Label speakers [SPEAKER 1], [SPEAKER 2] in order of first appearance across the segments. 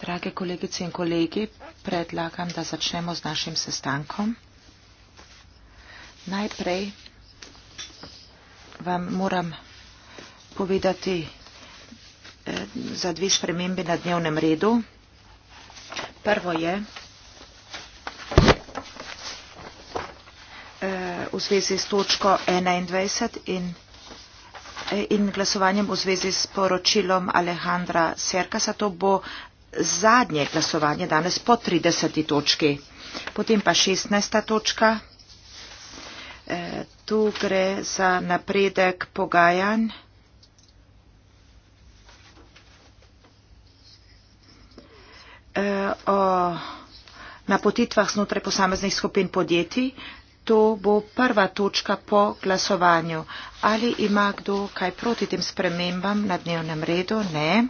[SPEAKER 1] Drage kolegice in kolegi, predlagam, da začnemo z našim sestankom. Najprej vam moram povedati eh, za dve spremembe na dnevnem redu. Prvo je eh, v zvezi s točko 21 in 21 in glasovanjem v zvezi s poročilom Alejandra Serkasa. To bo zadnje glasovanje danes po 30. točki. Potem pa 16. točka. E, tu gre za napredek pogajanj. E, o napotitvah znotraj posameznih skupin podjetij to bo prva točka po glasovanju. Ali ima kdo kaj proti tem spremembam na dnevnem redu? Ne.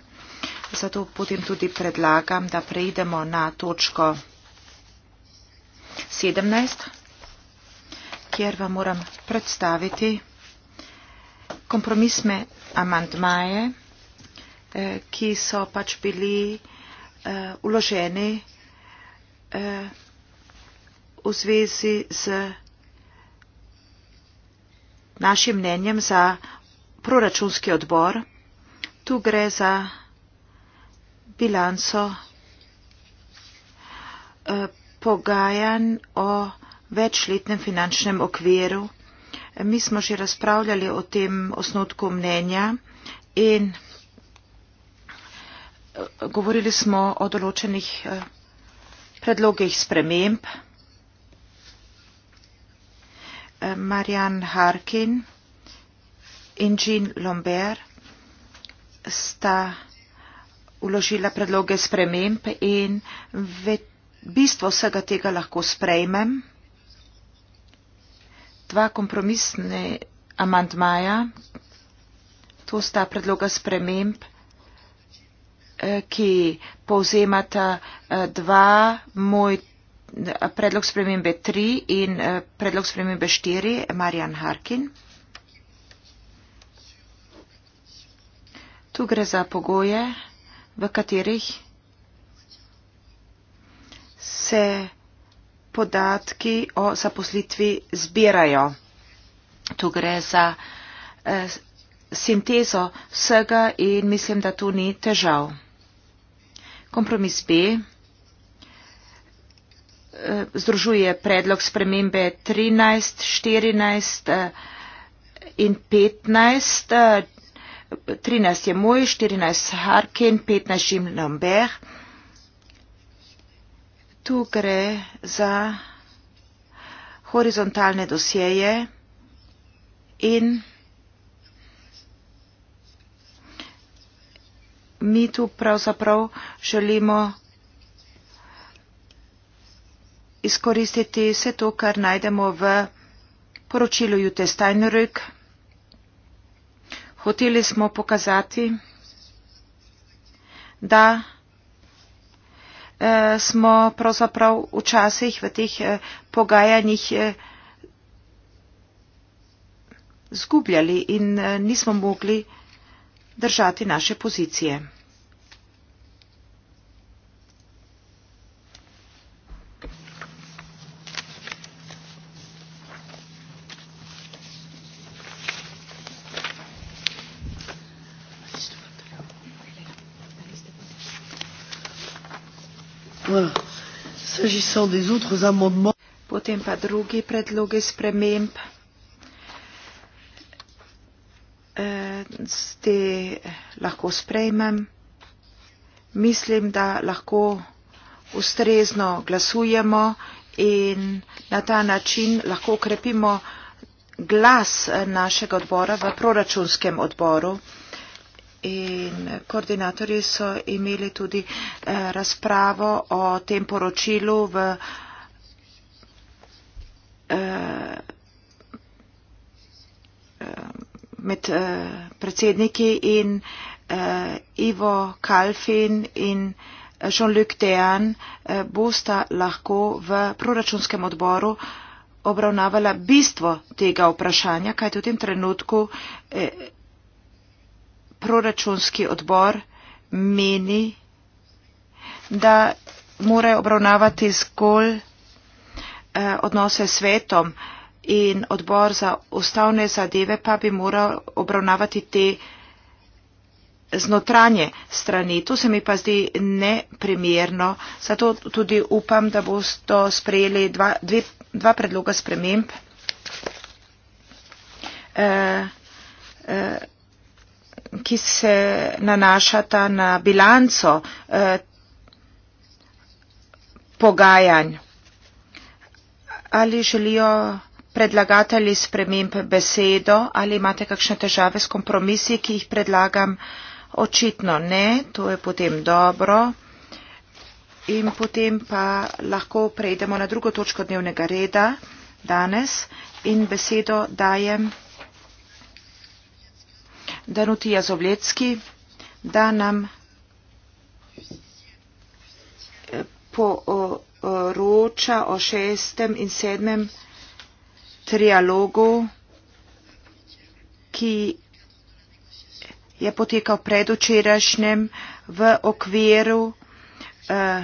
[SPEAKER 1] Zato potem tudi predlagam, da preidemo na točko 17, kjer vam moram predstaviti kompromisne amandmaje, eh, ki so pač bili uloženi eh, eh, v zvezi z našim mnenjem za proračunski odbor. Tu gre za bilanco eh, pogajanj o večletnem finančnem okviru. Mi smo že razpravljali o tem osnotku mnenja in eh, govorili smo o določenih eh, predlogih sprememb. Marianne Harkin in Jean Lombert sta uložila predloge sprememb in ve, bistvo vsega tega lahko sprejmem. Dva kompromisne amantmaja, to sta predloga sprememb, eh, ki povzemata eh, dva moj predlog spremembe 3 in eh, predlog spremembe 4, Marjan Harkin. Tu gre za pogoje, v katerih se podatki o zaposlitvi zbirajo. Tu gre za eh, sintezo vsega in mislim, da tu ni težav. Kompromis B združuje predlog spremembe 13, 14 eh, in 15. 13 eh, je moj, 14 Harkin, 15 Jim Lambert. Tu gre za horizontalne dosjeje in mi tu pravzaprav želimo izkoristiti vse to, kar najdemo v poročilu Jute Steinerik. Hoteli smo pokazati, da eh, smo pravzaprav včasih v teh eh, pogajanjih eh, zgubljali in eh, nismo mogli držati naše pozicije.
[SPEAKER 2] S'agissant des autres amendements.
[SPEAKER 1] Potem pa drugi predlogi sprememb. Eh, te lahko sprejmem. Mislim, da lahko ustrezno glasujemo in na ta način lahko ukrepimo glas eh, našega odbora v proračunskem odboru in koordinatorji so imeli tudi eh, razpravo o tem poročilu v eh, eh, med predsedniki in Ivo Kalfin in Jean-Luc Dejan bosta lahko v proračunskem odboru obravnavala bistvo tega vprašanja, kaj tudi v tem trenutku proračunski odbor meni, da morajo obravnavati zgolj eh, odnose s svetom in odbor za ustavne zadeve pa bi moral obravnavati te znotranje strani. To se mi pa zdi neprimerno, zato tudi upam, da boste sprejeli dva, dve, dva predloga sprememb. Uh, uh, ki se nanašata na bilanco eh, pogajanj. Ali želijo predlagatelji sprememb besedo ali imate kakšne težave s kompromisi, ki jih predlagam? Očitno ne, to je potem dobro. In potem pa lahko prejdemo na drugo točko dnevnega reda danes in besedo dajem. Danuti Jazovlecki, da nam eh, poroča o šestem in sedmem trialogu, ki je potekal predvčerajšnjem v okviru eh,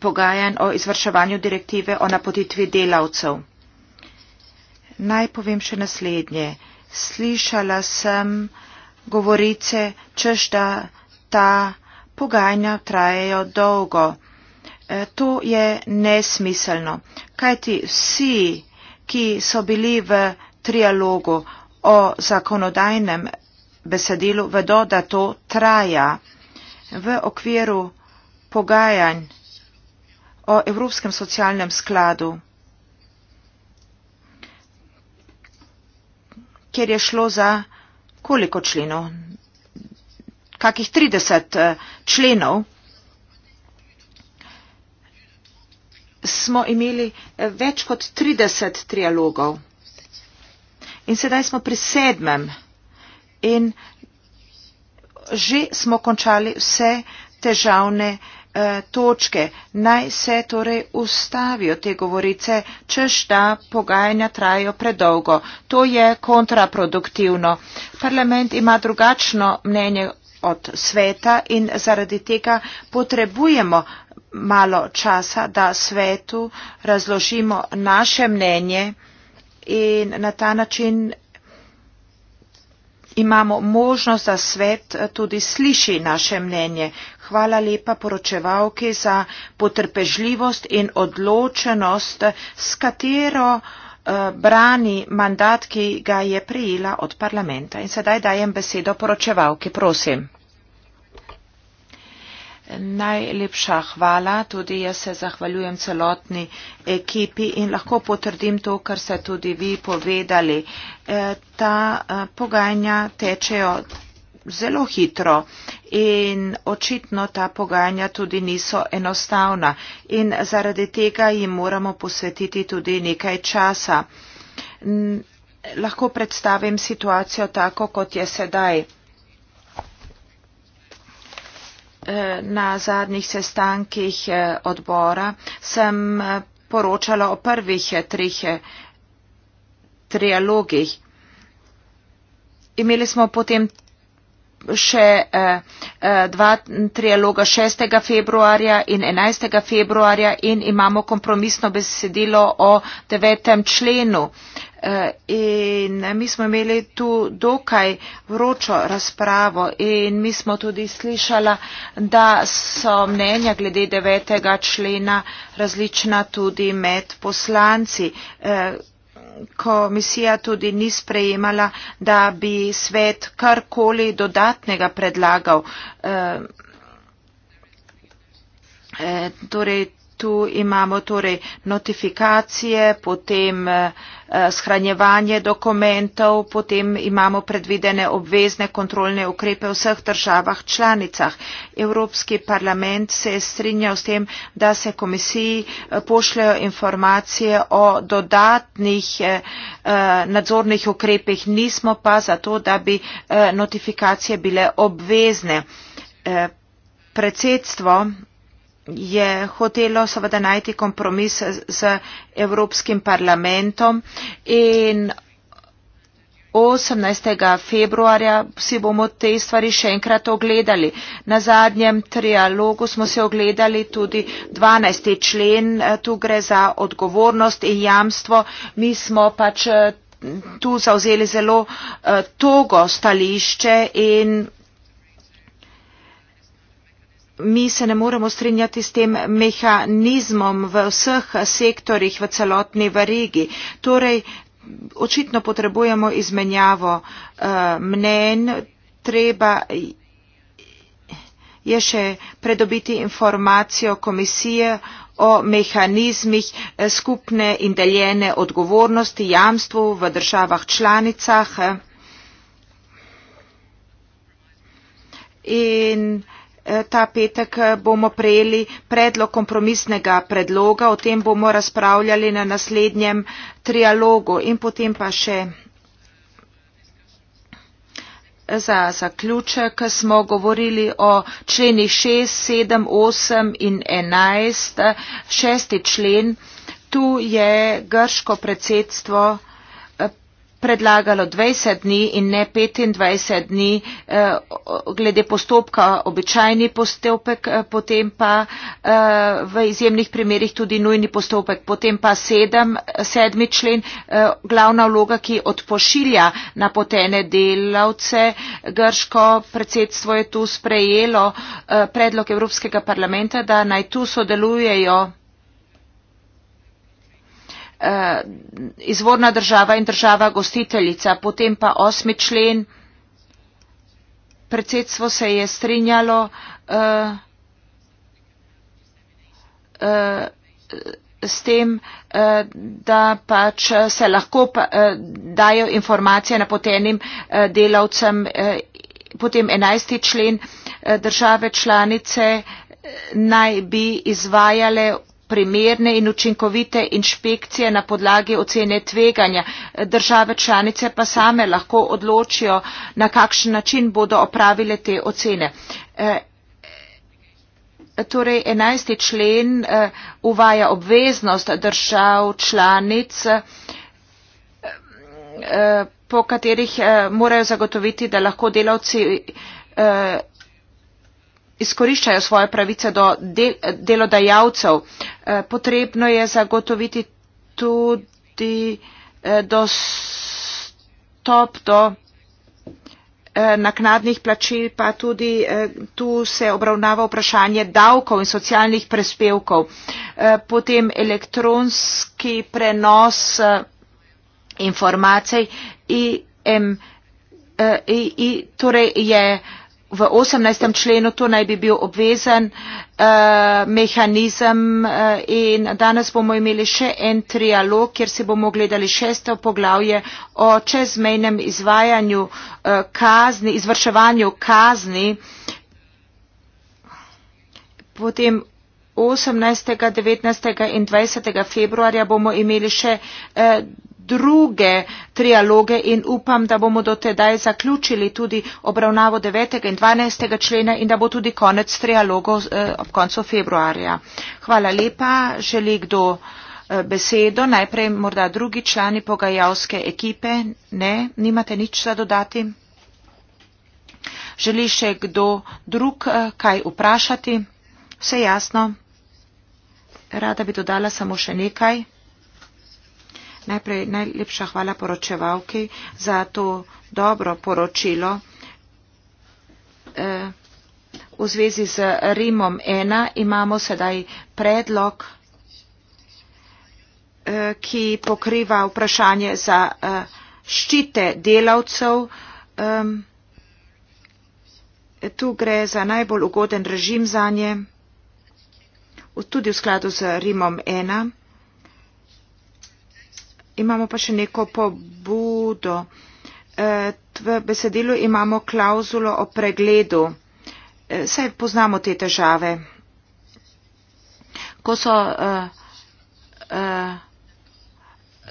[SPEAKER 1] pogajanj o izvrševanju direktive o napotitvi delavcev. Naj povem še naslednje slišala sem govorice, češ da ta pogajanja trajajo dolgo. E, to je nesmiselno, kajti vsi, ki so bili v trialogu o zakonodajnem besedilu, vedo, da to traja. V okviru pogajanj o Evropskem socialnem skladu kjer je šlo za koliko členov? Kakih 30 eh, členov smo imeli eh, več kot 30 trialogov. In sedaj smo pri sedmem in že smo končali vse težavne uh, Eh, točke. Naj se torej ustavijo te govorice, češ da pogajanja trajajo predolgo. To je kontraproduktivno. Parlament ima drugačno mnenje od sveta in zaradi tega potrebujemo malo časa, da svetu razložimo naše mnenje in na ta način imamo možnost, da svet tudi sliši naše mnenje. Hvala lepa poročevalki za potrpežljivost in odločenost, s katero eh, brani mandat, ki ga je prijela od parlamenta. In sedaj dajem besedo poročevalki, prosim. Najlepša hvala, tudi jaz se zahvaljujem celotni ekipi in lahko potrdim to, kar ste tudi vi povedali. Eh, ta eh, pogajanja tečejo zelo hitro in očitno ta pogajanja tudi niso enostavna in zaradi tega jim moramo posvetiti tudi nekaj časa. Lahko predstavim situacijo tako, kot je sedaj. E, na zadnjih sestankih e, odbora sem e, poročala o prvih trih trialogih. Imeli smo potem še eh, eh, dva, trialoga 6. februarja in 11. februarja in imamo kompromisno besedilo o 9. členu. Eh, in mi smo imeli tu dokaj vročo razpravo in mi smo tudi slišala, da so mnenja glede 9. člena različna tudi med poslanci komisija tudi ni sprejemala, da bi svet karkoli dodatnega predlagal. Eh, eh, torej, tu imamo torej notifikacije, potem eh, Eh, shranjevanje dokumentov, potem imamo predvidene obvezne kontrolne ukrepe v vseh državah članicah. Evropski parlament se je strinjal s tem, da se komisiji eh, pošljajo informacije o dodatnih eh, nadzornih ukrepih, nismo pa zato, da bi notifikacije bile obvezne. Predsedstvo je hotelo seveda najti kompromis z Evropskim parlamentom in 18. februarja si bomo te stvari še enkrat ogledali. Na zadnjem trialogu smo se ogledali tudi 12. člen, tu gre za odgovornost in jamstvo. Mi smo pač eh, tu zauzeli zelo eh, togo stališče in mi se ne moremo strinjati s tem mehanizmom v vseh sektorjih v celotni verigi. Torej, očitno potrebujemo izmenjavo uh, eh, mnen, treba je še predobiti informacijo komisije o mehanizmih eh, skupne in deljene odgovornosti jamstvu v državah članicah in ta petek bomo prejeli predlog kompromisnega predloga, o tem bomo razpravljali na naslednjem trialogu in potem pa še za zaključek smo govorili o členih 6, 7, 8 in 11, šesti člen. Tu je grško predsedstvo predlagalo 20 dni in ne 25 dni eh, glede postopka, običajni postopek, eh, potem pa eh, v izjemnih primerjih tudi nujni postopek, potem pa sedem, sedmi člen, glavna vloga, ki odpošilja napotene delavce. Grško predsedstvo je tu sprejelo predlog Evropskega parlamenta, da naj tu sodelujejo Eh, izvorna država in država gostiteljica. Potem pa osmi člen, predsedstvo se je strinjalo eh, eh, s tem, da pač se lahko dajo informacije napotenim delavcem. Potem enajsti člen države članice naj bi izvajale primerne in učinkovite inšpekcije na podlagi ocene tveganja. Države članice pa same lahko odločijo, na kakšen način bodo opravile te ocene. Eh, torej, 11. člen eh, uvaja obveznost držav članic, eh, po katerih morajo zagotoviti, da lahko delavci izkoriščajo svoje pravice do delodajalcev. Eh, potrebno je zagotoviti tudi eh, dostop do eh, naknadnih plačil, pa tudi tu se obravnava vprašanje davkov in socialnih prespevkov. Potem elektronski prenos informacij in, in, in torej je v osemnajstem členu to naj bi bil obvezen eh, mehanizem eh, in danes bomo imeli še en trialog, kjer si bomo gledali šesto poglavje o čezmejnem izvajanju eh, kazni, izvrševanju kazni. Potem 18., 19. in 20. februarja bomo imeli še druge trialoge in upam, da bomo do tedaj zaključili tudi obravnavo 9. in 12. člena in da bo tudi konec trialogov eh, ob koncu februarja. Hvala lepa. Želi kdo eh, besedo? Najprej morda drugi člani pogajalske ekipe. Ne, nimate nič za dodati? Želi še kdo drug eh, kaj vprašati? Vse jasno. Rada bi dodala samo še nekaj. Najprej najlepša hvala poročevalki za to dobro poročilo e, v zvezi z Rimom 1 imamo sedaj predlog, e, ki pokriva vprašanje za e, ščite delavcev. Tu gre za najbolj ugoden režim za nje, tudi v skladu z Rimom 1 imamo pa še neko pobudo. E, v besedilu imamo klauzulo o pregledu. E, saj poznamo te težave. Ko so uh, uh,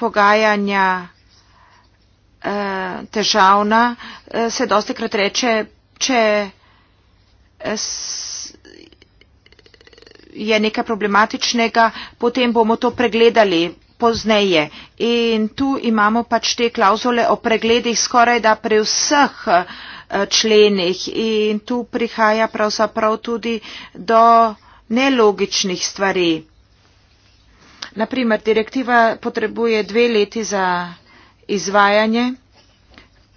[SPEAKER 1] pogajanja uh, težavna, uh, se dosti krat reče, če je nekaj problematičnega, potem bomo to pregledali, pozneje. In tu imamo pač te klauzule o pregledih skoraj da pri vseh eh, členih. In tu prihaja pravzaprav tudi do nelogičnih stvari. Naprimer, direktiva potrebuje dve leti za izvajanje.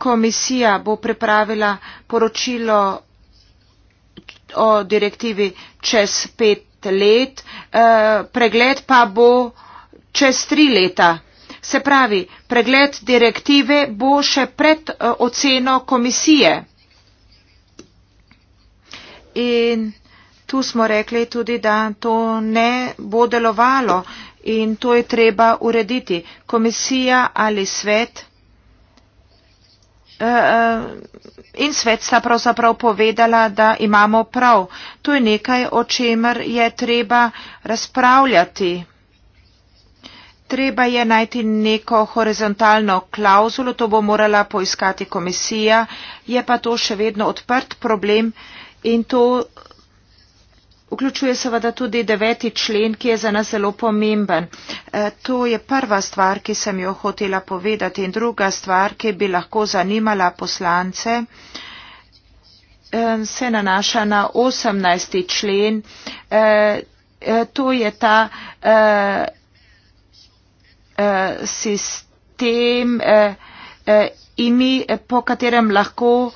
[SPEAKER 1] Komisija bo pripravila poročilo o direktivi čez pet let, eh, pregled pa bo čez tri leta. Se pravi, pregled direktive bo še pred eh, oceno komisije. In tu smo rekli tudi, da to ne bo delovalo in to je treba urediti. Komisija ali svet eh, eh, in svet sta pravzaprav povedala, da imamo prav. To je nekaj, o čemer je treba razpravljati. Treba je najti neko horizontalno klauzulo, to bo morala poiskati komisija, je pa to še vedno odprt problem in to vključuje seveda tudi deveti člen, ki je za nas zelo pomemben. E, to je prva stvar, ki sem jo hotela povedati in druga stvar, ki bi lahko zanimala poslance, e, se nanaša na osemnajsti člen. E, e, to je ta. E, Eh, sistem eh, eh, imi, po katerem lahko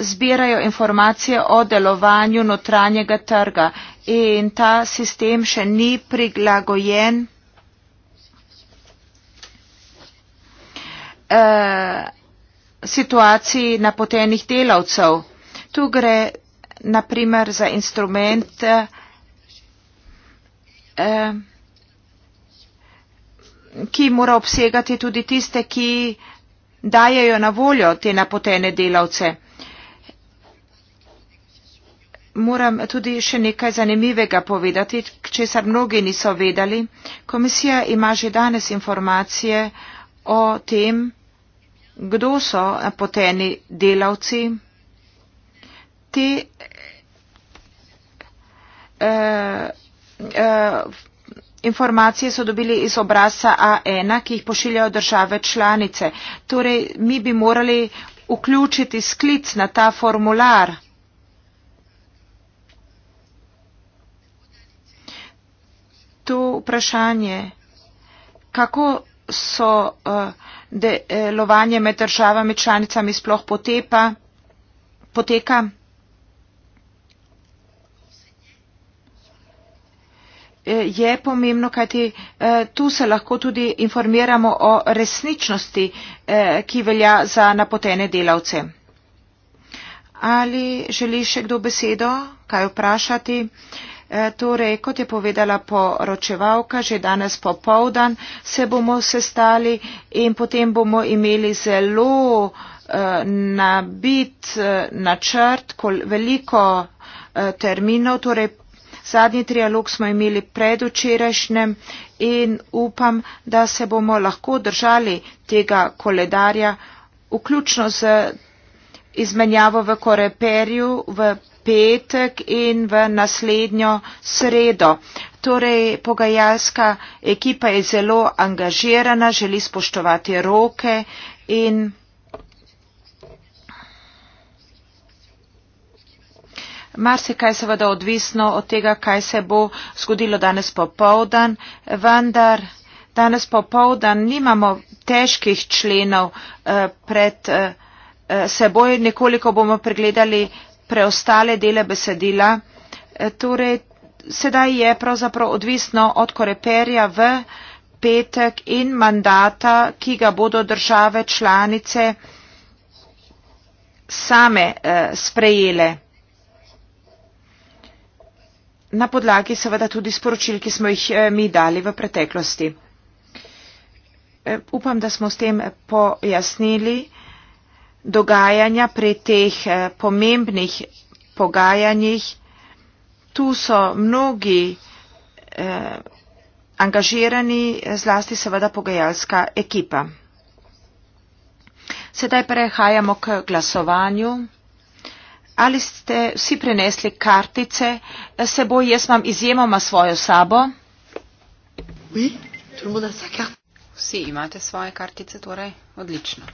[SPEAKER 1] zbirajo informacije o delovanju notranjega trga. In ta sistem še ni prilagojen situaciji napotenih delavcev. Tu gre naprimer za instrument, eh, ki mora obsegati tudi tiste, ki dajejo na voljo te napotene delavce. Moram tudi še nekaj zanimivega povedati, česar mnogi niso vedeli. Komisija ima že danes informacije o tem, kdo so napoteni delavci. Te, uh, uh, informacije so dobili iz obrazca A1, ki jih pošiljajo države članice. Torej, mi bi morali vključiti sklic na ta formular. To vprašanje, kako so eh, delovanje med državami članicami sploh potepa, poteka. Eh, je pomembno, kajti eh, tu se lahko tudi informiramo o resničnosti, eh, ki velja za napotene delavce. Ali želi še kdo besedo, kaj vprašati? Torej, kot je povedala poročevalka, že danes popovdan se bomo sestali in potem bomo imeli zelo nabit načrt, veliko terminov, torej Zadnji trialog smo imeli predvčerajšnjem in upam, da se bomo lahko držali tega koledarja, vključno z izmenjavo v Koreperju v petek in v naslednjo sredo. Torej, pogajalska ekipa je zelo angažirana, želi spoštovati roke in. marsikaj seveda odvisno od tega, kaj se bo zgodilo danes popovdan, vendar danes popovdan nimamo težkih členov eh, pred eh, eh, seboj, nekoliko bomo pregledali preostale dele besedila. Torej, sedaj je pravzaprav odvisno od koreperja v petek in mandata, ki ga bodo države članice same eh, sprejele na podlagi seveda tudi sporočil, ki smo jih eh, mi dali v preteklosti. Eh, upam, da smo s tem pojasnili dogajanja pri teh eh, pomembnih pogajanjih. Tu so mnogi eh, angažirani, zlasti seveda pogajalska ekipa. Sedaj prehajamo k glasovanju ali ste vsi prenesli kartice seboj, jaz imam izjemoma svojo sabo.
[SPEAKER 3] Vsi imate svoje kartice, torej odlično.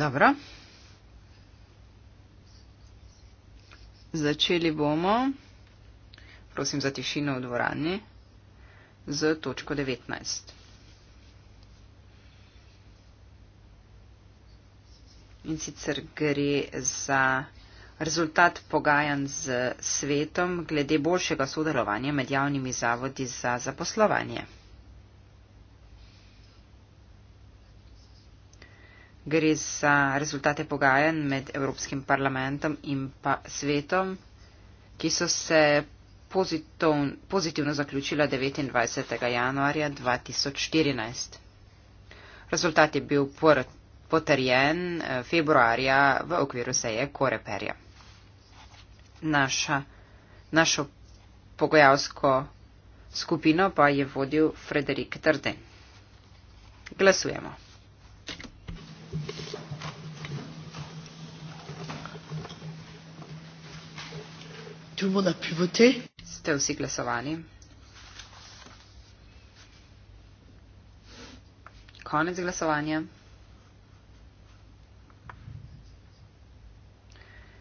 [SPEAKER 3] Dobro. Začeli bomo, prosim za tišino v dvorani, z točko 19. In sicer gre za rezultat pogajanj z svetom glede boljšega sodelovanja med javnimi zavodi za zaposlovanje. gre za rezultate pogajanj med Evropskim parlamentom in pa svetom, ki so se pozitov, pozitivno zaključila 29. januarja 2014. Rezultat je bil por, potrjen eh, februarja v okviru seje Koreperja. Naša, našo pogojavsko skupino pa je vodil Frederik Trden. Glasujemo.
[SPEAKER 2] tout le monde a pu voter.
[SPEAKER 3] C'était aussi glasovanie. Konec glasovanja.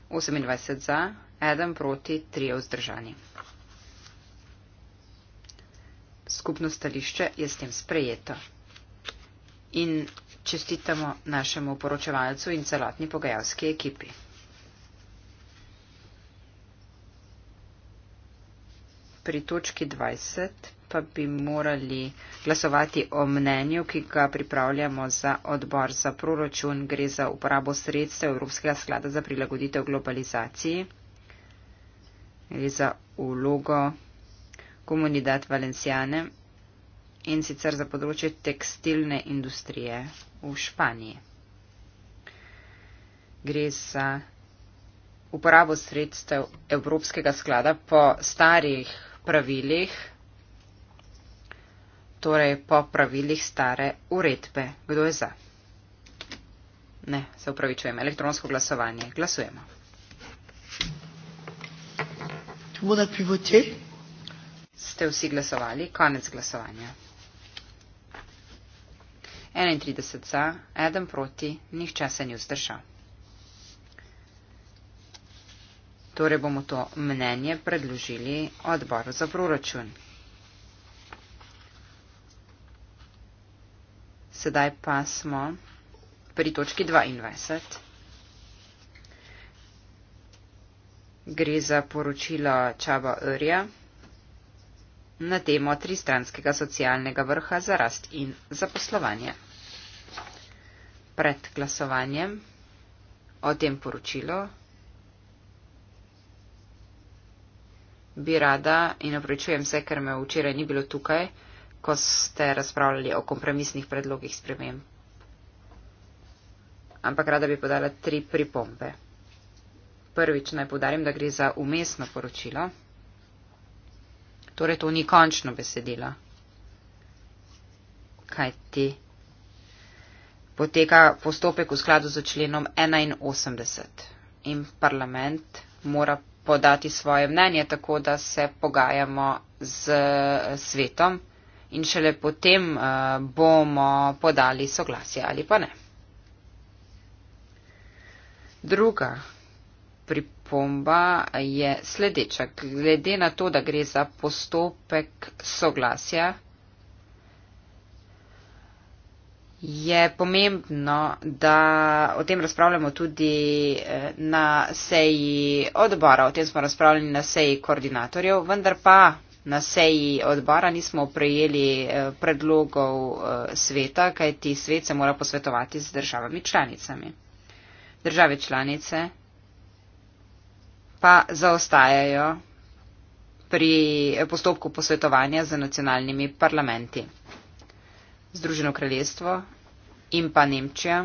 [SPEAKER 3] 28 za, 1 proti, 3 vzdržani. Skupno stališče je s tem sprejeto. In čestitamo našemu poročevalcu in celotni pogajalski ekipi. pri točki 20 pa bi morali glasovati o mnenju, ki ga pripravljamo za odbor za proračun. Gre za uporabo sredstev Evropskega sklada za prilagoditev globalizaciji. Gre za ulogo Comunidad Valenciane in sicer za področje tekstilne industrije v Španiji. Gre za uporabo sredstev Evropskega sklada po starih pravilih, torej po pravilih stare uredbe. Kdo je za? Ne, se upravičujem, elektronsko glasovanje. Glasujemo. Ste vsi glasovali? Konec glasovanja. 31 za, 1 proti, nihče se ni vzdržal. Torej bomo to mnenje predložili odboru za proračun. Sedaj pa smo pri točki 22. Gre za poročilo Čaba Örja na temo tristranskega socialnega vrha za rast in zaposlovanje. Pred glasovanjem o tem poročilu bi rada in opravičujem se, ker me včeraj ni bilo tukaj, ko ste razpravljali o kompromisnih predlogih spremem. Ampak rada bi podala tri pripombe. Prvič naj podarim, da gre za umestno poročilo. Torej, to ni končno besedilo. Kaj ti? Poteka postopek v skladu z členom 81 in parlament mora podati svoje mnenje, tako da se pogajamo z eh, svetom in šele potem eh, bomo podali soglasje ali pa ne. Druga pripomba je sledeča. Glede na to, da gre za postopek soglasja, Je pomembno, da o tem razpravljamo tudi eh, na seji odbora, o tem smo razpravljali na seji koordinatorjev, vendar pa na seji odbora nismo prejeli eh, predlogov eh, sveta, kajti svet se mora posvetovati z državami članicami. Države članice pa zaostajajo pri postopku posvetovanja z nacionalnimi parlamenti. Združeno kraljestvo in pa Nemčija.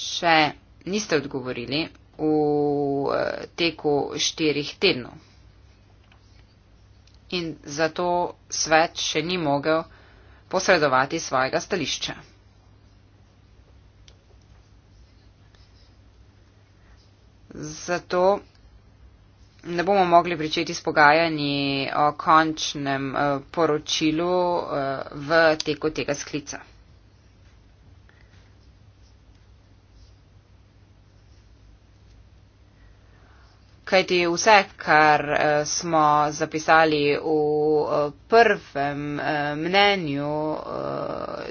[SPEAKER 3] Še niste odgovorili v eh, teku štirih tednov. In zato svet še ni mogel posredovati svojega stališča. Zato ne bomo mogli pričeti s pogajanji o končnem eh, poročilu eh, v teku tega sklica. Kajti vse, kar eh, smo zapisali v prvem mnenju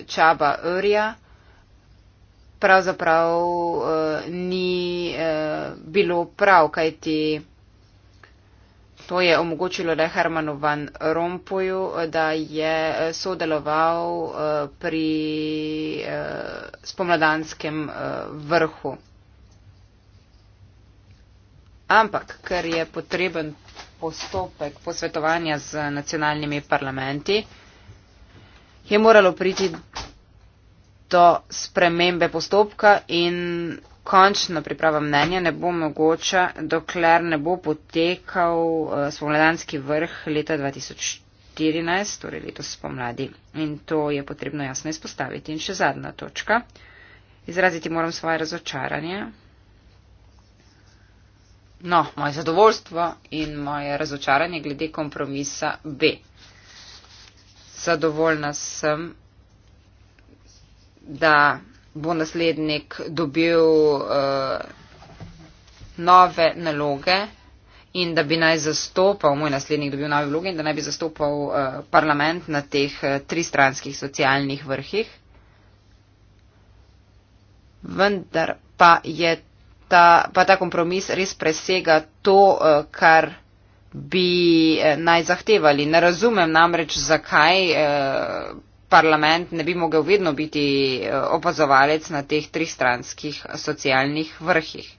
[SPEAKER 3] Čaba Örja, pravzaprav ni bilo prav, kajti To je omogočilo le Hermanu Van Rompuju, da je eh, sodeloval eh, pri eh, spomladanskem vrhu. Ampak, ker je potreben postopek posvetovanja z nacionalnimi parlamenti, je moralo priti do spremembe postopka in končna priprava mnenja ne bo mogoča, dokler ne bo potekal eh, spomladanski vrh leta 2014, torej letos spomladi. In to je potrebno jasno izpostaviti. In še zadnja točka. Izraziti moram svoje razočaranje. No, moje zadovoljstvo in moje razočaranje glede kompromisa B. Zadovoljna sem da bo naslednik dobil uh, nove naloge in da bi naj zastopal, moj naslednik dobil nove vloge in da naj bi zastopal uh, parlament na teh uh, tristranskih socialnih vrhih. Vendar pa je ta, pa ta kompromis res presega to, uh, kar bi uh, naj zahtevali. Ne razumem namreč, zakaj. Uh, parlament ne bi mogel vedno biti eh, opazovalec na teh tristranskih socialnih vrhih.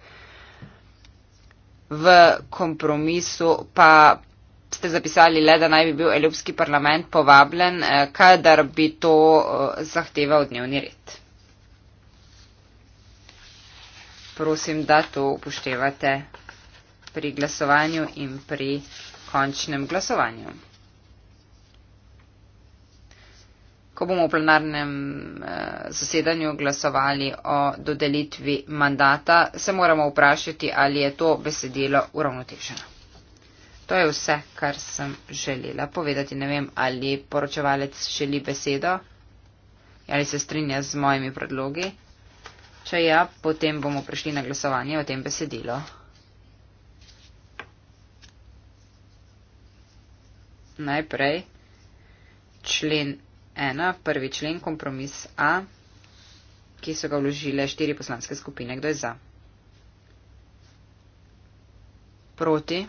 [SPEAKER 3] V kompromisu pa ste zapisali le, da naj bi bil Evropski parlament povabljen, eh, kadar bi to eh, zahteval dnevni red. Prosim, da to upoštevate pri glasovanju in pri končnem glasovanju. ko bomo v plenarnem eh, zasedanju glasovali o dodelitvi mandata, se moramo vprašati, ali je to besedilo uravnoteženo. To je vse, kar sem želela povedati. Ne vem, ali poročevalec želi besedo, ali se strinja z mojimi predlogi. Če ja, potem bomo prišli na glasovanje o tem besedilo. Najprej člen ena, prvi člen, kompromis A, ki so ga vložile štiri poslanske skupine. Kdo je za? Proti,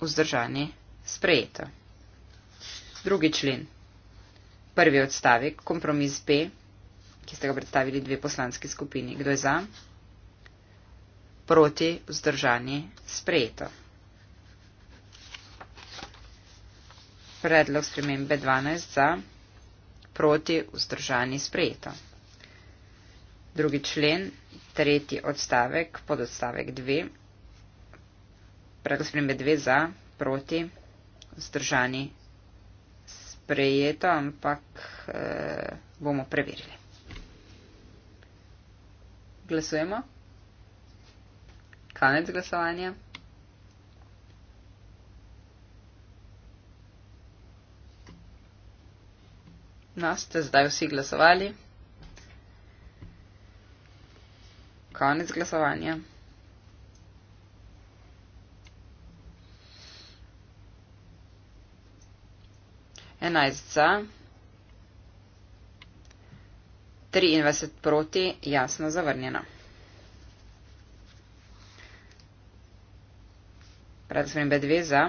[SPEAKER 3] vzdržani, sprejeto. Drugi člen, prvi odstavek, kompromis B, ki ste ga predstavili dve poslanske skupini. Kdo je za? Proti, vzdržani, sprejeto. Predlog spremembe 12 za proti vzdržani sprejeto. Drugi člen, tretji odstavek, pododstavek 2, predlog spremembe 2 za, proti vzdržani sprejeto, ampak e, bomo preverili. Glasujemo. Konec glasovanja. No, ste zdaj vsi glasovali. Konec glasovanja. Enajst za. 23 proti, jasno zavrnjeno. Predstavljam B2 za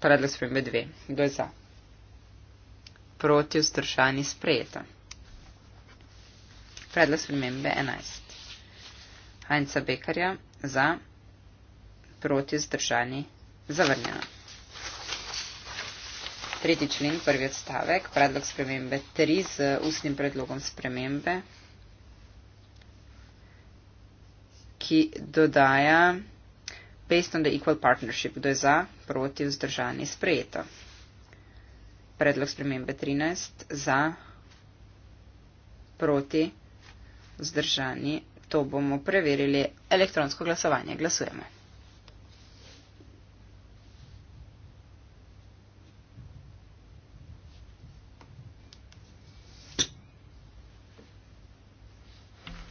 [SPEAKER 3] Predlog spremembe 2. Kdo je za? Proti vzdržani sprejeta. Predlog spremembe 11. Hanjca Bekarja za. Proti vzdržani zavrnjena. Tretji člen, prvi odstavek, predlog spremembe 3 z ustnim predlogom spremembe, ki dodaja Based on the Equal Partnership, kdo je za, proti, vzdržani, sprejeto. Predlog spremembe 13, za, proti, vzdržani, to bomo preverili elektronsko glasovanje. Glasujemo.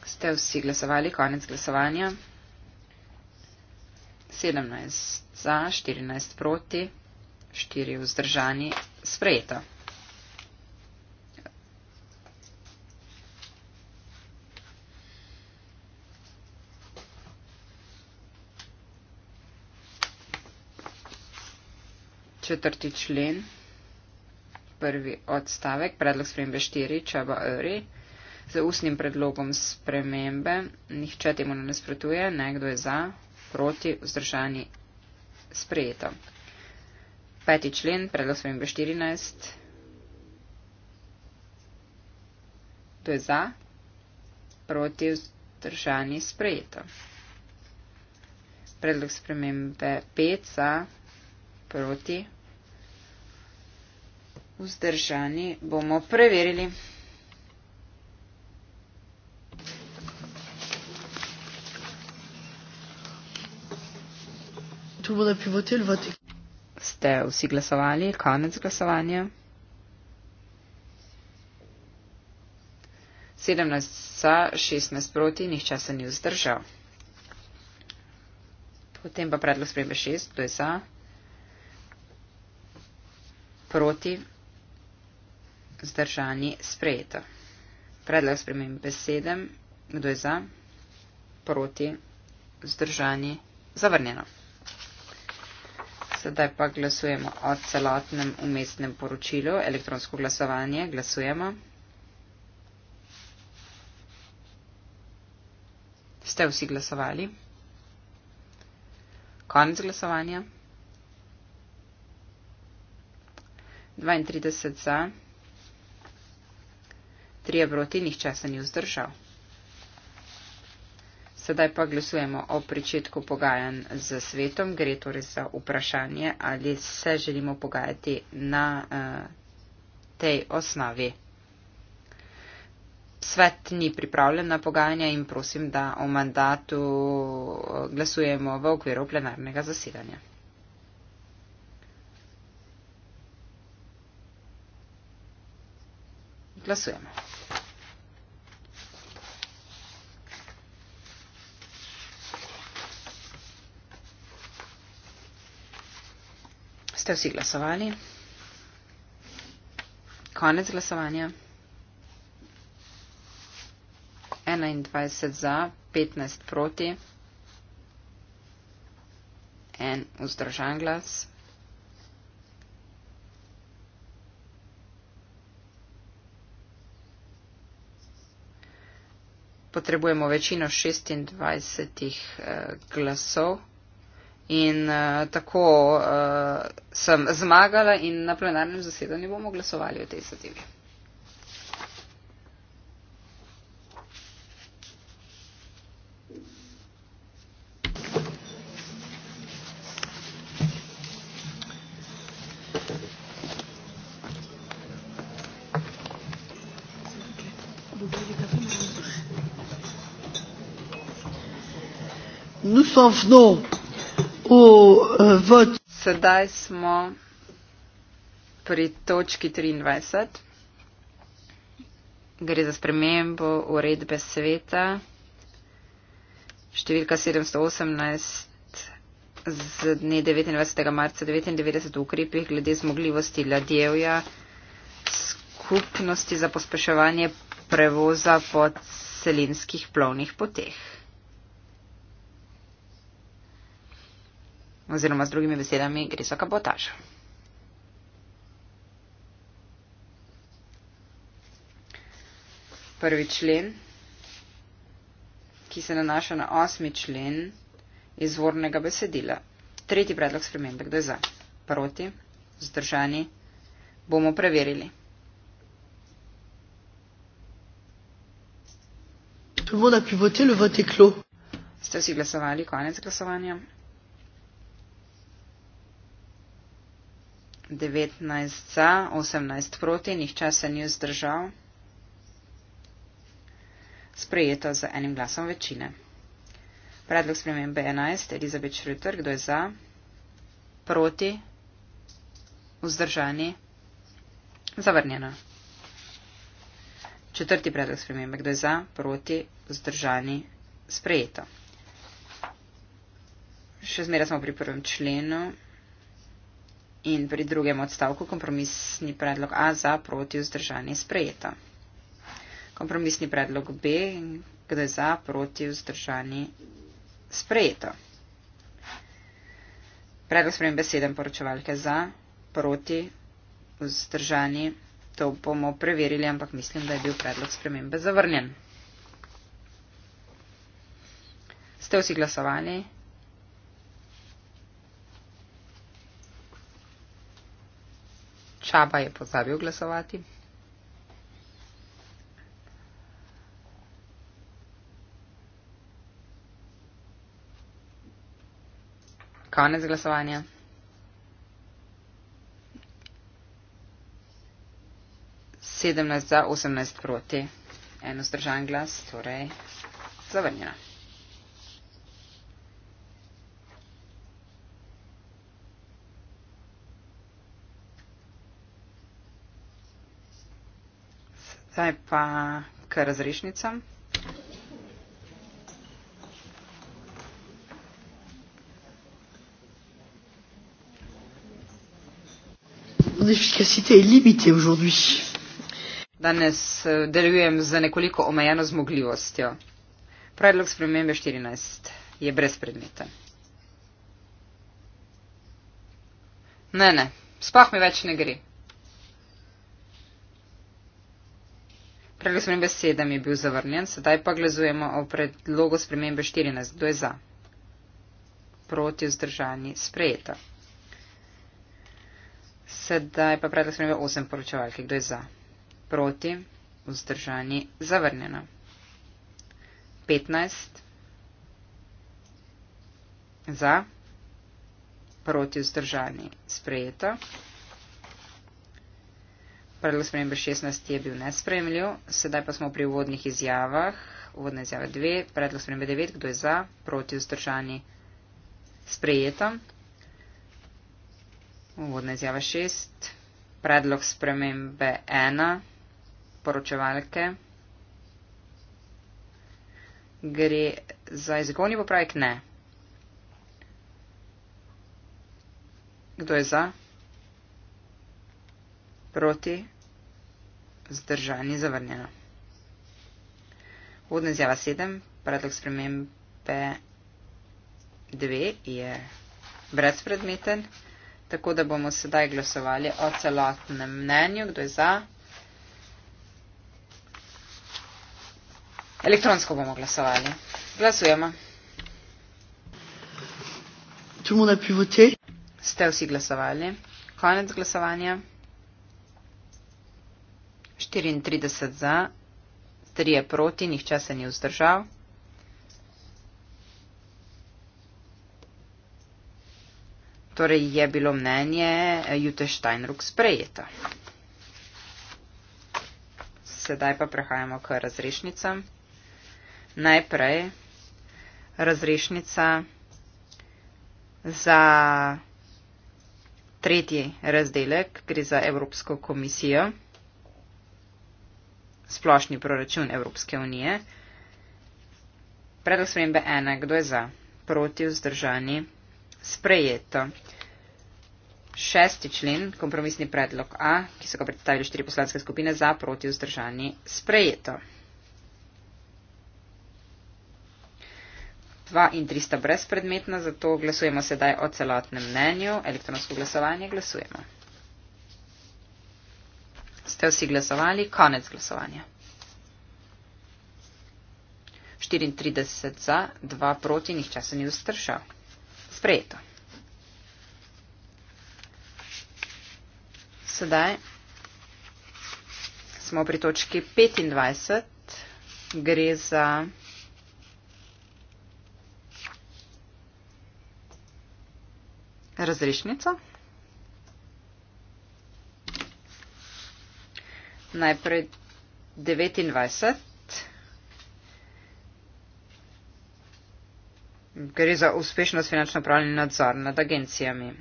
[SPEAKER 3] Ste vsi glasovali, konec glasovanja. 17 za, 14 proti, 4 vzdržani, sprejeto. Četrti člen, prvi odstavek, predlog spremembe 4, čaba ori. Z ustnim predlogom spremembe, nihče temu ne nasprotuje, nekdo je za, proti vzdržani sprejeto. Peti člen, predlog svojim 14. To je za, proti vzdržani sprejeto. Predlog spremembe 5 za, proti vzdržani bomo preverili. Ste vsi glasovali? Konec glasovanja. 17 za, 16 proti, nihče se ni vzdržal. Potem pa predlog sprejme 6, to je za, proti, zdržani, sprejeto. Predlog spremembe 7, kdo je za, proti, zdržani, zavrnjeno sedaj pa glasujemo o celotnem umestnem poročilu. Elektronsko glasovanje, glasujemo. Ste vsi glasovali? Konec glasovanja. 32 za. 3 proti, nihče se ni vzdržal. Sedaj pa glasujemo o pričetku pogajanj z svetom. Gre torej za vprašanje, ali se želimo pogajati na uh, tej osnovi. Svet ni pripravljen na pogajanja in prosim, da o mandatu eh, glasujemo v okviru plenarnega zasedanja. Glasujemo. ste vsi glasovali. Konec glasovanja. 21 za, 15 proti, en vzdržan glas. Potrebujemo večino 26 eh, glasov. In uh, tako uh, sem zmagala in na plenarnem zasedanju bomo glasovali o tej zadevi.
[SPEAKER 2] Nous sommes venus v eh, vod.
[SPEAKER 3] Sedaj smo pri točki 23. Gre za spremembo uredbe sveta. Številka 718 z dne 29. marca 1999 ukrepih glede zmogljivosti ladjevja skupnosti za pospeševanje prevoza po celinskih plovnih poteh. oziroma z drugimi besedami, gre za kabotažo. Prvi člen, ki se nanaša na osmi člen izvornega besedila. Tretji predlog spremembe, kdo je za? Proti, zdržani, bomo preverili. Ste vsi glasovali, konec glasovanja? 19 za, 18 proti, nihče se ni vzdržal. Sprejeto z enim glasom večine. Predlog spremembe 11, Elizabeth Schröter, kdo je za? Proti? Vzdržani? Zavrnjeno. Četrti predlog spremembe, kdo je za? Proti? Vzdržani? Sprejeto. Še zmeraj smo pri prvem členu in pri drugem odstavku kompromisni predlog A za proti vzdržanje sprejeto. Kompromisni predlog B, kdo je za proti vzdržanje sprejeto. Predlog spremembe 7 poročevalke za proti vzdržanje. To bomo preverili, ampak mislim, da je bil predlog spremembe zavrnjen. Ste vsi glasovali? Šaba je pozabil glasovati. Konec glasovanja. Sedemnajst za osemnajst proti. En vzdržan glas, torej zavrnjena. Zdaj pa k razrešnicam. Danes eh, delujem z nekoliko omejeno zmogljivostjo. Predlog spremembe 14 je brez predmeta. Ne, ne, spah mi več ne gre. Predlog spremembe 7 je bil zavrnjen, sedaj pa glazujemo o predlogu spremembe 14. Kdo je za? Proti vzdržani sprejeta. Sedaj pa predlog spremembe 8 poročevalke. Kdo je za? Proti vzdržani zavrnjena. 15. Za. Proti vzdržani sprejeta predlog spremembe 16 je bil nespremljiv, sedaj pa smo pri uvodnih izjavah. Uvodna izjava 2, predlog spremembe 9, kdo je za, proti vzdržani, sprejeta. Uvodna izjava 6, predlog spremembe 1, poročevalke. Gre za izgovni popravek ne. Kdo je za? Proti zdržani zavrnjeno. Vodna izjava 7, predlog spremembe 2 je brezpredmeten, tako da bomo sedaj glasovali o celotnem mnenju, kdo je za. Elektronsko bomo glasovali. Glasujemo. Ste vsi glasovali? Konec glasovanja. 34 za, 3 je proti, nihče se ni vzdržal. Torej je bilo mnenje eh, Jute Steinruck sprejeto. Sedaj pa prehajamo k razrešnicam. Najprej razrešnica za tretji razdelek, gre za Evropsko komisijo splošni proračun Evropske unije. Predlog spremembe ena, kdo je za, proti vzdržani, sprejeto. Šesti člen, kompromisni predlog A, ki so ga predstavili štiri poslanske skupine za, proti vzdržani, sprejeto. 2 in 300 brezpredmetna, zato glasujemo sedaj o celotnem mnenju. Elektronsko glasovanje glasujemo. Ste vsi glasovali? Konec glasovanja. 34 za, 2 proti, nihče se ni ustršal. Sprejeto. Sedaj smo pri točki 25. Gre za. Razrešnico. najprej 29. Gre za uspešnost finančno upravljanja nadzor nad agencijami.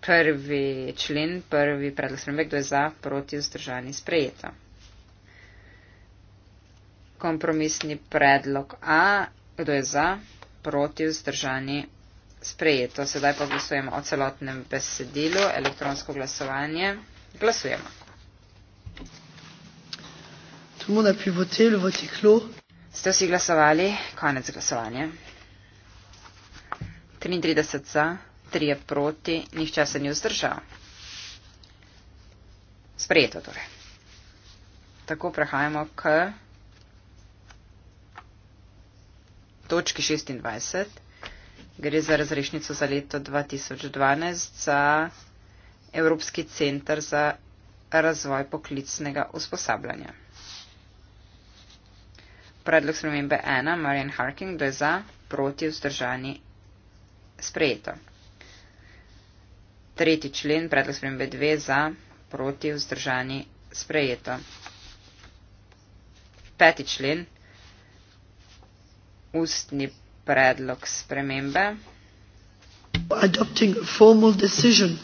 [SPEAKER 3] Prvi člen, prvi predlog spremembe, kdo je za, proti, vzdržani, sprejeta. Kompromisni predlog A, kdo je za, proti, vzdržani, sprejeto. Sedaj pa glasujemo o celotnem besedilu, elektronsko glasovanje. Glasujemo.
[SPEAKER 2] Tout le monde a pu voter, le vote est clos.
[SPEAKER 3] Ste vsi glasovali, konec glasovanja. 33 za, 3 proti, nihče se ni vzdržal. Sprejeto torej. Tako prehajamo k točki 26. Gre za razrešnico za leto 2012 za Evropski centr za razvoj poklicnega usposabljanja. Predlog spremembe 1, Marian Harkin, da je za, proti, vzdržani, sprejeto. Tretji člen, predlog spremembe 2, za, proti, vzdržani, sprejeto. Peti člen, ustni predlog spremembe.
[SPEAKER 2] Adopting a formal decision.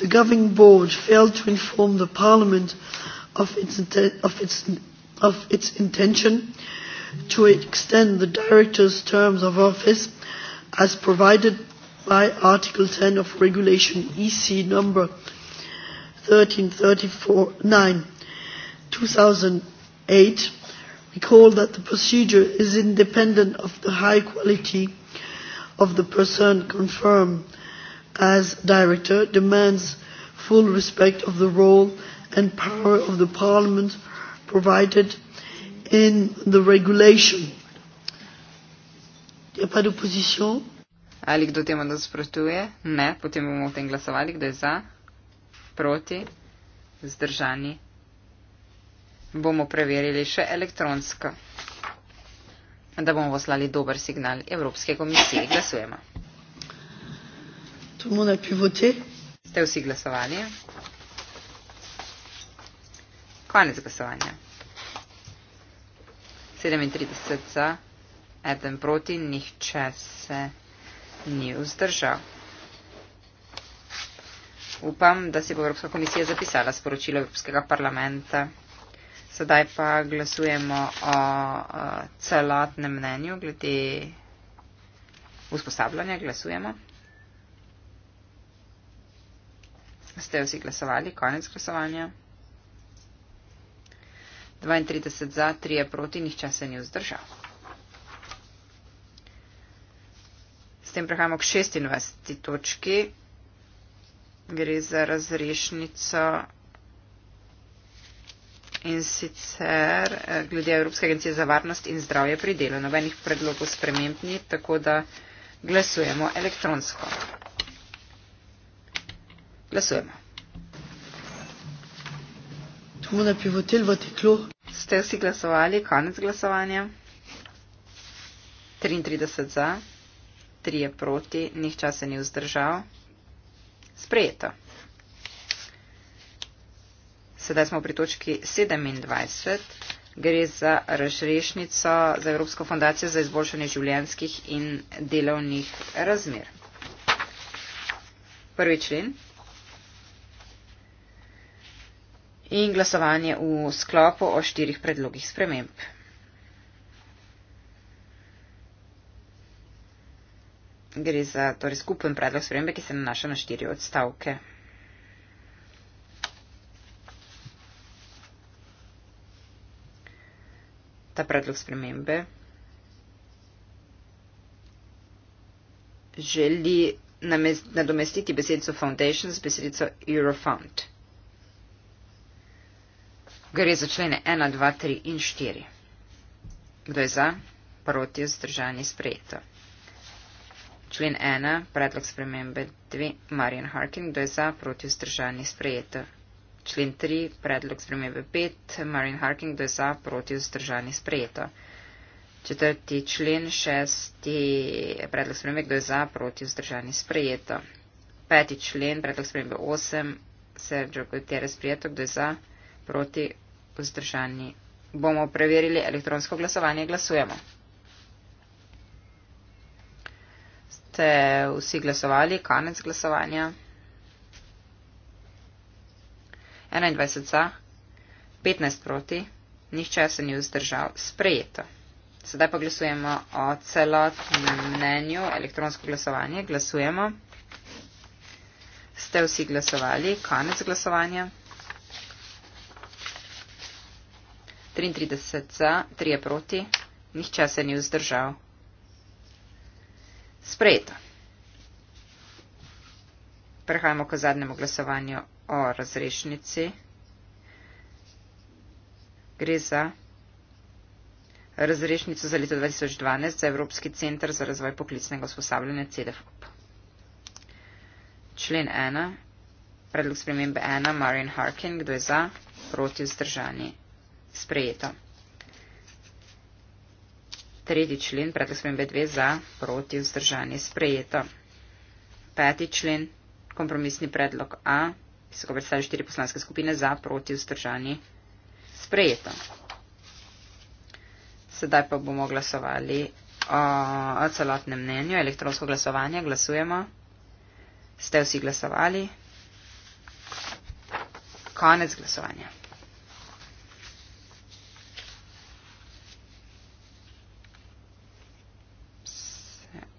[SPEAKER 2] The governing board failed to inform the parliament of its, of its of its intention to extend the director's terms of office as provided by Article 10 of Regulation EC number 1334-9-2008. Recall that the procedure is independent of the high quality of the person confirmed as director, demands full respect of the role and power of the Parliament provided in the regulation. Je pa opozicijon?
[SPEAKER 3] Ali kdo temu nasprotuje? Ne, potem bomo o tem glasovali, kdo je za, proti, zdržani. Bomo preverili še elektronsko, da bomo poslali dober signal Evropske komisije. Glasujemo. Ste vsi glasovali? Konec glasovanja. 37 za, eden proti, nihče se ni vzdržal. Upam, da si bo Evropska komisija zapisala sporočilo Evropskega parlamenta. Sedaj pa glasujemo o, o celotnem mnenju glede usposabljanja. Glasujemo. Ste vsi glasovali? Konec glasovanja. 32 za, 3 je proti, nihče se ni vzdržal. S tem prehajamo k 26. točki. Gre za razrešnico in sicer eh, glede Evropske agencije za varnost in zdravje pri delu. Nobenih predlogov sprememb ni, tako da glasujemo elektronsko.
[SPEAKER 2] Glasujemo smo na pivotel v teklo.
[SPEAKER 3] Ste vsi glasovali, konec glasovanja? 33 za, 3 je proti, nihče se ni vzdržal. Sprejeto. Sedaj smo pri točki 27. Gre za razrešnico za Evropsko fundacijo za izboljšanje življenjskih in delovnih razmer. Prvi člen. in glasovanje v sklopu o štirih predlogih sprememb. Gre za torej skupen predlog spremembe, ki se nanaša na štiri odstavke. Ta predlog spremembe želi nadomestiti besedico Foundation z besedico Eurofund. Gre za člene 1, 2, 3 in 4. Kdo je za? Proti je zdržanje sprejeto. Člen 1, predlog spremembe 2, Marian Harkin. Kdo je za? Proti je zdržanje sprejeto. Člen 3, predlog spremembe 5, Marian Harkin. Kdo je za? Proti je zdržanje sprejeto. Četrti člen, šesti predlog spremembe, kdo je za, proti vzdržanje sprejeto. Peti člen, predlog spremembe osem, Sergio Gutierrez sprejeto, kdo je za, proti vzdržani. Bomo preverili elektronsko glasovanje. Glasujemo. Ste vsi glasovali? Konec glasovanja. 21 za, 15 proti, nišče se ni vzdržal. Sprejeto. Sedaj pa glasujemo o celotnem mnenju. Elektronsko glasovanje. Glasujemo. Ste vsi glasovali? Konec glasovanja. 33 za, 3 je proti, nihče se ni vzdržal. Sprejeto. Prehajamo k zadnjemu glasovanju o razrešnici. Gre za razrešnico za leto 2012 za Evropski centr za razvoj poklicnega usposabljanja CDFOP. Člen 1. Predlog spremembe 1. Marian Harkin. Kdo je za? Proti vzdržanje sprejeto. Tretji člen, predlog spremembe dve za, proti vzdržanje sprejeto. Peti člen, kompromisni predlog A, ki so ga predstavili štiri poslanske skupine za, proti vzdržanje sprejeto. Sedaj pa bomo glasovali o, o celotnem mnenju. Elektronsko glasovanje, glasujemo. Ste vsi glasovali? Konec glasovanja.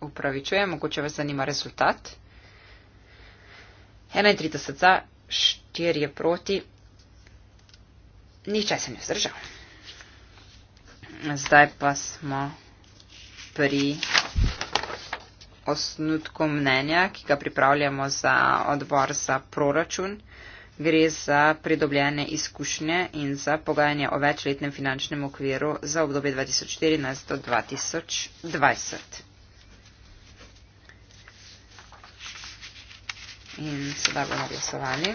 [SPEAKER 3] upravičujem, mogoče vas zanima rezultat. 31 za, 4 je proti. Niče se ni vzdržal. Zdaj pa smo pri osnutku mnenja, ki ga pripravljamo za odbor za proračun. Gre za pridobljene izkušnje in za pogajanje o večletnem finančnem okviru za obdobje 2014 do 2020. In sedaj bomo glasovali.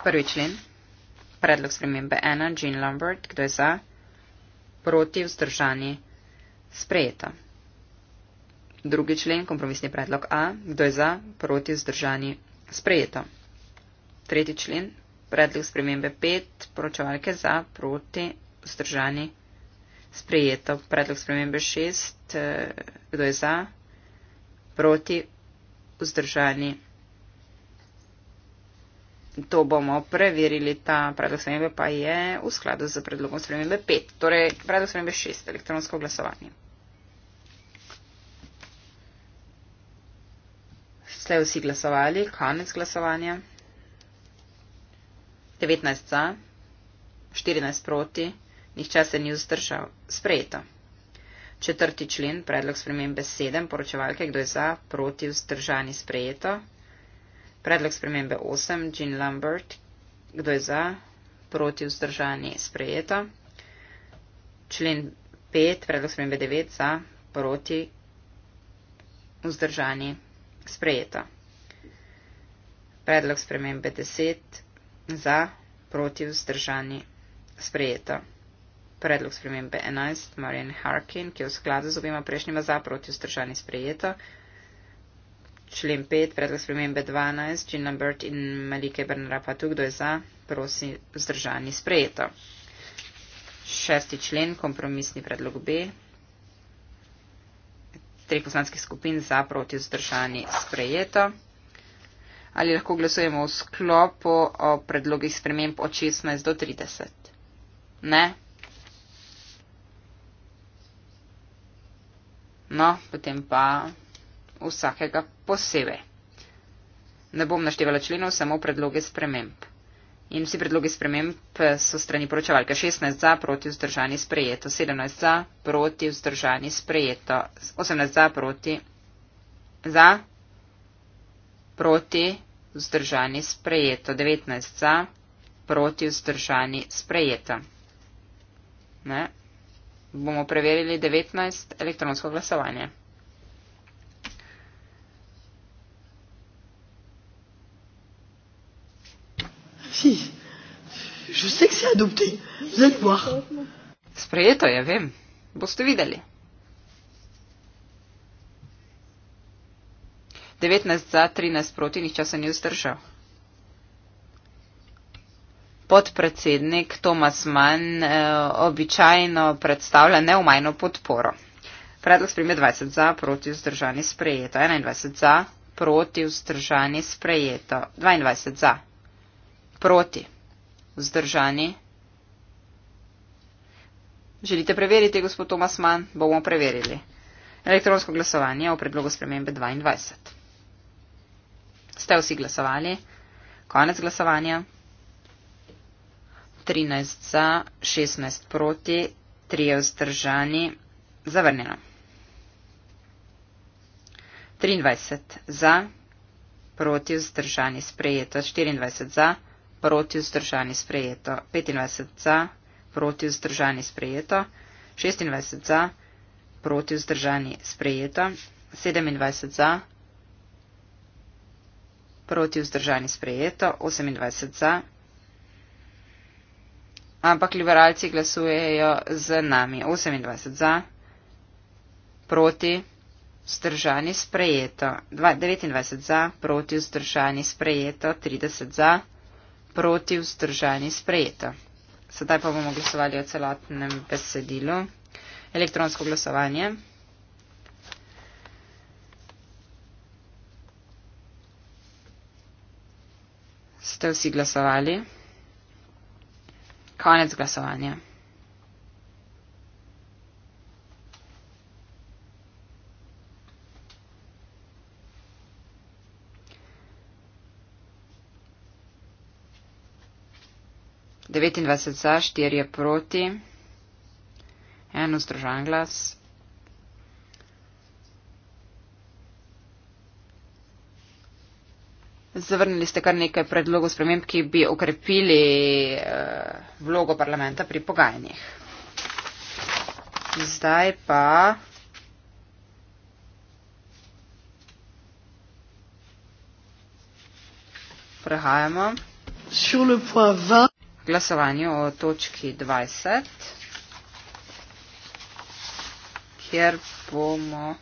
[SPEAKER 3] Prvi člen. Predlog spremembe 1. Jean Lambert. Kdo je za? Proti vzdržani. Sprejeto. Drugi člen. Kompromisni predlog A. Kdo je za? Proti vzdržani. Sprejeto. Tretji člen. Predlog spremembe 5. Poročevalke za. Proti vzdržani. Sprejeto. Predlog spremembe 6. Kdo je za? Proti vzdržani vzdržani. To bomo preverili, ta predlog spremembe pa je v skladu z predlogom spremembe 5, torej predlog spremembe 6, elektronsko glasovanje. Slej vsi glasovali, konec glasovanja. 19 za, 14 proti, nihče se ni vzdržal. Sprejeto. Četrti člen, predlog spremembe 7, poročevalke, kdo je za, proti, vzdržani, sprejeto. Predlog spremembe 8, Jean Lambert, kdo je za, proti, vzdržani, sprejeto. Člen 5, predlog spremembe 9, za, proti, vzdržani, sprejeto. Predlog spremembe 10, za, proti, vzdržani, sprejeto predlog spremembe 11, Marin Harkin, ki je v skladu z obima prejšnjima zaproti vzdržani sprejeto, člen 5, predlog spremembe 12, Jean Lambert in Malike Bernara pa tu, kdo je za, prosi vzdržani sprejeto. Šesti člen, kompromisni predlog B, treh poslanskih skupin za proti vzdržani sprejeto. Ali lahko glasujemo v sklopu o predlogih sprememb od 16 do 30? Ne. no, potem pa vsakega posebej. Ne bom naštevala členov, samo predloge sprememb. In vsi predlogi sprememb so strani poročevalke 16 za, proti vzdržani sprejeto, 17 za, proti vzdržani sprejeto, 18 za, proti, za, proti vzdržani sprejeto, 19 za, proti vzdržani sprejeto. Ne? bomo preverili 19 elektronsko glasovanje. Sprejeto je, vem. Boste videli. 19 za 13 proti, nihče se ni vzdržal podpredsednik Tomas Mann eh, običajno predstavlja neumajno podporo. Predlog spreme 20 za, proti vzdržani sprejeto. 21 za, proti vzdržani sprejeto. 22 za, proti vzdržani. Želite preveriti, gospod Tomas Mann? Bomo preverili. Elektronsko glasovanje o predlogu spremembe 22. Ste vsi glasovali? Konec glasovanja. 13 za, 16 proti, 3 vzdržani, zavrnjeno. 23 za, proti vzdržani sprejeto, 24 za, proti vzdržani sprejeto, 25 za, proti vzdržani sprejeto, 26 za, proti vzdržani sprejeto, 27 za, proti vzdržani sprejeto, 28 za, ampak liberalci glasujejo z nami. 28 za, proti, vzdržani sprejeto. 29 za, proti, vzdržani sprejeto. 30 za, proti, vzdržani sprejeto. Sedaj pa bomo glasovali o celotnem besedilu. Elektronsko glasovanje. Ste vsi glasovali? Konec glasovanja. Devetindvajset za, štiri je proti, en vzdržan glas. Zavrnili ste kar nekaj predlogov sprememb, ki bi okrepili eh, vlogo parlamenta pri pogajanjih. Zdaj pa. Prehajamo. Glasovanje o točki 20, kjer bomo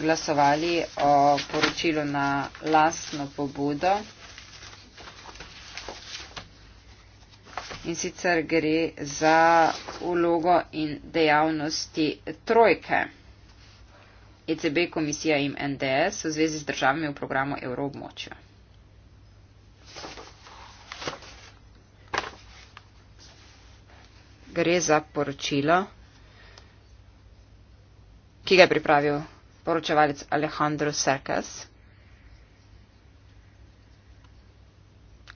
[SPEAKER 3] glasovali o poročilu na lastno pobudo. In sicer gre za ulogo in dejavnosti trojke. ECB, komisija in NDS v zvezi z državami v programu Evroobmočja. Gre za poročilo, ki ga je pripravil poročevalec Alejandro Serkas.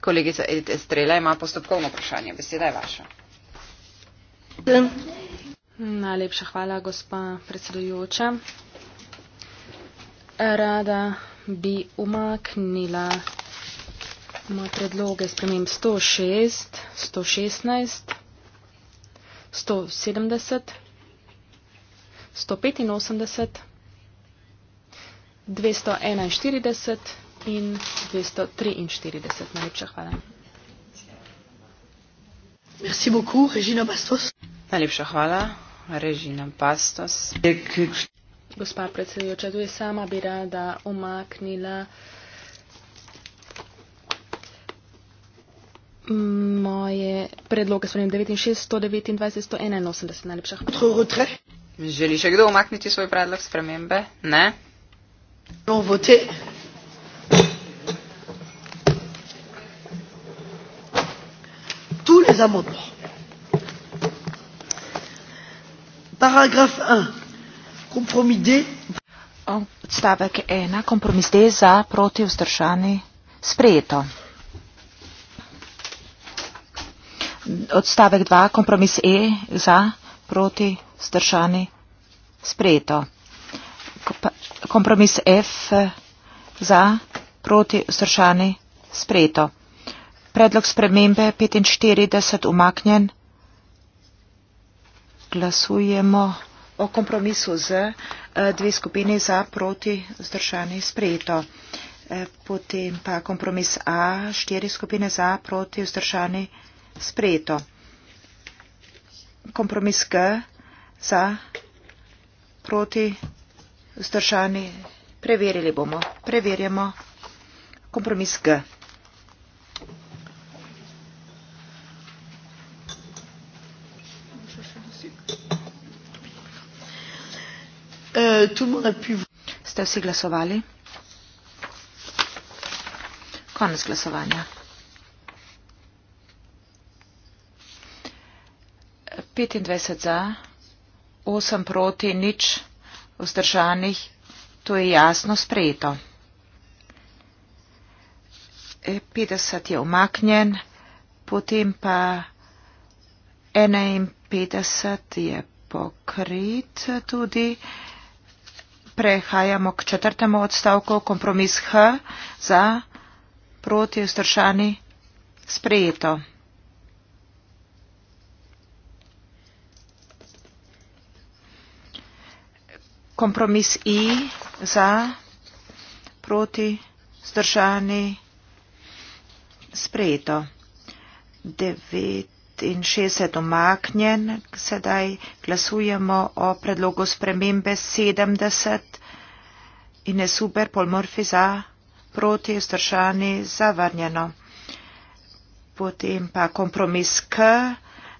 [SPEAKER 3] Kolegica Edith Estrela ima postopkovno vprašanje. Beseda je vaša.
[SPEAKER 4] Najlepša hvala, gospa predsedujoča. Rada bi umaknila moje predloge spremem 106, 116, 170, 185. 241 in 243. Najlepša hvala.
[SPEAKER 3] Merci beaucoup, Regina Bastos. Najlepša hvala, Regina Bastos.
[SPEAKER 4] Gospa predsedujoča, tudi sama bi rada omaknila mm, moje predloge s 96, 129, 181. Najlepša
[SPEAKER 3] hvala. Želi še kdo omakniti svoj predlog spremembe?
[SPEAKER 2] Ne. Allons voter. Tous les amendements.
[SPEAKER 1] Paragraphe 1. Compromis D. Odstavek 1. Kompromis D za proti vzdržani sprejeto. Odstavek 2. Kompromis E za proti vzdržani sprejeto kompromis F za proti vzdržani sprejeto. Predlog spremembe 45 umaknjen. Glasujemo o kompromisu z eh, dve skupini za proti vzdržani sprejeto. Eh, potem pa kompromis A, štiri skupine za proti vzdržani sprejeto. Kompromis G za proti Stršani, preverili bomo. Preverjamo. Kompromis G. Eh, Ste vsi glasovali? Konec glasovanja. Petindvajset za, osem proti, nič proti vzdržanih, to je jasno sprejeto. 50 e, je omaknjen, potem pa 51 je pokrit tudi. Prehajamo k četrtemu odstavku, kompromis H za proti vzdržani sprejeto. kompromis I za, proti, zdržani, sprejeto. 69 omaknjen, sedaj glasujemo o predlogu spremembe 70 in je super polmorfi za, proti, zdržani, zavrnjeno. Potem pa kompromis K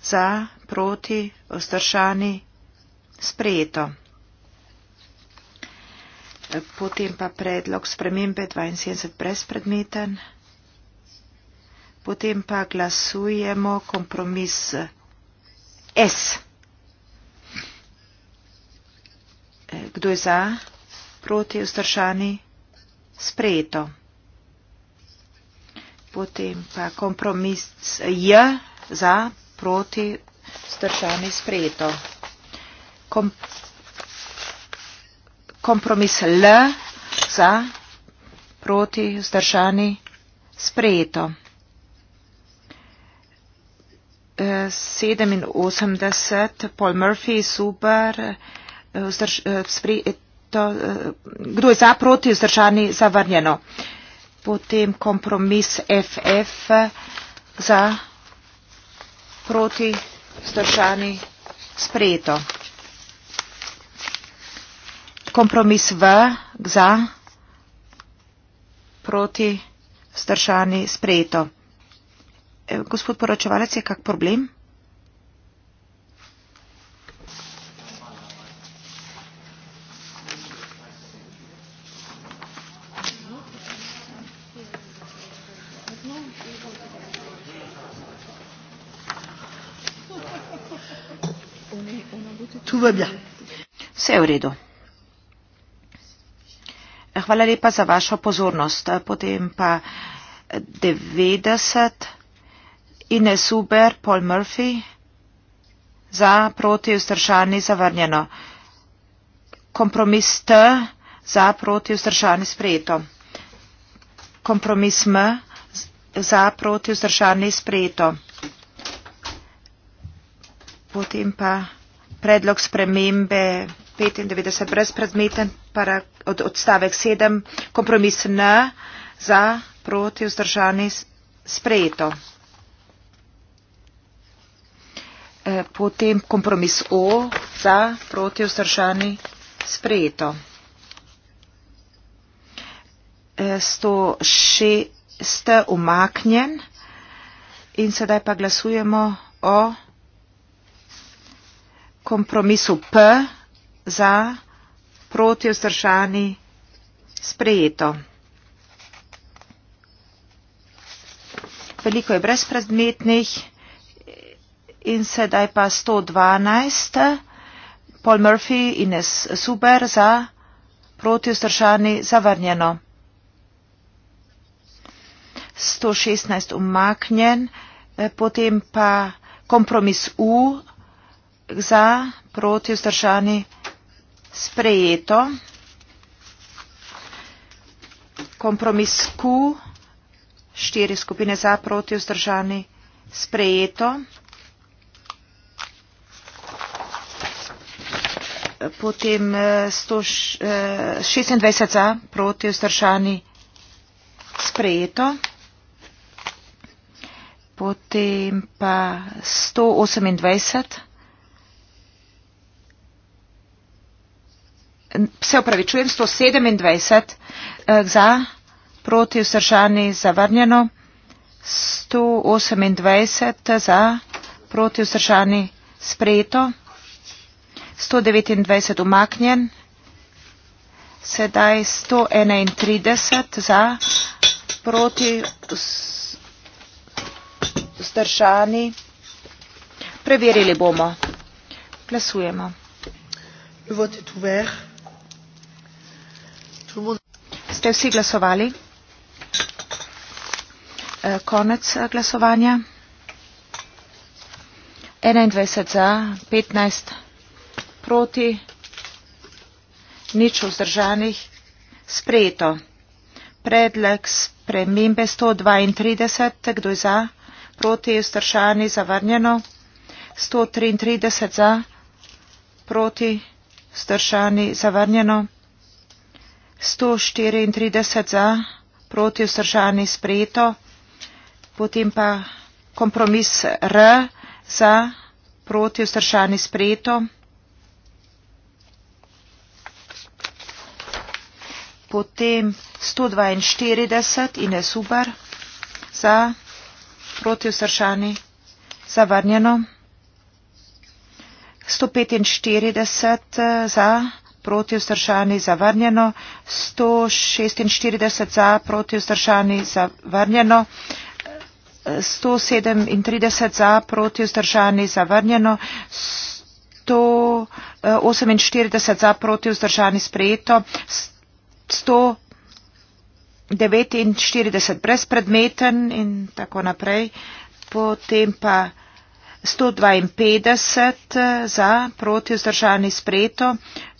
[SPEAKER 1] za, proti, vzdržani, sprejeto. Potem pa predlog spremembe 72 brezpredmeten. Potem pa glasujemo kompromis eh, S. Eh, kdo je za? Proti vzdržani? Sprejeto. Potem pa kompromis J za, proti, stršani, sprejeto. Kom kompromis L za, proti, vzdržani, sprejeto. 87, e, Paul Murphy, super, e, vzdrž, e, sprejeto, kdo je za, proti, vzdržani, zavrnjeno. Potem kompromis FF za, proti, vzdržani, sprejeto kompromis v, za, proti, stršani, sprejeto. E, gospod poročevalec, je kak problem? Vse je v redu hvala lepa za vašo pozornost. Potem pa 90 Ines Uber, Paul Murphy. Za, proti, vzdržani, zavrnjeno. Kompromis T, za, proti, vzdržani, sprejeto. Kompromis M, za, proti, vzdržani, sprejeto. Potem pa predlog spremembe 95 brezpredmeten para, od odstavek 7, kompromis N za proti vzdržani sprejeto. E, potem kompromis O za proti vzdržani sprejeto. E, 106 umaknjen in sedaj pa glasujemo o kompromisu P za, proti vzdržani, sprejeto. Veliko je brezpredmetnih in sedaj pa 112. Paul Murphy in S. Suber za, proti vzdržani, zavrnjeno. 116 umaknjen, eh, potem pa kompromis U za, proti vzdržani, zavrnjeno sprejeto. Kompromis Q, štiri skupine za proti vzdržani, sprejeto. Potem 126 eh, eh, za proti vzdržani, sprejeto. Potem pa 128 za proti vzdržani. se opravičujem, 127 eh, za, proti vzdržani zavrnjeno, 128 za, proti vzdržani sprejeto, 129 umaknjen, sedaj 131 za, proti vzdržani. Preverili bomo. Glasujemo. Votez ouvert. Ste vsi glasovali? E, konec e, glasovanja. 21 za, 15 proti, nič vzdržanih, sprejeto. Predlog spremembe 132, kdo je za, proti, vzdržani, zavrnjeno. 133 za, proti, vzdržani, zavrnjeno. 134 za, proti vzdržani sprejeto, potem pa kompromis R za, proti vzdržani sprejeto, potem 142 in je super za, proti vzdržani zavrnjeno. 145 eh, za, proti vzdržani zavrnjeno, 146 za proti vzdržani zavrnjeno, 137 za proti vzdržani zavrnjeno, 148 za proti vzdržani sprejeto, 149 brezpredmeten in tako naprej, potem pa 152 za proti vzdržani sprejeto,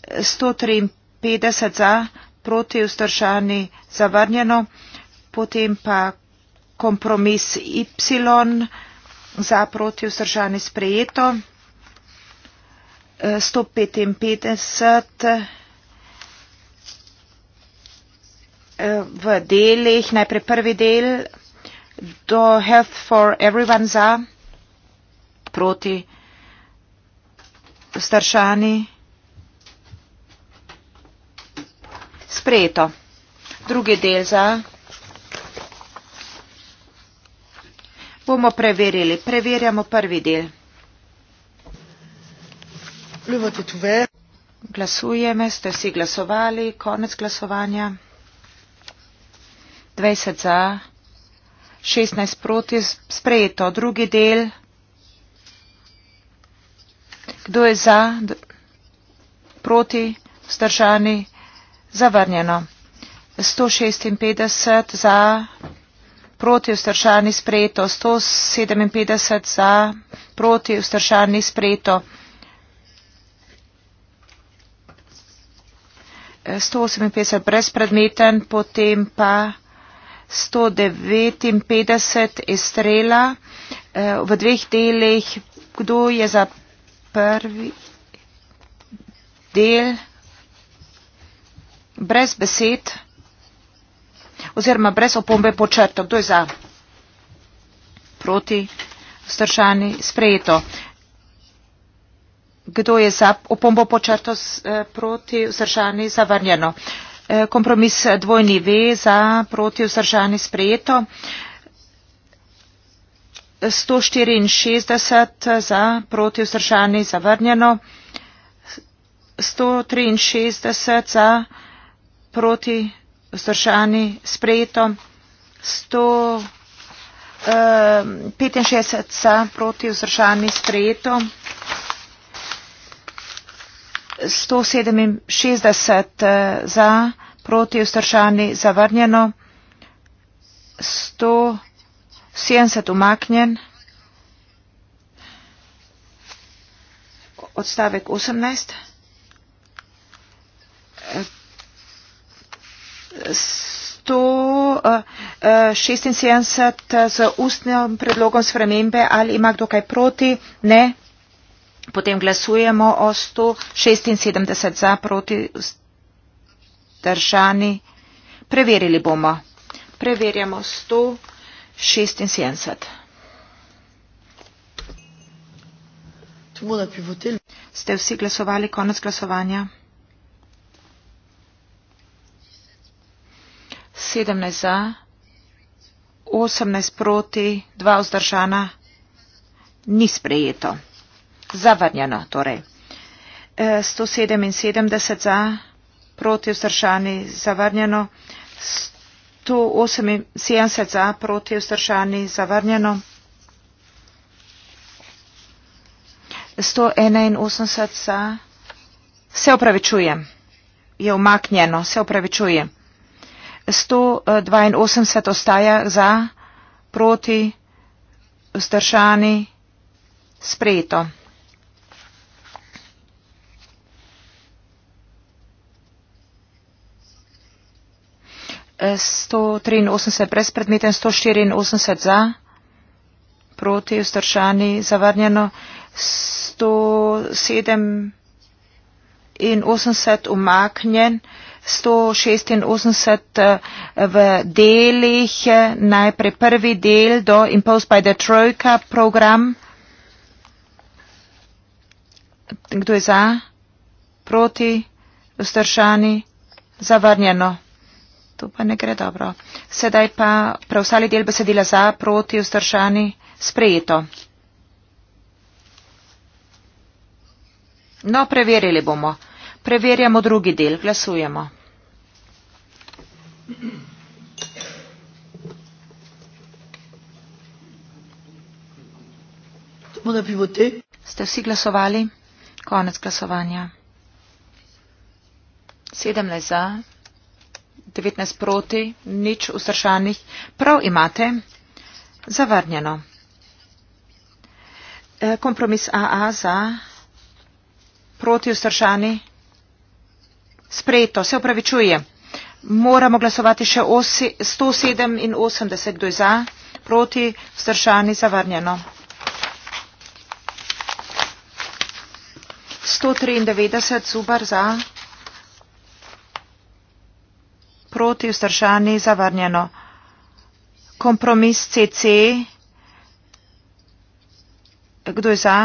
[SPEAKER 1] 153 za, proti vzdržani zavrnjeno, potem pa kompromis Y za proti vzdržani sprejeto, 155 eh, v delih, najprej prvi del, do Health for Everyone za, proti vzdržani zavrnjeno, sprejeto. Drugi del za. Bomo preverili. Preverjamo prvi del. Glasujeme, ste vsi glasovali, konec glasovanja. 20 za, 16 proti, sprejeto. Drugi del. Kdo je za, proti, vzdržani? Zavrnjeno. 156 za, proti vstršani sprejeto. 157 za, proti vstršani sprejeto. 158 brezpredmeten, potem pa 159 estrela v dveh delih. Kdo je za prvi del? brez besed oziroma brez opombe počrto. Kdo je za? Proti? Vstršani? Sprejeto. Kdo je za opombo počrto eh, proti vzdržani zavrnjeno? Eh, kompromis eh, dvojni ve za proti vzdržani sprejeto. 164 za proti vzdržani zavrnjeno. 163 za proti vzdržani zavrnjeno proti vzdržani sprejeto, 165 eh, proti vzdržani sprejeto, 167 eh, za proti vzdržani zavrnjeno, 170 umaknjen. Odstavek 18. 176 eh, eh, z ustnim predlogom spremembe ali ima kdo kaj proti? Ne. Potem glasujemo o 176 za proti držani. Preverili bomo. Preverjamo 176. Ste vsi glasovali konec glasovanja? 17 za, 18 proti, 2 vzdržana, ni sprejeto. Zavrnjeno torej. 177 e, za, proti vzdržani, zavrnjeno. 178 za, proti vzdržani, zavrnjeno. 181 za, se opravičujem, je umaknjeno, se opravičujem. 182 eh, ostaja za, proti, vzdržani, sprejeto. sto triinosemdeset brezpredmeten sto štiriinosemdeset za proti vzdržani zavrnjeno sto sedem in osemdeset umaknjen sto 186 eh, v delih, najprej prvi del do Impulse by the Trojka program. Kdo je za? Proti? Vzdržani? Zavrnjeno. To pa ne gre dobro. Sedaj pa preostali del besedila za, proti, vzdržani, sprejeto. No, preverili bomo. Preverjamo drugi del. Glasujemo. Ste vsi glasovali? Konec glasovanja. 17 za, 19 proti, nič vzdržanih. Prav imate. Zavrnjeno. E, kompromis AA za, proti vzdržanih. Sprejeto, se upravičuje. Moramo glasovati še 187, kdo je za, proti, vzdržani, zavarnjeno. 193, zubar za, proti, vzdržani, zavarnjeno. Kompromis CC, kdo je za,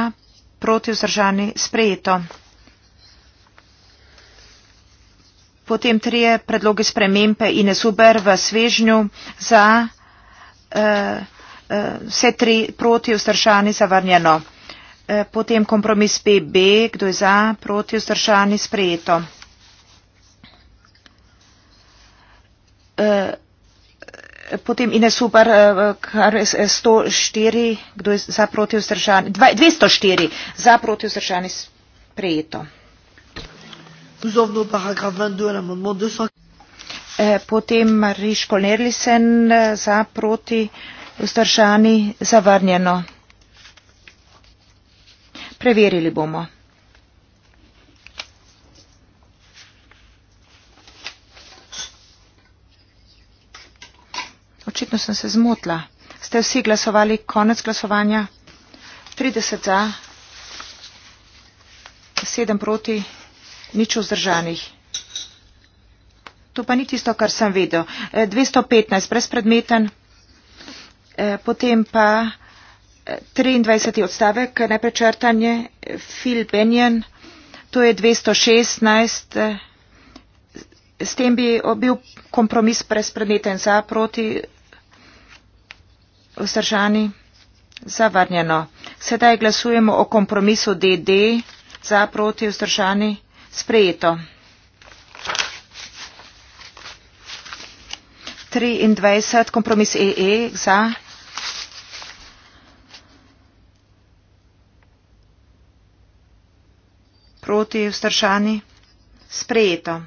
[SPEAKER 1] proti, vzdržani, sprejeto. potem trije predloge spremembe in super v svežnju za uh, uh, vse tri proti ustršani zavrnjeno. Uh, potem kompromis PB, kdo je za proti ustršani sprejeto. Uh, Potem in je super, kar je 104, kdo je za proti vzdržani, 204 za proti vzdržani sprejeto.
[SPEAKER 2] Nous en venons au paragraphe 22 à l'amendement 204.
[SPEAKER 1] Eh, eh, Očitno sem se zmotila. Ste vsi glasovali konec glasovanja? 30 za, 7 proti nič vzdržanih. To pa ni tisto, kar sem vedel. 215 eh, brezpredmeten, eh, potem pa 23. Eh, odstavek, najprej črtanje, Phil Benjen, to je 216, s tem bi bil kompromis brezpredmeten za, proti, vzdržani, zavrnjeno. Sedaj glasujemo o kompromisu DD za, proti, vzdržani sprejeto. 23 kompromis EE e, za. Proti vstršani. Sprejeto.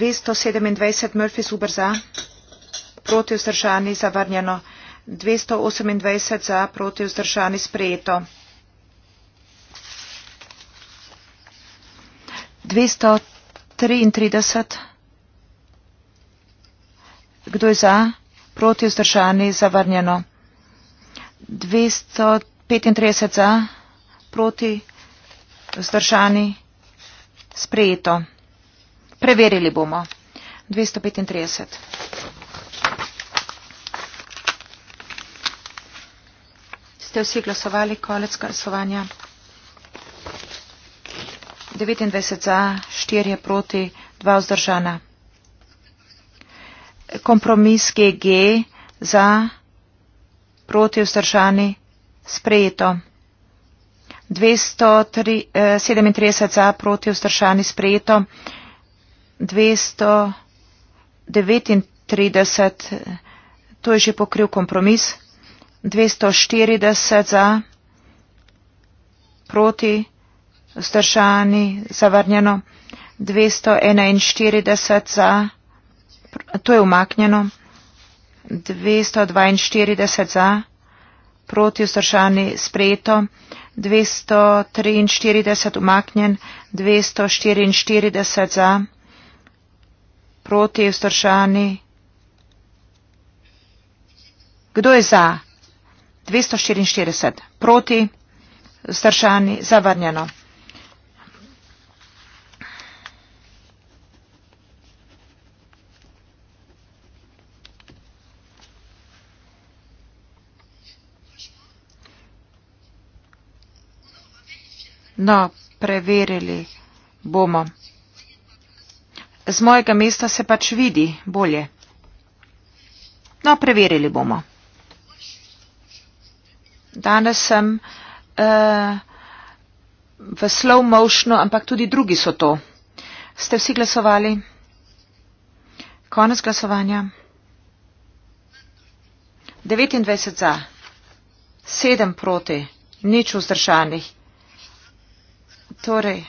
[SPEAKER 1] dvestosedemindvajset mrfi super za proti vzdržani zavrnjeno dvesto osemindvajset za proti vzdržani sprejeto dvesto triintrideset kdo je za proti vzdržani zavrnjeno dvesto petintrideset za proti vzdržani sprejeto Preverili bomo. 235. Ste vsi glasovali, konec glasovanja? 29 za, 4 proti, 2 vzdržana. Kompromis GG za, proti vzdržani, sprejeto. 237 eh, za, proti vzdržani, sprejeto. 239, to je že pokril kompromis, 240 za, proti, vzdržani, zavrnjeno, 241 za, to je umaknjeno, 242 za, proti, vzdržani, sprejeto. 243 umaknjen, 244 za proti vzdržani. Kdo je za? 244. Proti vzdržani. Zavrnjeno. No, preverili bomo z mojega mesta se pač vidi bolje. No, preverili bomo. Danes sem uh, v slow motionu, ampak tudi drugi so to. Ste vsi glasovali? Konec glasovanja. 29 za, 7 proti, nič vzdržanih. Torej.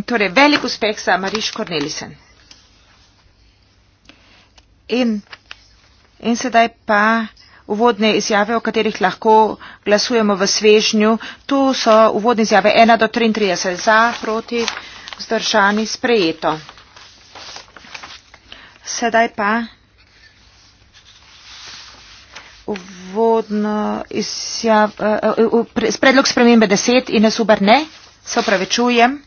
[SPEAKER 1] Torej, velik uspeh za Mariš Kornelisen. In, in sedaj pa uvodne izjave, o katerih lahko glasujemo v svežnju. Tu so uvodne izjave 1 do 33 za, proti, vzdržani, sprejeto. Sedaj pa uvodno izjave, eh, eh, uh, uh, uh, predlog spremembe 10 in ne super ne, se opravičujem.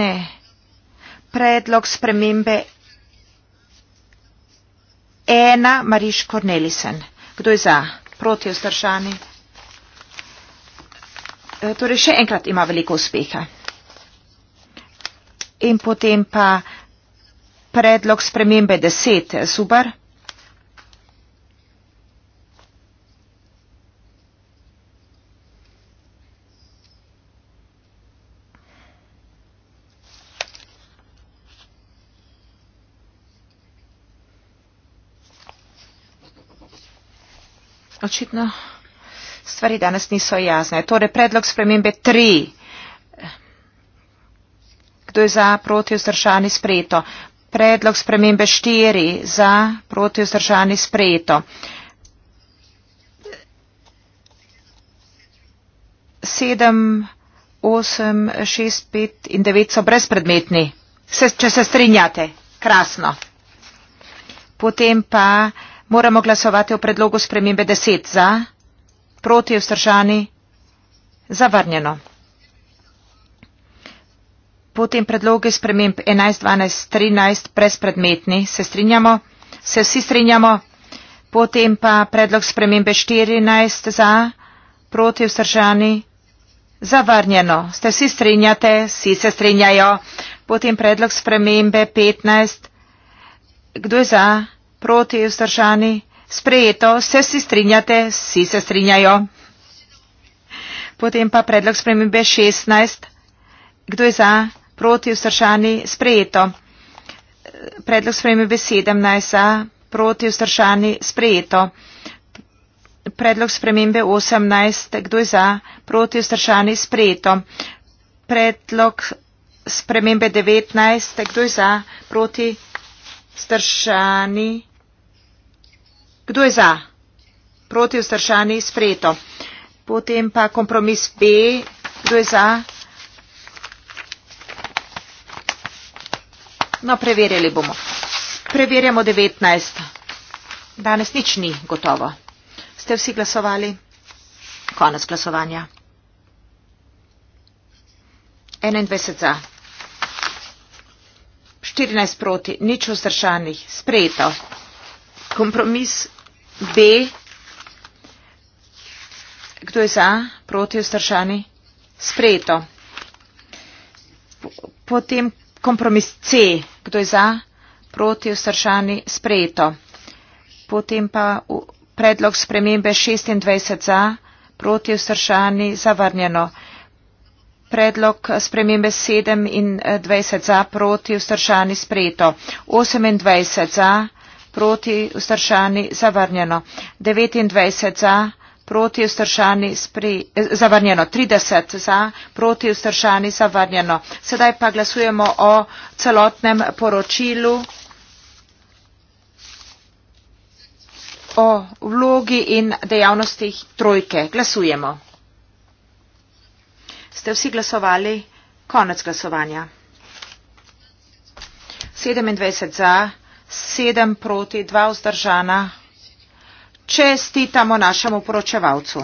[SPEAKER 1] ne. Predlog spremembe ena Mariš Kornelisen. Kdo je za? Proti vzdržani. E, torej še enkrat ima veliko uspeha. In potem pa predlog spremembe deset. Super. očitno stvari danes niso jasne. Torej, predlog spremembe 3. Kdo je za proti vzdržani sprejeto? Predlog spremembe 4. Za proti vzdržani sprejeto. Sedem, osem, šest, pet in devet so brezpredmetni, se, če se strinjate. Krasno. Potem pa. Moramo glasovati o predlogu spremembe 10 za, proti vzdržani, zavrnjeno. Potem predloge sprememb 11, 12, 13, brezpredmetni, se strinjamo, se vsi strinjamo, potem pa predlog spremembe 14 za, proti vzdržani, zavrnjeno. Ste vsi strinjate, vsi se strinjajo. Potem predlog spremembe 15. Kdo je za? proti vzdržani. Sprejeto, vse si strinjate, vsi se strinjajo. Potem pa predlog spremembe 16. Kdo je za, proti vzdržani, sprejeto. Predlog spremembe 17. Za, proti vzdržani, sprejeto. Predlog spremembe 18. Kdo je za, proti vzdržani, sprejeto. Predlog spremembe 19. Kdo je za, proti vzdržani, sprejeto. Kdo je za? Proti vzdržani sprejeto. Potem pa kompromis B. Kdo je za? No, preverjali bomo. Preverjamo 19. Danes nič ni gotovo. Ste vsi glasovali? Konec glasovanja. 21 za. 14 proti, nič vzdržanih. Sprejeto. Kompromis b kdo je za proti vzdržani sprejeto potem kompromis c kdo je za proti vzdržani sprejeto potem pa predlog spremembe 26 za proti vzdržani zavrnjeno predlog spremembe 27 za proti vzdržani sprejeto 28 za proti vstršani zavrnjeno. 29 za, proti vstršani eh, zavrnjeno. 30 za, proti vstršani zavrnjeno. Sedaj pa glasujemo o celotnem poročilu. o vlogi in dejavnostih trojke. Glasujemo. Ste vsi glasovali? Konec glasovanja. 27 za, sedem proti dva vzdržana. Čestitamo našemu poročevalcu.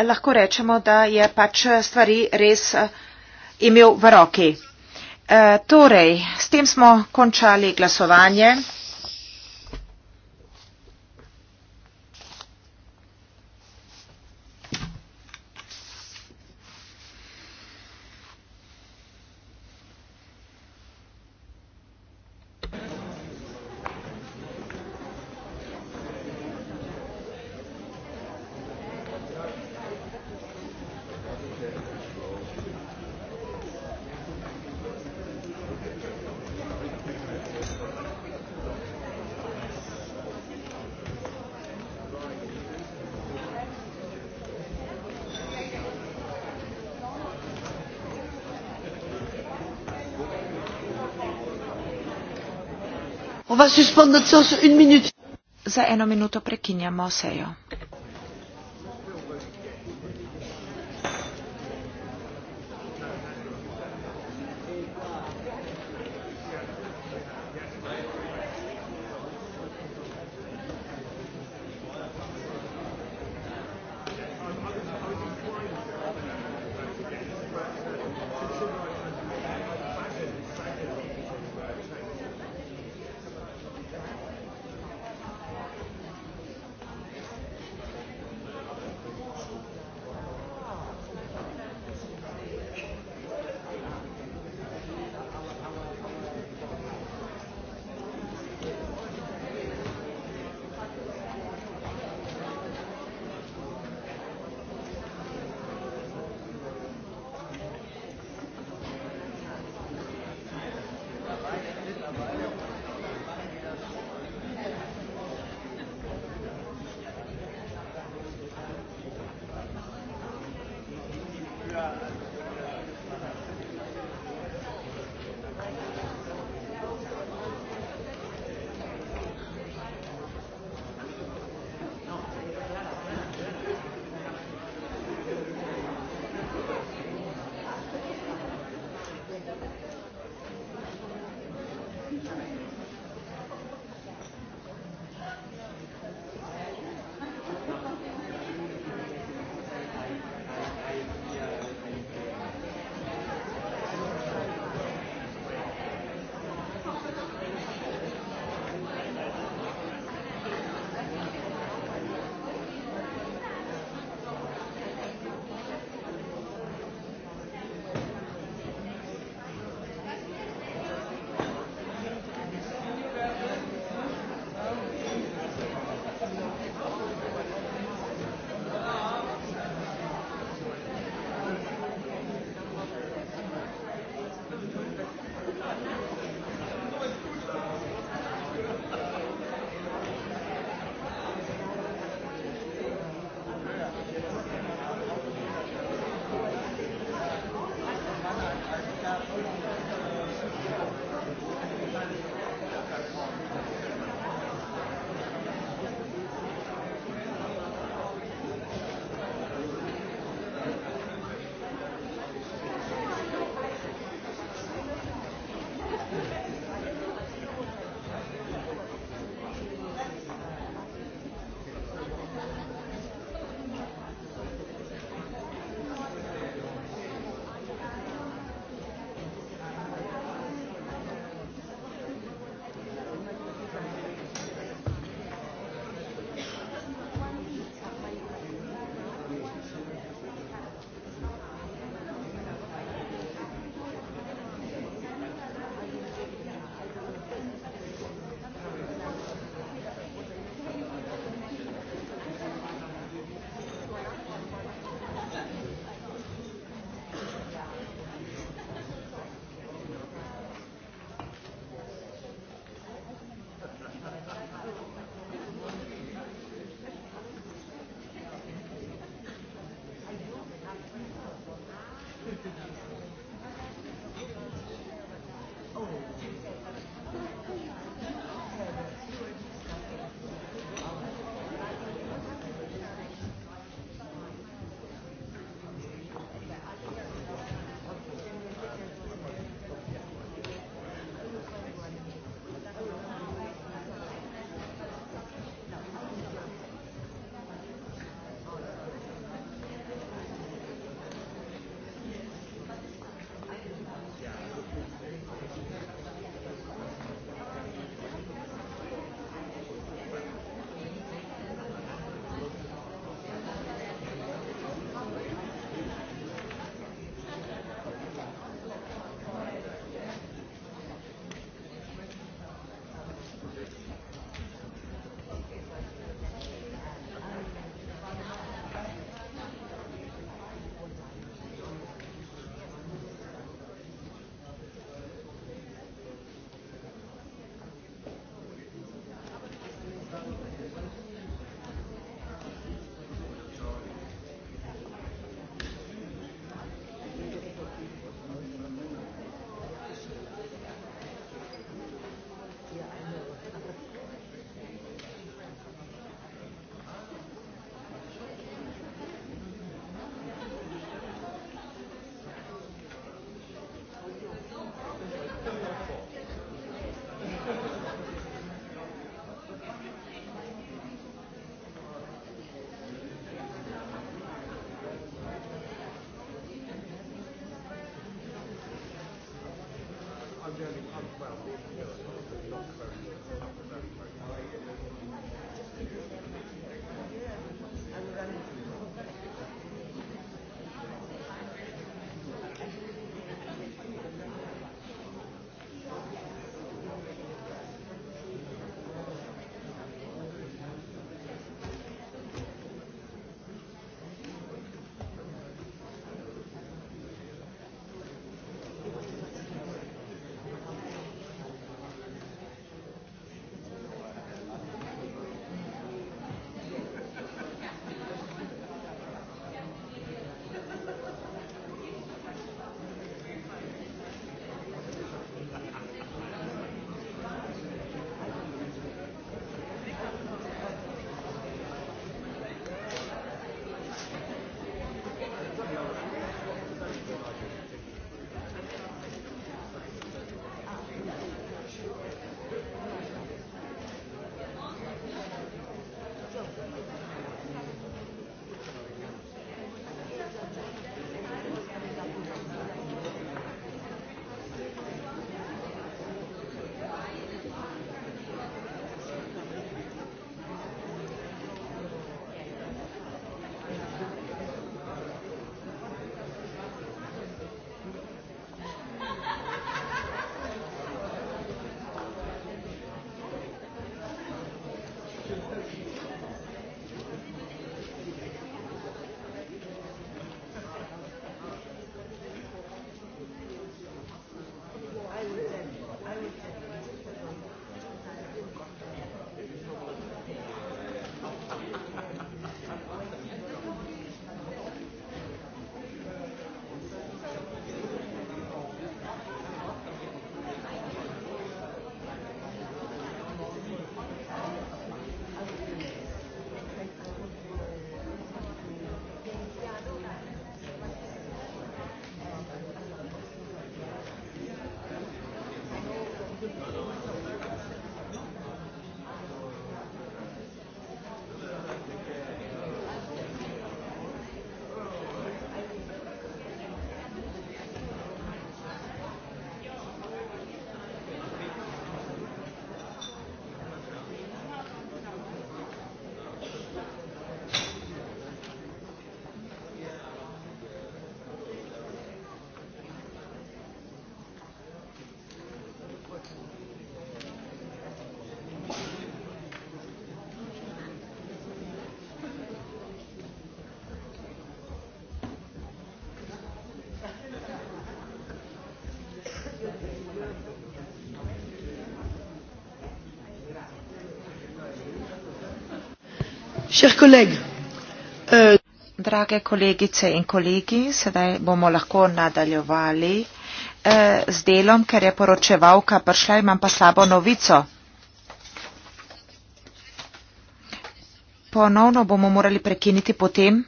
[SPEAKER 1] Lahko rečemo, da je pač stvari res eh, imel v roki. Eh, torej, s tem smo končali glasovanje. va suspendre de séance une minute. Za eno minuto prekinjamo sejo. Euh, drage kolegice in kolegi sedaj bomo lahko nadaljevali eh, z delom ker je poročevalka prišla imam pa slabo novico ponovno bomo morali prekiniti potem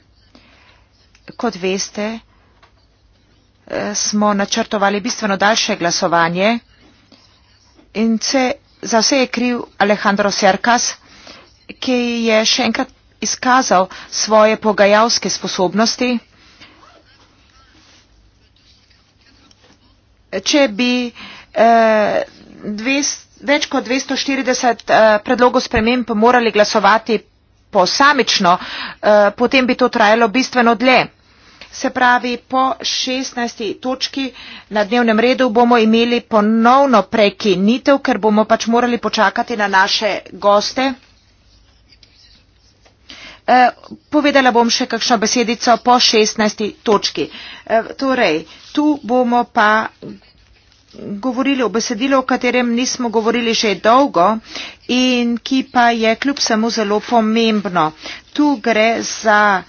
[SPEAKER 1] kot veste eh, smo načrtovali bistveno daljše glasovanje in se, za vse je kriv Alejandro Serkas ki je še enkrat izkazal svoje pogajalske sposobnosti, če bi eh, več kot 240 eh, predlogov sprememb morali glasovati posamično, eh, potem bi to trajalo bistveno dlje. Se pravi, po 16. točki na dnevnem redu bomo imeli ponovno prekinitev, ker bomo pač morali počakati na naše goste. Eh, povedala bom še kakšno besedico po 16. točki. Eh, torej, tu bomo pa govorili o besedilu, o katerem nismo govorili že dolgo in ki pa je kljub samo zelo pomembno. Tu gre za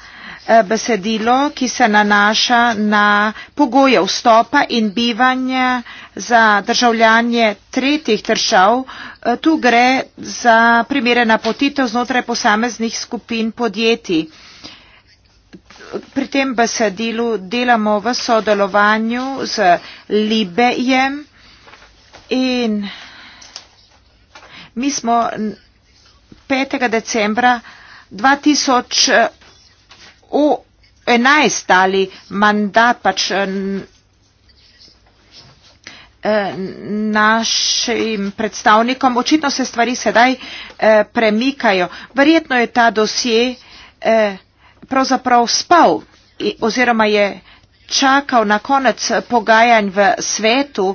[SPEAKER 1] Eh, besedilo, ki se nanaša na pogoje vstopa in bivanja za državljanje tretjih držav. Eh, tu gre za primere napotitev znotraj posameznih skupin podjetij. Pri tem besedilu delamo v sodelovanju z Libejem in mi smo 5. decembra 2000 v enajst dali mandat pač eh, eh, našim predstavnikom. Očitno se stvari sedaj eh, premikajo. Verjetno je ta dosje pravzaprav spal oziroma je čakal na konec pogajanj v svetu.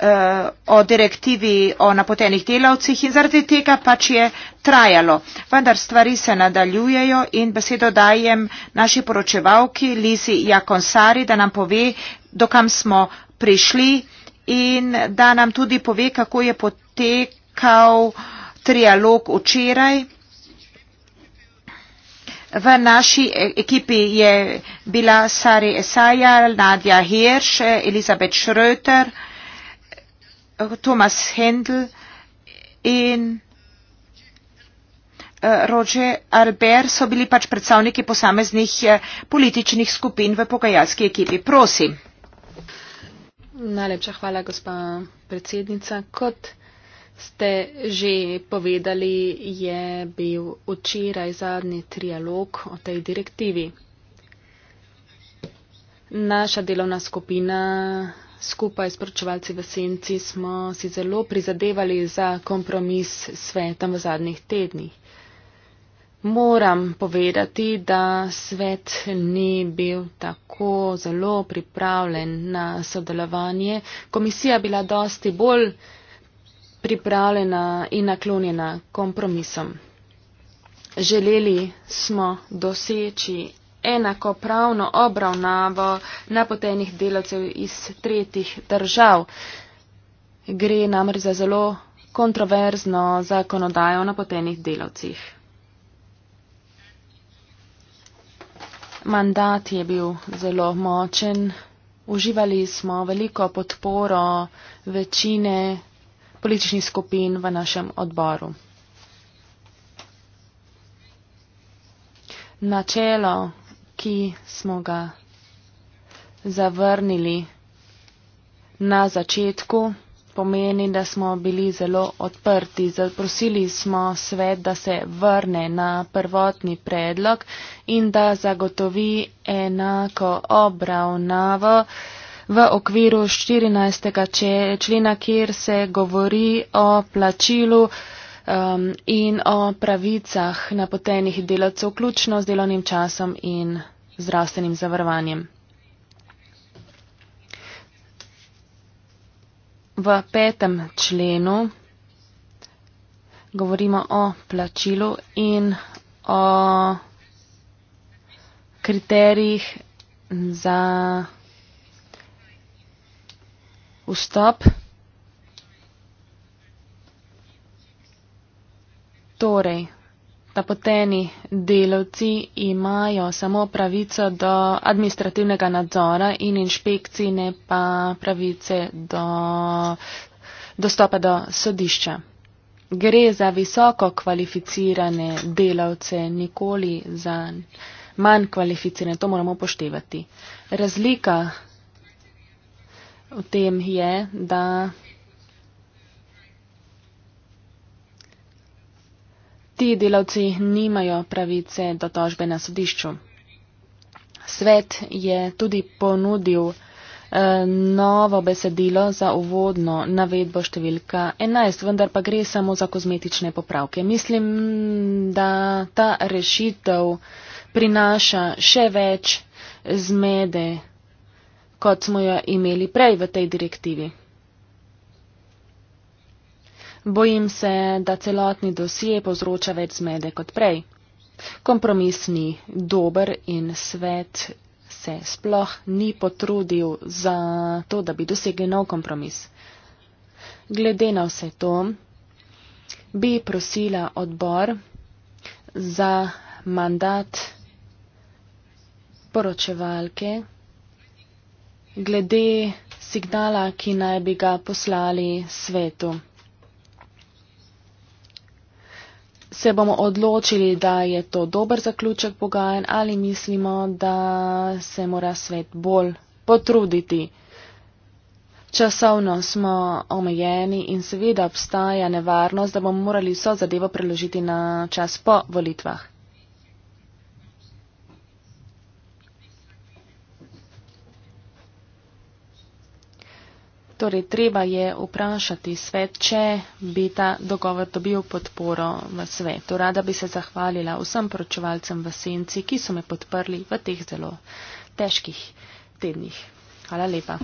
[SPEAKER 1] Eh, o direktivi o napotenih delavcih in zaradi tega pač je trajalo. Vendar stvari se nadaljujejo in besedo dajem naši poročevalki Lizi Jakonsari, da nam pove, dokam smo prišli in da nam tudi pove, kako je potekal trialog včeraj. V naši e-, ekipi je bila Sari Esaja, Nadja Hirš, Elizabeth Schröter, Thomas Hendel in eh, Roger Albert so bili pač predstavniki posameznih eh, političnih skupin v pogajalski ekipi. Prosim.
[SPEAKER 4] Najlepša hvala, gospa predsednica. Kot ste že povedali, je bil včeraj zadnji trialog o tej direktivi. Naša delovna skupina skupaj s pročevalci v senci smo si zelo prizadevali za kompromis s svetom v zadnjih tednih. Moram povedati, da svet ni bil tako zelo pripravljen na sodelovanje. Komisija je bila dosti bolj pripravljena in naklonjena kompromisom. Želeli smo doseči enakopravno obravnavo napotenih delavcev iz tretjih držav. Gre namreč za zelo kontroverzno zakonodajo o napotenih delavcih. Mandat je bil zelo močen. Uživali smo veliko podporo večine političnih skupin v našem odboru. Načelo ki smo ga zavrnili na začetku, pomeni, da smo bili zelo odprti. Zaprosili smo svet, da se vrne na prvotni predlog in da zagotovi enako obravnavo v okviru 14. člena, kjer se govori o plačilu um, in o pravicah napotenih delavcev, vključno z delovnim časom in zdravstvenim zavarovanjem. V petem členu govorimo o plačilu in o kriterijih za vstop Torej, napoteni delavci imajo samo pravico do administrativnega nadzora in inšpekcij, ne pa pravice do dostopa do sodišča. Gre za visoko kvalificirane delavce, nikoli za manj kvalificirane, to moramo poštevati. Razlika v tem je, da Ti delavci nimajo pravice do tožbe na sodišču. Svet je tudi ponudil eh, novo besedilo za uvodno navedbo številka 11, vendar pa gre samo za kozmetične popravke. Mislim, da ta rešitev prinaša še več zmede, kot smo jo imeli prej v tej direktivi. Bojim se, da celotni dosije povzroča več zmede kot prej. Kompromis ni dober in svet se sploh ni potrudil za to, da bi dosegli nov kompromis. Glede na vse to, bi prosila odbor za mandat poročevalke glede signala, ki naj bi ga poslali svetu. se bomo odločili, da je to dober zaključek pogajanj ali mislimo, da se mora svet bolj potruditi. Časovno smo omejeni in seveda obstaja nevarnost, da bomo morali vso zadevo preložiti na čas po volitvah. Torej, treba je vprašati svet, če bi ta dogovor dobil podporo v svetu. Rada bi se zahvalila vsem poročevalcem v Senci, ki so me podprli v teh zelo težkih tednih. Hvala lepa.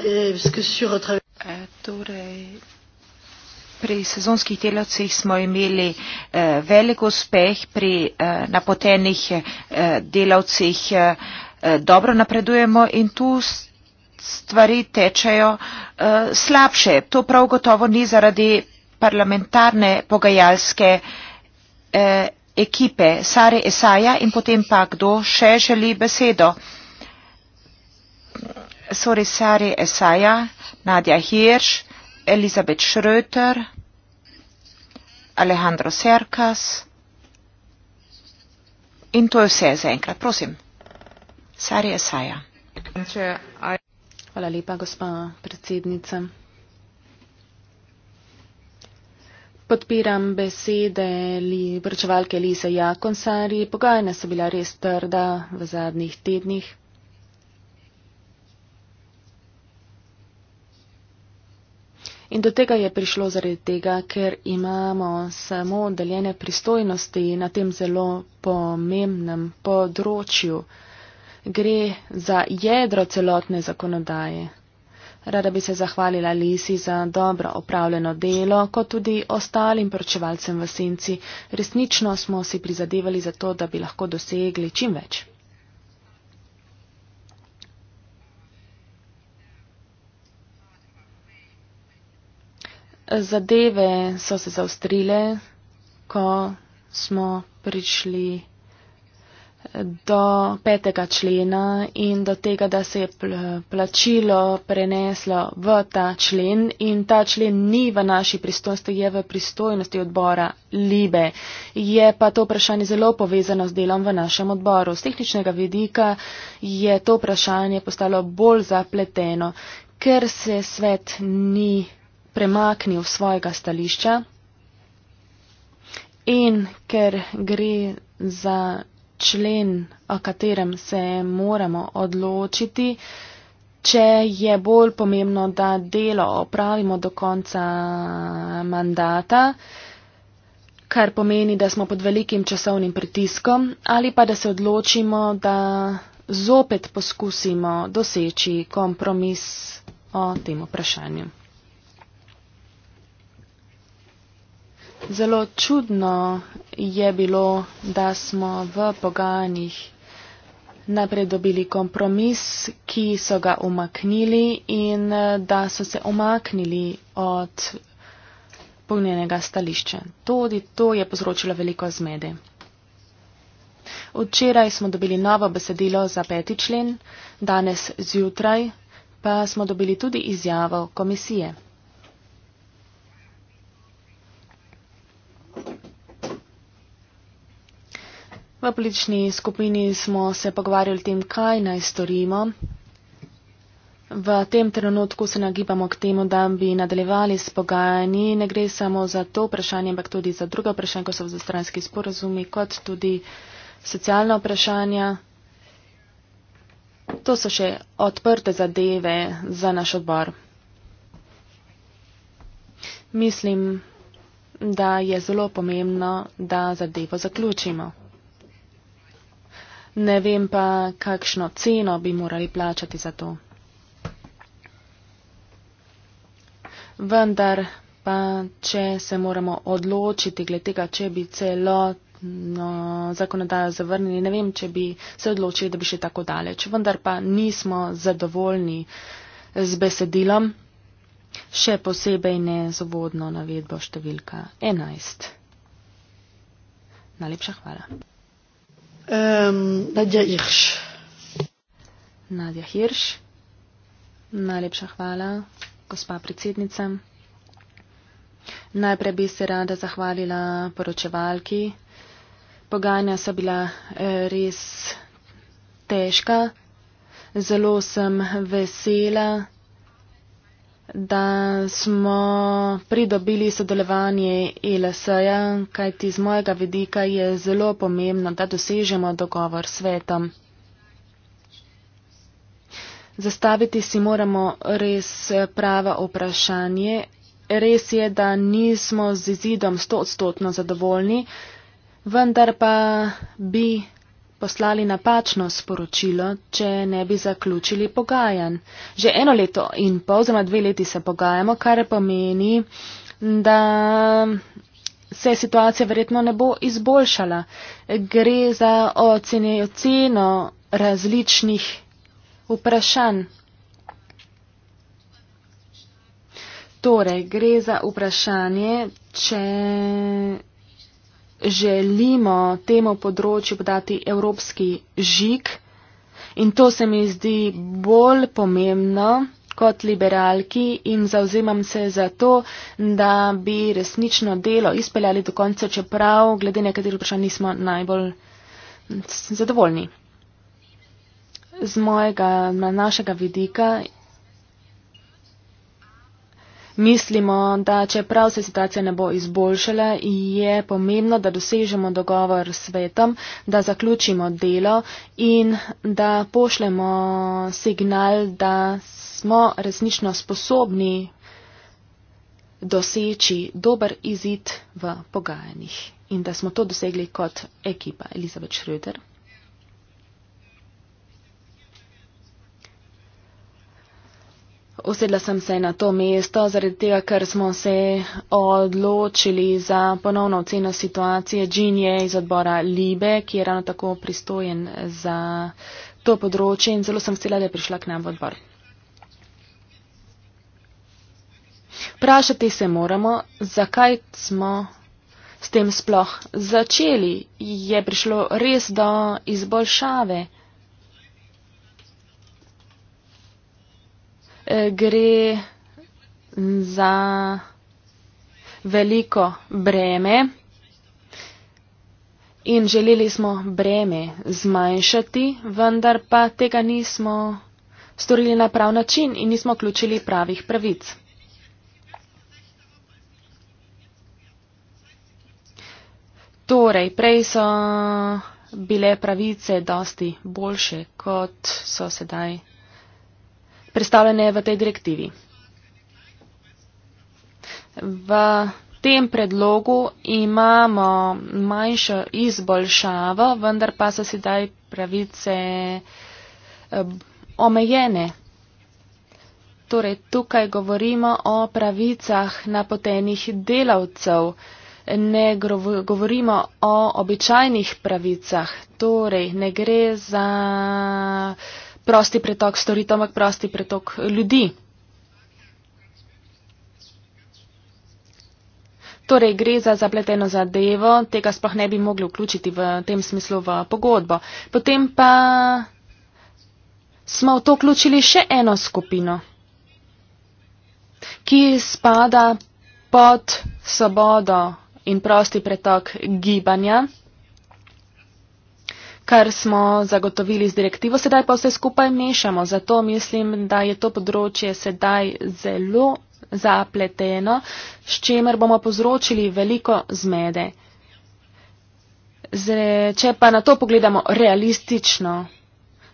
[SPEAKER 2] Eh, torej,
[SPEAKER 1] pri sezonskih delavcih smo imeli eh, velik uspeh, pri eh, napotenih eh, delavcih eh, eh dobro napredujemo in tu stvari tečejo uh, slabše. To prav gotovo ni zaradi parlamentarne pogajalske uh, ekipe Sare Esaja in potem pa kdo še želi besedo. Sori Sare Esaja, Nadja Hirš, Elizabet Schröter, Alejandro Serkas in to je vse za enkrat. Prosim. Sari Esaja.
[SPEAKER 4] Če, aj... Hvala lepa, gospa predsednica. Podpiram besede vrčevalke li, Lise Jakonsari. Pogajanja so bila res trda v zadnjih tednih. In do tega je prišlo zaradi tega, ker imamo samo deljene pristojnosti na tem zelo pomembnem področju gre za jedro celotne zakonodaje. Rada bi se zahvalila Lisi za dobro opravljeno delo, kot tudi ostalim poročevalcem v senci. Resnično smo si prizadevali za to, da bi lahko dosegli čim več. Zadeve so se zaustrile, ko smo prišli do petega člena in do tega, da se je plačilo preneslo v ta člen in ta člen ni v naši pristojnosti, je v pristojnosti odbora Libe. Je pa to vprašanje zelo povezano z delom v našem odboru. Z tehničnega vidika je to vprašanje postalo bolj zapleteno, ker se svet ni premaknil svojega stališča. In ker gre za člen, o katerem se moramo odločiti, če je bolj pomembno, da delo opravimo do konca mandata, kar pomeni, da smo pod velikim časovnim pritiskom, ali pa da se odločimo, da zopet poskusimo doseči kompromis o tem vprašanju. Zelo čudno je bilo, da smo v pogajanjih najprej dobili kompromis, ki so ga umaknili in da so se umaknili od polnjenega stališča. Tudi to je povzročilo veliko zmede. Včeraj smo dobili novo besedilo za peti člen, danes zjutraj pa smo dobili tudi izjavo komisije. V politični skupini smo se pogovarjali o tem, kaj naj storimo. V tem trenutku se nagibamo k temu, da bi nadaljevali s pogajanji. Ne gre samo za to vprašanje, ampak tudi za druga vprašanja, kot so zastranski sporozumi, kot tudi socialna vprašanja. To so še odprte zadeve za naš odbor. Mislim, da je zelo pomembno, da zadevo zaključimo ne vem pa, kakšno ceno bi morali plačati za to. Vendar pa, če se moramo odločiti glede tega, če bi celotno zakonodajo zavrnili, ne vem, če bi se odločili, da bi še tako daleč. Vendar pa nismo zadovoljni z besedilom, še posebej ne z uvodno navedbo številka 11. Najlepša hvala. Um, Nadja Hirsch. Nadja Hirsch, najlepša hvala, gospa predsednica. Najprej bi se rada zahvalila poročevalki. Pogajanja so bila eh, res težka. Zelo sem vesela da smo pridobili sodelovanje ILS-ja, e kajti z mojega vidika je zelo pomembno, da dosežemo dogovor s svetom. Zastaviti si moramo res pravo vprašanje. Res je, da nismo z izidom stotstotno zadovoljni, vendar pa bi poslali napačno sporočilo, če ne bi zaključili pogajanj. Že eno leto in pol, oziroma dve leti se pogajamo, kar pomeni, da se situacija verjetno ne bo izboljšala. Gre za oceno različnih vprašanj. Torej, gre za vprašanje, če želimo temu področju podati evropski žig in to se mi zdi bolj pomembno kot liberalki in zauzemam se za to, da bi resnično delo izpeljali do konca, čeprav glede nekaterih vprašanj nismo najbolj zadovoljni. Z mojega, na našega vidika Mislimo, da čeprav se situacija ne bo izboljšala, je pomembno, da dosežemo dogovor s svetom, da zaključimo delo in da pošljemo signal, da smo resnično sposobni doseči dober izid v pogajanjih in da smo to dosegli kot ekipa Elizabeth Schröder. Usedla sem se na to mesto, zaradi tega, ker smo se odločili za ponovno oceno situacije. Džin je iz odbora Libe, ki je ravno tako pristojen za to področje in zelo sem vesela, da je prišla k nam v odbor. Prašati se moramo, zakaj smo s tem sploh začeli. Je prišlo res do izboljšave. Eh, gre za veliko breme in želeli smo breme zmanjšati, vendar pa tega nismo storili na prav način in nismo vključili pravih pravic. Torej, prej so bile pravice dosti boljše, kot so sedaj predstavljene v tej direktivi. V tem predlogu imamo manjšo izboljšavo, vendar pa so sedaj pravice eh, omejene. Torej, tukaj govorimo o pravicah napotenih delavcev, ne govorimo o običajnih pravicah. Torej, ne gre za prosti pretok storitev, ampak prosti pretok ljudi. Torej gre za zapleteno zadevo, tega sploh ne bi mogli vključiti v tem smislu v pogodbo. Potem pa smo v to vključili še eno skupino, ki spada pod svobodo in prosti pretok gibanja kar smo zagotovili z direktivo, sedaj pa vse skupaj mešamo. Zato mislim, da je to področje sedaj zelo zapleteno, s čemer bomo povzročili veliko zmede. Zre, če pa na to pogledamo realistično,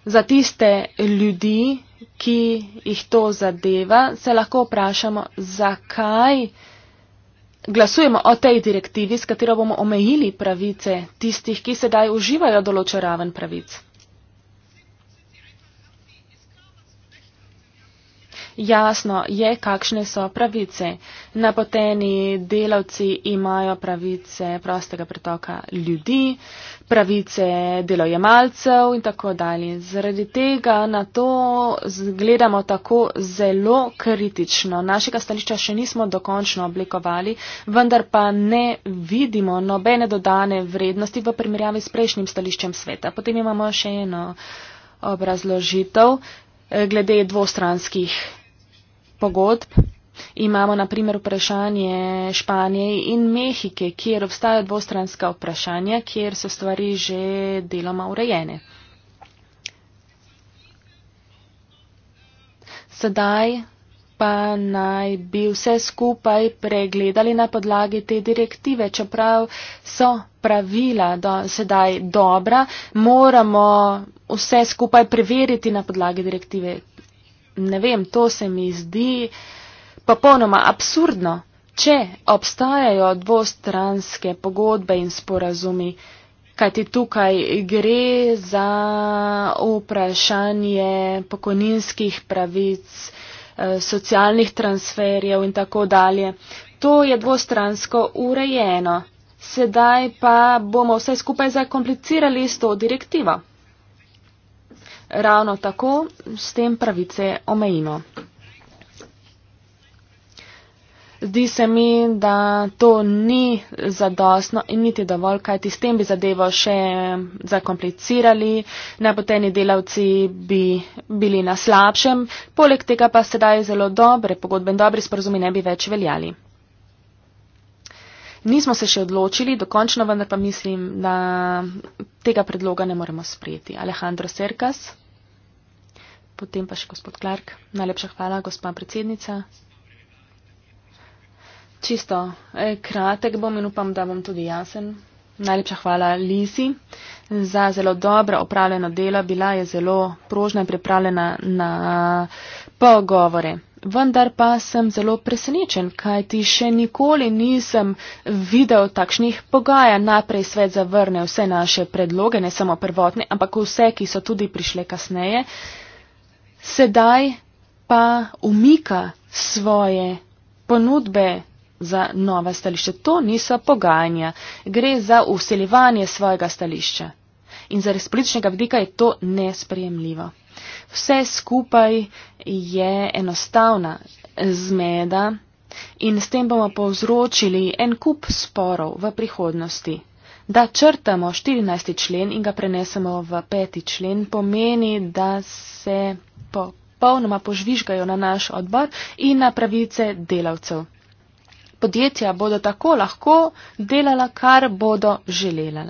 [SPEAKER 4] za tiste ljudi, ki jih to zadeva, se lahko vprašamo, zakaj glasujemo o tej direktivi, s katero bomo omejili pravice tistih, ki sedaj uživajo določen raven pravic. jasno je, kakšne so pravice. Napoteni delavci imajo pravice prostega pretoka ljudi, pravice delojemalcev in tako dalje. Zaradi tega na to gledamo tako zelo kritično. Našega stališča še nismo dokončno oblikovali, vendar pa ne vidimo nobene dodane vrednosti v primerjavi s prejšnjim stališčem sveta. Potem imamo še eno obrazložitev eh, glede dvostranskih pogodb. Imamo na primer vprašanje Španije in Mehike, kjer obstajajo dvostranska vprašanja, kjer so stvari že deloma urejene. Sedaj pa naj bi vse skupaj pregledali na podlagi te direktive. Čeprav so pravila do, sedaj dobra, moramo vse skupaj preveriti na podlagi direktive ne vem, to se mi zdi popolnoma absurdno, če obstajajo dvostranske pogodbe in sporazumi, kajti tukaj gre za vprašanje pokojninskih pravic, eh, socialnih transferjev in tako dalje. To je dvostransko urejeno. Sedaj pa bomo vse skupaj zakomplicirali s to direktivo ravno tako s tem pravice omejimo. Zdi se mi, da to ni zadostno in niti dovolj, kajti s tem bi zadevo še zakomplicirali, napoteni delavci bi bili na slabšem, poleg tega pa sedaj zelo dobre pogodbe in dobri sporozumi ne bi več veljali. Nismo se še odločili, dokončno vendar pa mislim, da tega predloga ne moremo sprejeti. Alejandro Serkas, potem pa še gospod Clark. Najlepša hvala, gospa predsednica. Čisto eh, kratek bom in upam, da bom tudi jasen. Najlepša hvala Lisi za zelo dobro opravljeno delo. Bila je zelo prožna in pripravljena na pogovore vendar pa sem zelo presenečen, kaj ti še nikoli nisem videl takšnih pogajanj. Najprej svet zavrne vse naše predloge, ne samo prvotne, ampak vse, ki so tudi prišle kasneje. Sedaj pa umika svoje ponudbe za nova stališča. To niso pogajanja, gre za usiljevanje svojega stališča. In zaradi političnega vidika je to nesprejemljivo vse skupaj je enostavna zmeda in s tem bomo povzročili en kup sporov v prihodnosti. Da črtamo 14. člen in ga prenesemo v 5. člen pomeni, da se popolnoma požvižgajo na naš odbor in na pravice delavcev. Podjetja bodo tako lahko delala, kar bodo želela.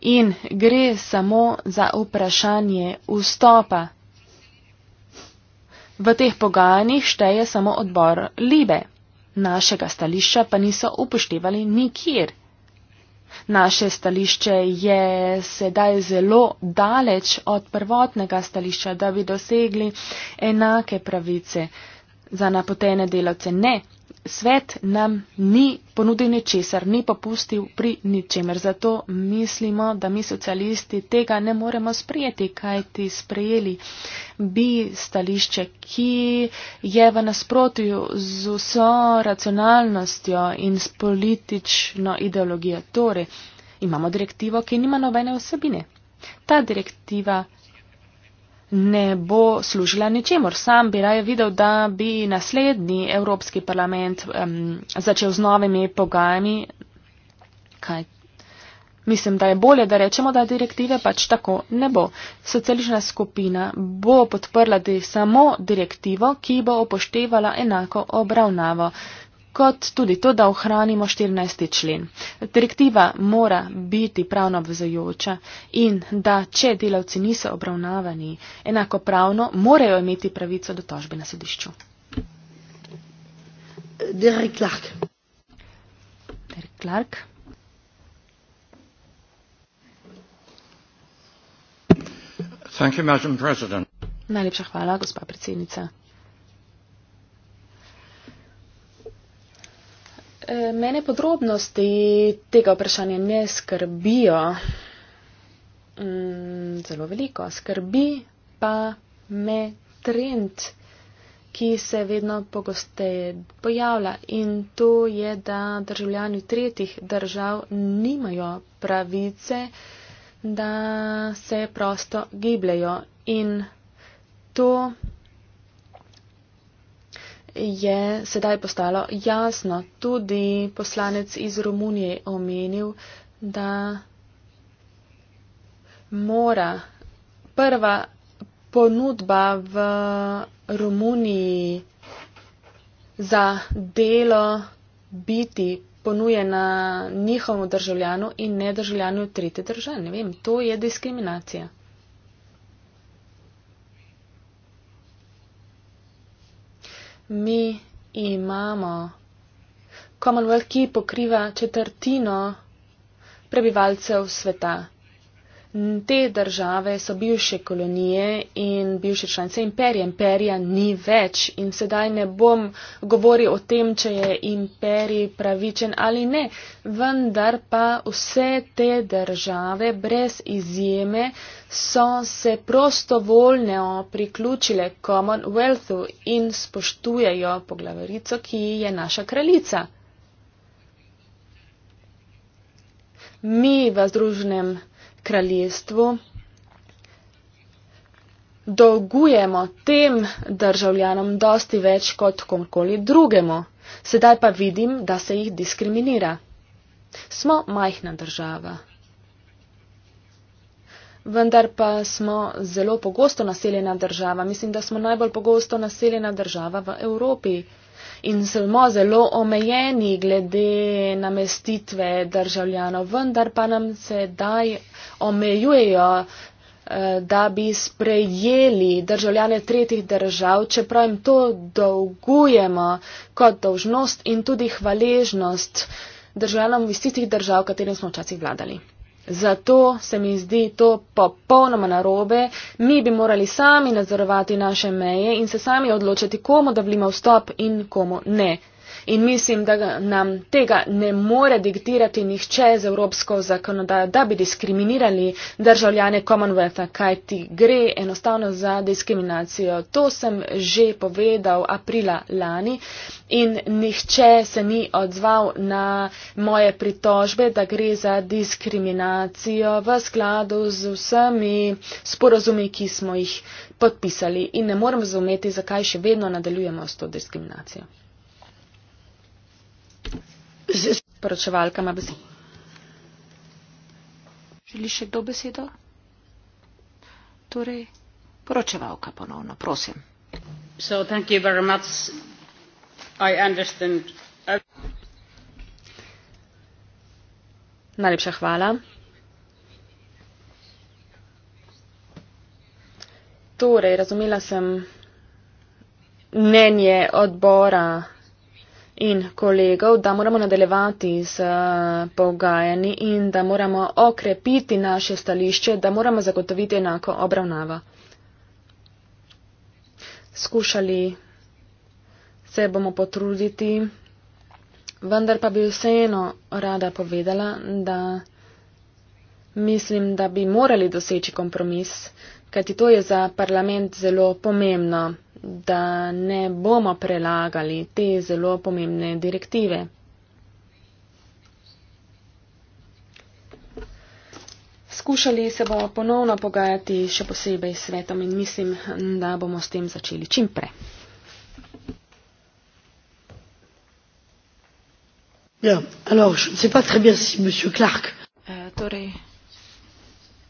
[SPEAKER 4] In gre samo za vprašanje vstopa V teh pogajanjih šteje samo odbor Libe. Našega stališča pa niso upoštevali nikjer. Naše stališče je sedaj zelo daleč od prvotnega stališča, da bi dosegli enake pravice. Za napotene delavce ne svet nam ni ponudil ničesar, ni popustil pri ničemer. Zato mislimo, da mi socialisti tega ne moremo sprijeti, kajti sprejeli bi stališče, ki je v nasprotju z vso racionalnostjo in s politično ideologijo. Torej, imamo direktivo, ki nima nobene osebine. Ta direktiva ne bo služila ničemor. Sam bi raje videl, da bi naslednji Evropski parlament um, začel z novimi pogajami. Kaj? Mislim, da je bolje, da rečemo, da direktive pač tako ne bo. Socialična skupina bo podprla samo direktivo, ki bo upoštevala enako obravnavo. Uh, kot tudi to, da ohranimo 14. člen. Direktiva mora biti pravno obvezajoča in da, če delavci niso obravnavani enako pravno, morajo imeti pravico do tožbe na sodišču.
[SPEAKER 2] Derek Clark. Derek Clark.
[SPEAKER 1] Thank you,
[SPEAKER 4] Najlepša hvala, gospa predsednica. Eh, mene podrobnosti tega vprašanja ne skrbijo. Mm, zelo veliko skrbi pa me trend, ki se vedno pogosteje pojavlja in to je, da državljani tretjih držav nimajo pravice, da se prosto gibljajo in to je sedaj postalo jasno. Tudi poslanec iz Romunije je omenil, da mora prva ponudba v Romuniji za delo biti ponujena njihovemu državljanu in ne državljanu tretje države. Ne vem, to je diskriminacija. mi imamo. Commonwealth, ki pokriva četrtino prebivalcev sveta. Te države so bivše kolonije in bivše članice imperija. Imperija ni več in sedaj ne bom govoril o tem, če je imperij pravičen ali ne. Vendar pa vse te države brez izjeme so se prostovoljne priključile Commonwealthu in spoštujejo poglavarico, ki je naša kraljica. Mi v združnem kraljestvu, dolgujemo tem državljanom dosti več kot komkoli drugemu. Sedaj pa vidim, da se jih diskriminira. Smo majhna država. Vendar pa smo zelo pogosto naseljena država. Mislim, da smo najbolj pogosto naseljena država v Evropi in smo zelo omejeni glede namestitve državljanov, vendar pa nam sedaj omejujejo, eh, da bi sprejeli državljane tretjih držav, čeprav jim to dolgujemo kot dolžnost in tudi hvaležnost državljanom iz tistih držav, katerim smo včasih vladali. Zato se mi zdi to popolnoma narobe. Mi bi morali sami nadzorovati naše meje in se sami odločati, komu da vlima vstop in komu ne in mislim, da nam tega ne more diktirati nihče z evropsko zakonodajo, da bi diskriminirali državljane Commonwealtha, kajti gre enostavno za diskriminacijo. To sem že povedal aprila lani in nihče se ni odzval na moje pritožbe, da gre za diskriminacijo v skladu z vsemi sporozumi, ki smo jih podpisali in ne morem razumeti, zakaj še vedno nadaljujemo s to diskriminacijo. Poročevalka ima besedo.
[SPEAKER 3] Želi še kdo besedo? Torej,
[SPEAKER 1] poročevalka ponovno, prosim.
[SPEAKER 3] So, thank you very much. I understand.
[SPEAKER 4] Najlepša hvala. Torej, razumela sem mnenje odbora in kolegov, da moramo nadaljevati z eh, pogajanji in da moramo okrepiti naše stališče, da moramo zagotoviti enako obravnava. Skušali se bomo potruditi, vendar pa bi vseeno rada povedala, da. Mislim, da bi morali doseči kompromis, kajti to je za parlament zelo pomembno, da ne bomo prelagali te zelo pomembne direktive. Skušali se bomo ponovno pogajati še posebej s svetom in mislim, da bomo s tem začeli čim prej.
[SPEAKER 2] Ja, alors, je ne sais pas très bien si monsieur Clark.
[SPEAKER 1] Uh, torej,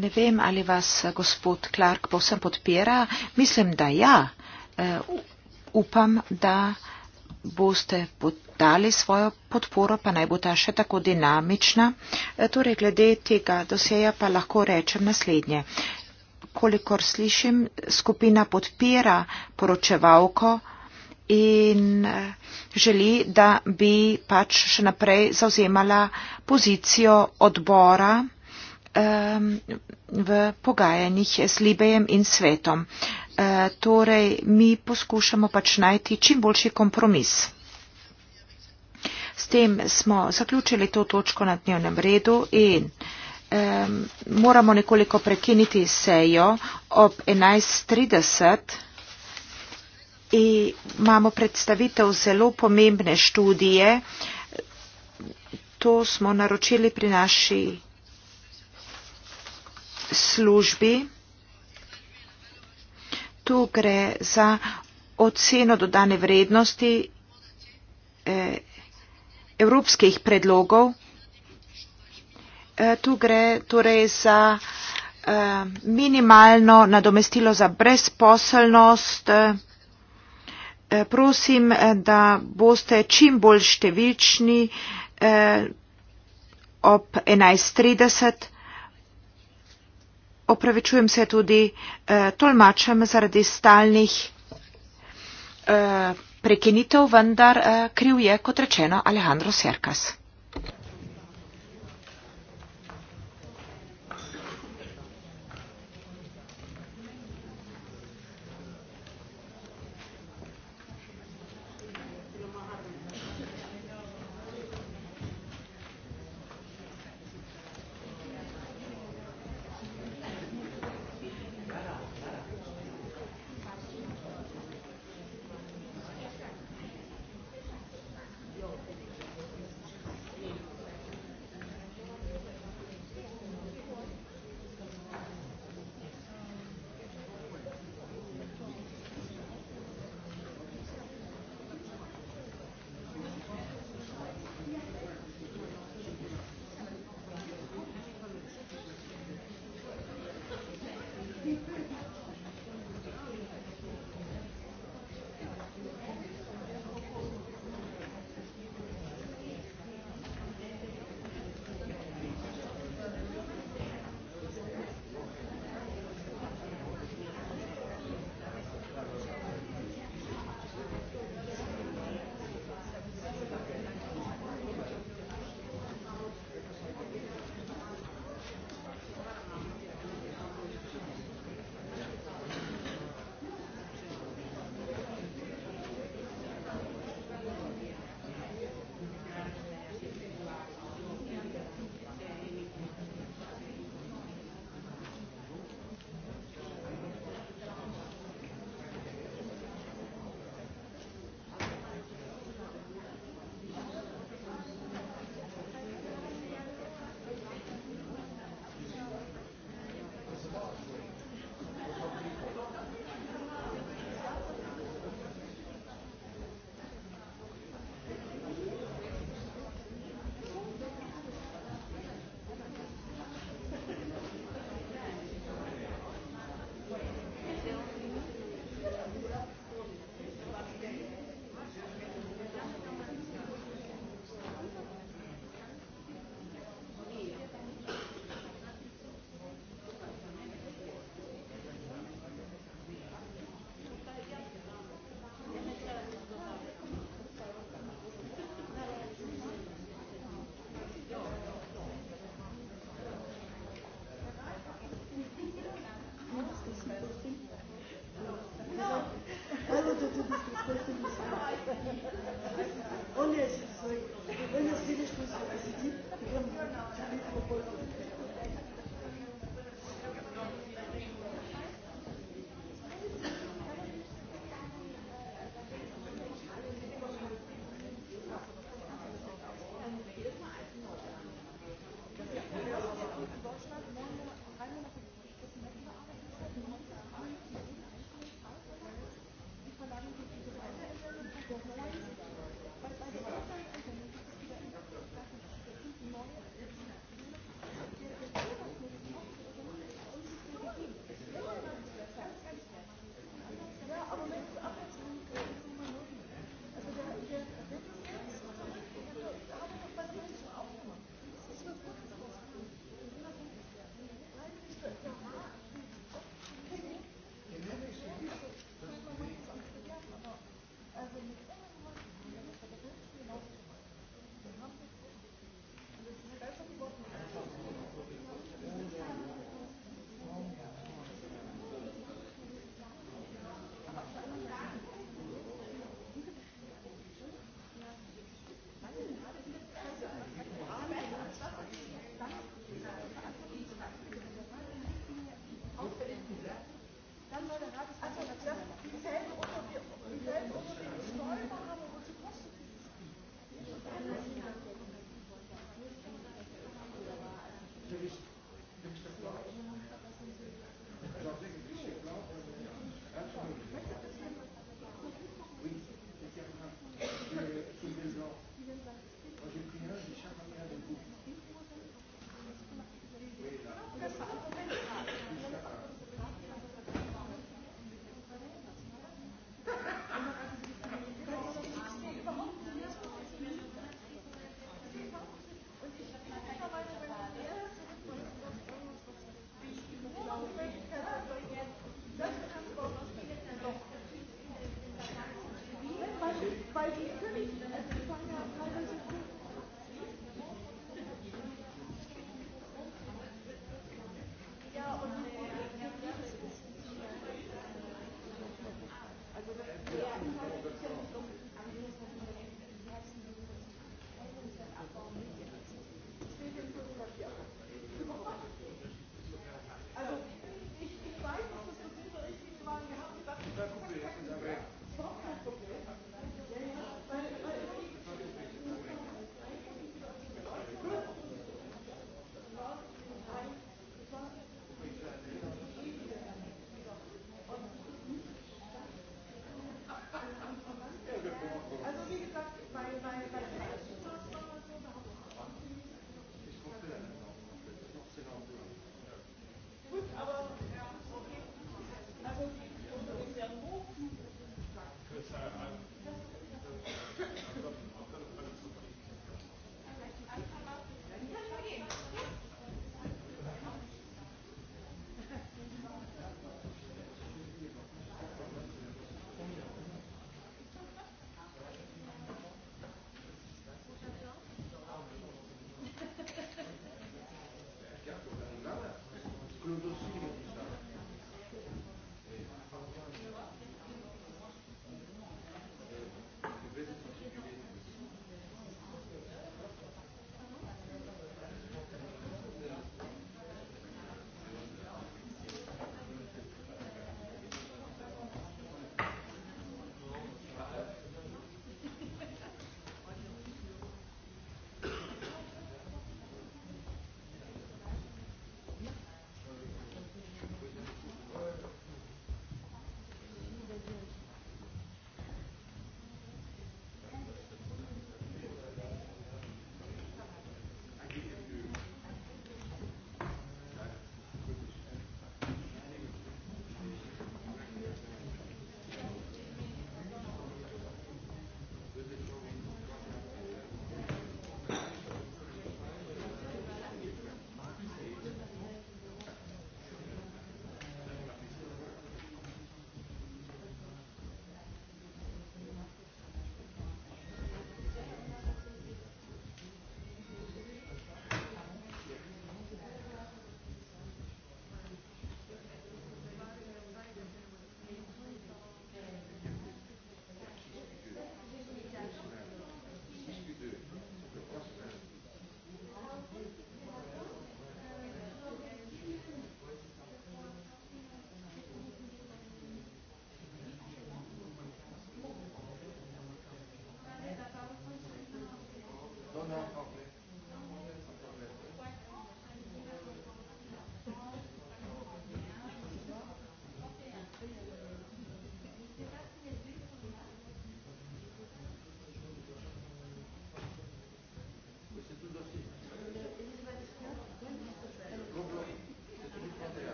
[SPEAKER 1] Ne vem, ali vas eh, gospod Clark povsem podpira. Mislim, da ja. Eh, upam, da boste podali svojo podporo, pa naj bo ta še tako dinamična. Eh, torej, glede tega dosjeja pa lahko rečem naslednje. Kolikor slišim, skupina podpira poročevalko in želi, da bi pač še naprej zauzemala pozicijo odbora um, v pogajanjih s Libejem in svetom. Uh, torej, mi poskušamo pač najti čim boljši kompromis. S tem smo zaključili to točko na dnevnem redu in um, moramo nekoliko prekiniti sejo ob 11.30. I imamo predstavitev zelo pomembne študije. To smo naročili pri naši službi. Tu gre za oceno dodane vrednosti eh, evropskih predlogov. Eh, tu gre torej za eh, minimalno nadomestilo za brezposelnost. Prosim, da boste čim bolj številčni ob 11.30 opravičujem se tudi eh, tolmačem zaradi stalnih eh, prekinitev, vendar eh, kriv je, kot rečeno, Alejandro Serkas.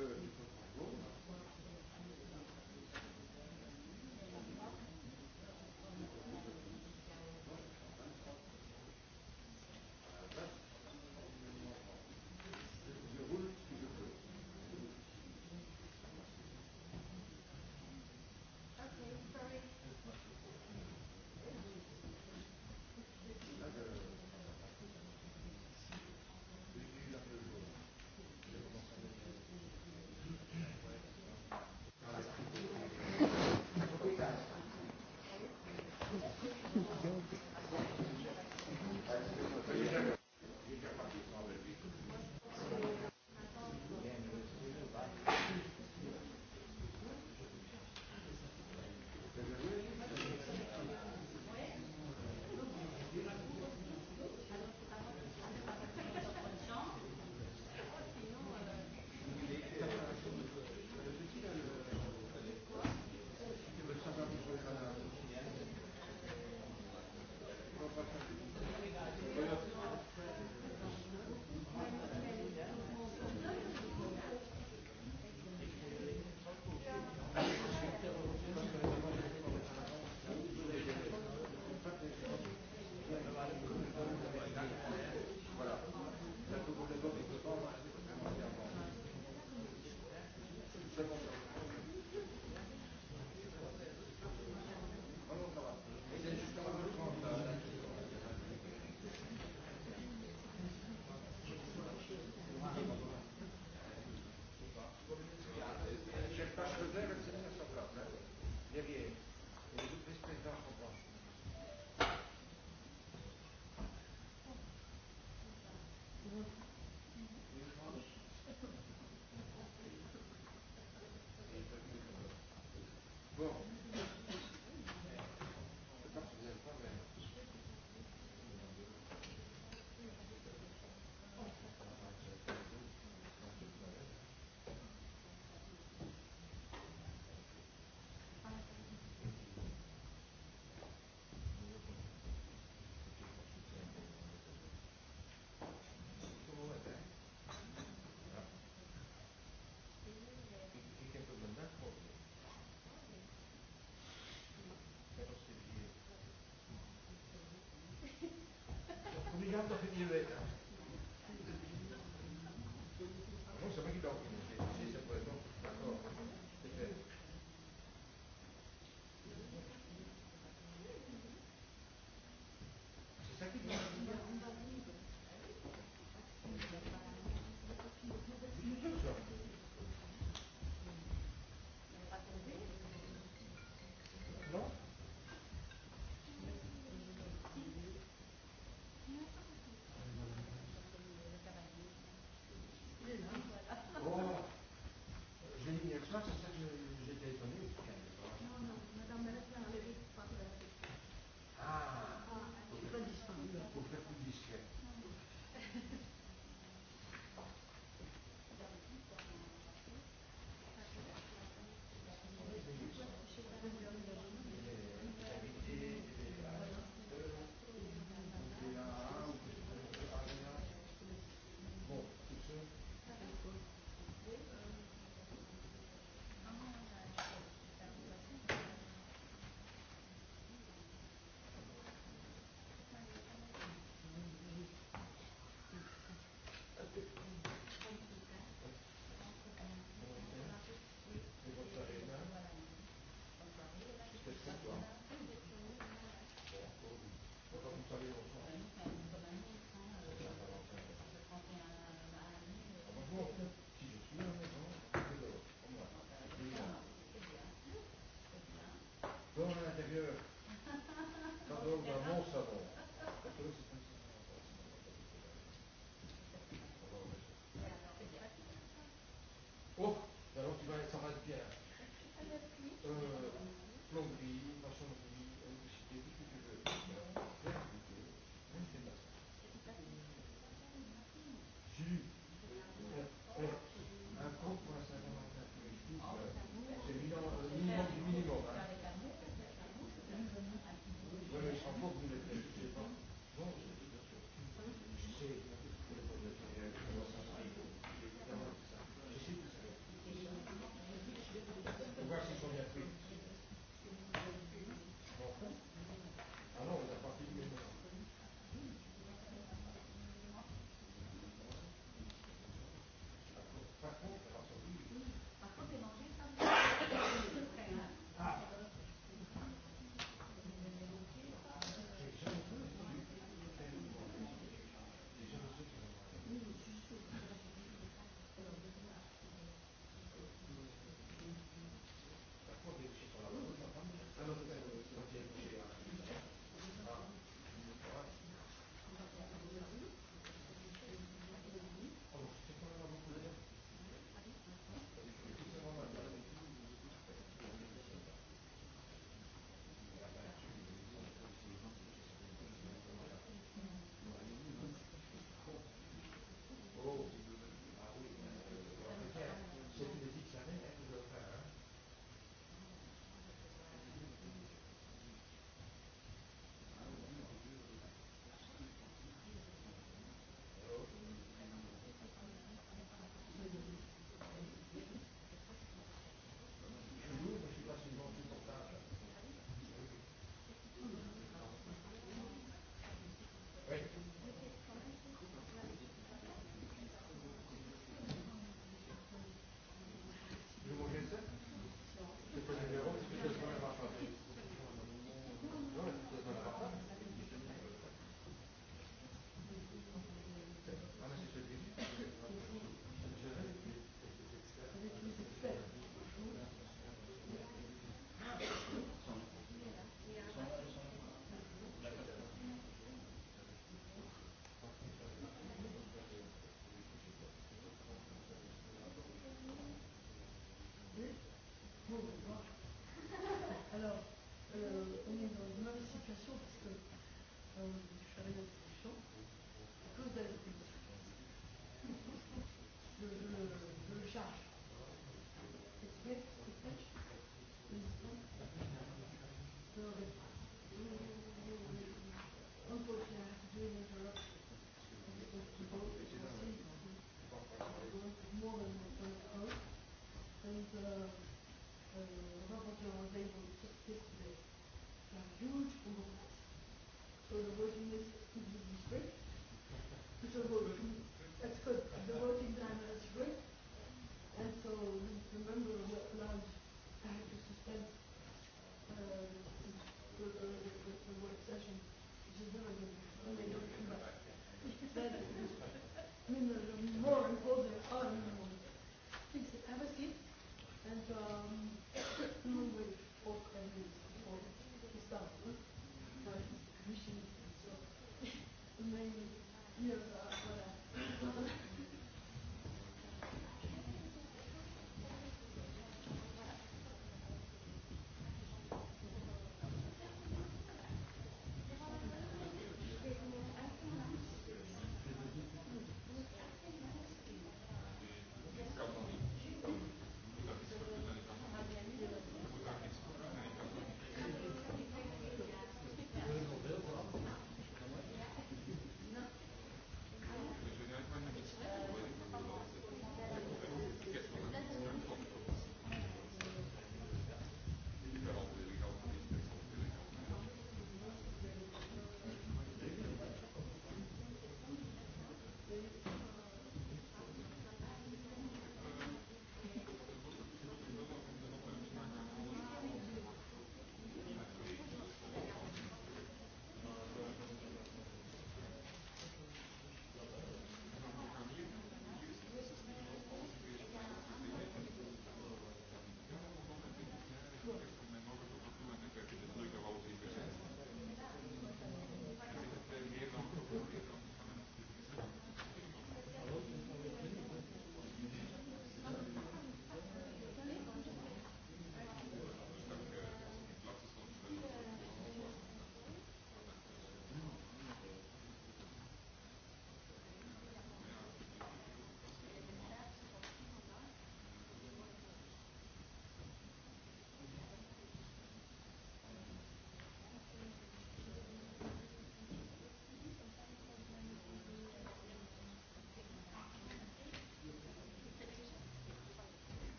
[SPEAKER 2] Thank you. Bon. obligato a finire le case. Ja, tebe, ta dolga nosa bo.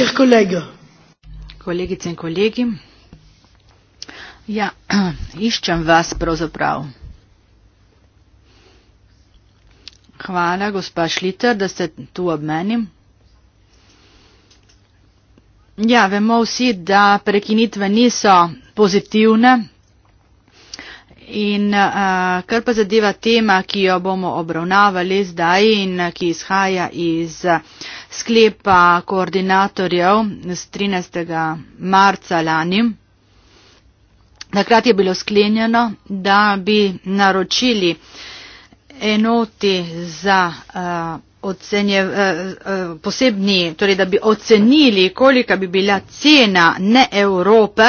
[SPEAKER 5] Chers collègues. Kolegice in kolegi, ja, iščem vas pravzaprav. Hvala, gospa Šliter, da ste tu ob meni. Ja, vemo vsi, da prekinitve niso pozitivne. In uh, kar pa zadeva tema, ki jo bomo obravnavali zdaj in eh, ki izhaja iz. Uh, sklepa koordinatorjev z 13. marca lani. Takrat je bilo sklenjeno, da bi naročili enoti za uh, ocenje, uh, uh, posebni, torej da bi ocenili, kolika bi bila cena ne Evrope.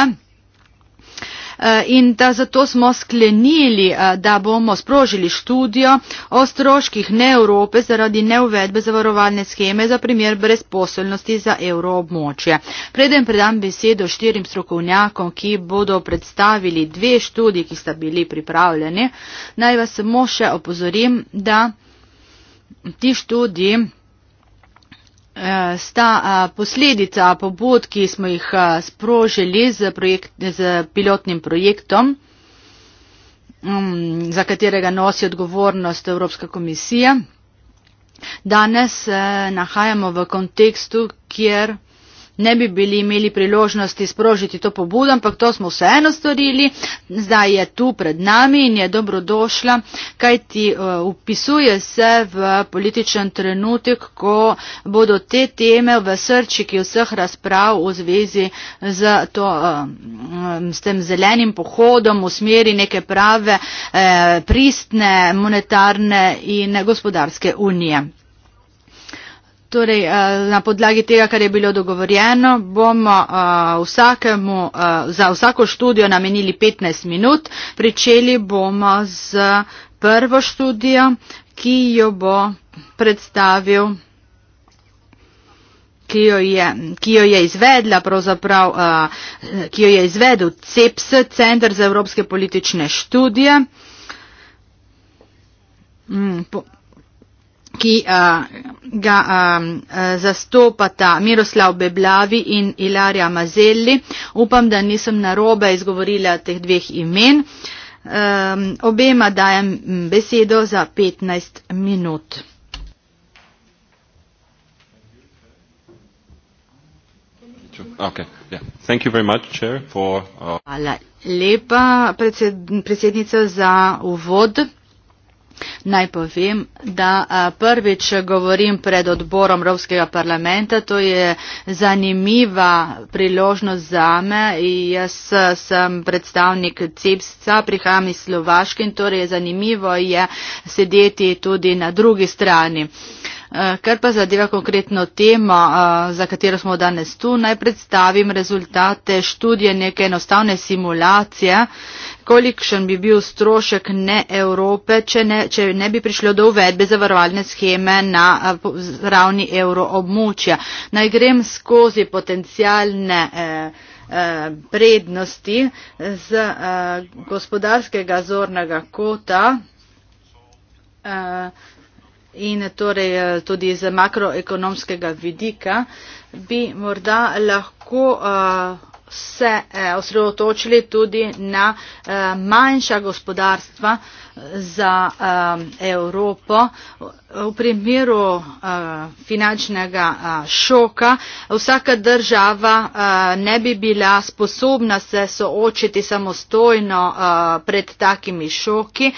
[SPEAKER 5] Eh, in da zato smo sklenili, eh, da bomo sprožili študijo o stroških neevrope zaradi neuvedbe zavarovalne scheme za primer brezposelnosti za evroobmočje. Predem predam besedo štirim strokovnjakom, ki bodo predstavili dve študiji, ki sta bili pripravljeni. Naj vas samo še opozorim, da ti študiji sta posledica pobud, ki smo jih sprožili z, projekt, z pilotnim projektom, mm, za katerega nosi odgovornost Evropska komisija. Danes eh, nahajamo v kontekstu, kjer eh, ne bi bili imeli priložnosti sprožiti to pobudo ampak to smo vseeno storili zdaj je tu pred nami in je dobrodošla kajti upisuje eh, se v političen trenutek ko bodo te teme v srčiki vseh razprav v zvezi z, to, eh, s tem zelenim pohodom v smeri neke prave eh, pristne monetarne in gospodarske unije. Torej, eh, na podlagi tega, kar je bilo dogovorjeno, bomo eh, vsakemu, eh, za vsako študijo namenili 15 minut. Pričeli bomo z prvo študijo, ki jo bo predstavil, ki jo je, ki jo je izvedla, pravzaprav, ki jo je izvedel CEPS, Center za evropske politične študije. Mm, po, ki uh, ga um, zastopata Miroslav Beblavi in Ilarja Mazelli. Upam, da nisem narobe izgovorila teh dveh imen. Um, obema dajem besedo za 15 minut.
[SPEAKER 2] Okay, yeah. for, uh...
[SPEAKER 5] Hvala lepa, predsednica, za uvod. Naj povem, da prvič govorim pred odborom Evropskega parlamenta, to je zanimiva priložnost za me. Jaz sem predstavnik CEPSA, prihajam iz Slovaške in torej zanimivo je sedeti tudi na drugi strani. Ker pa zadeva konkretno temo, za katero smo danes tu, naj predstavim rezultate študije neke enostavne simulacije, kolikšen bi bil strošek ne Evrope, če ne, če ne bi prišlo do uvedbe zavarovalne scheme na ravni evroobmočja. Naj grem skozi potencijalne e, e, prednosti z e, gospodarskega zornega kota in torej tudi z makroekonomskega vidika, bi morda lahko se eh, osredotočili tudi na eh, manjša gospodarstva za eh, Evropo. V primeru finančnega šoka vsaka država ne bi bila sposobna se soočiti samostojno pred takimi šoki.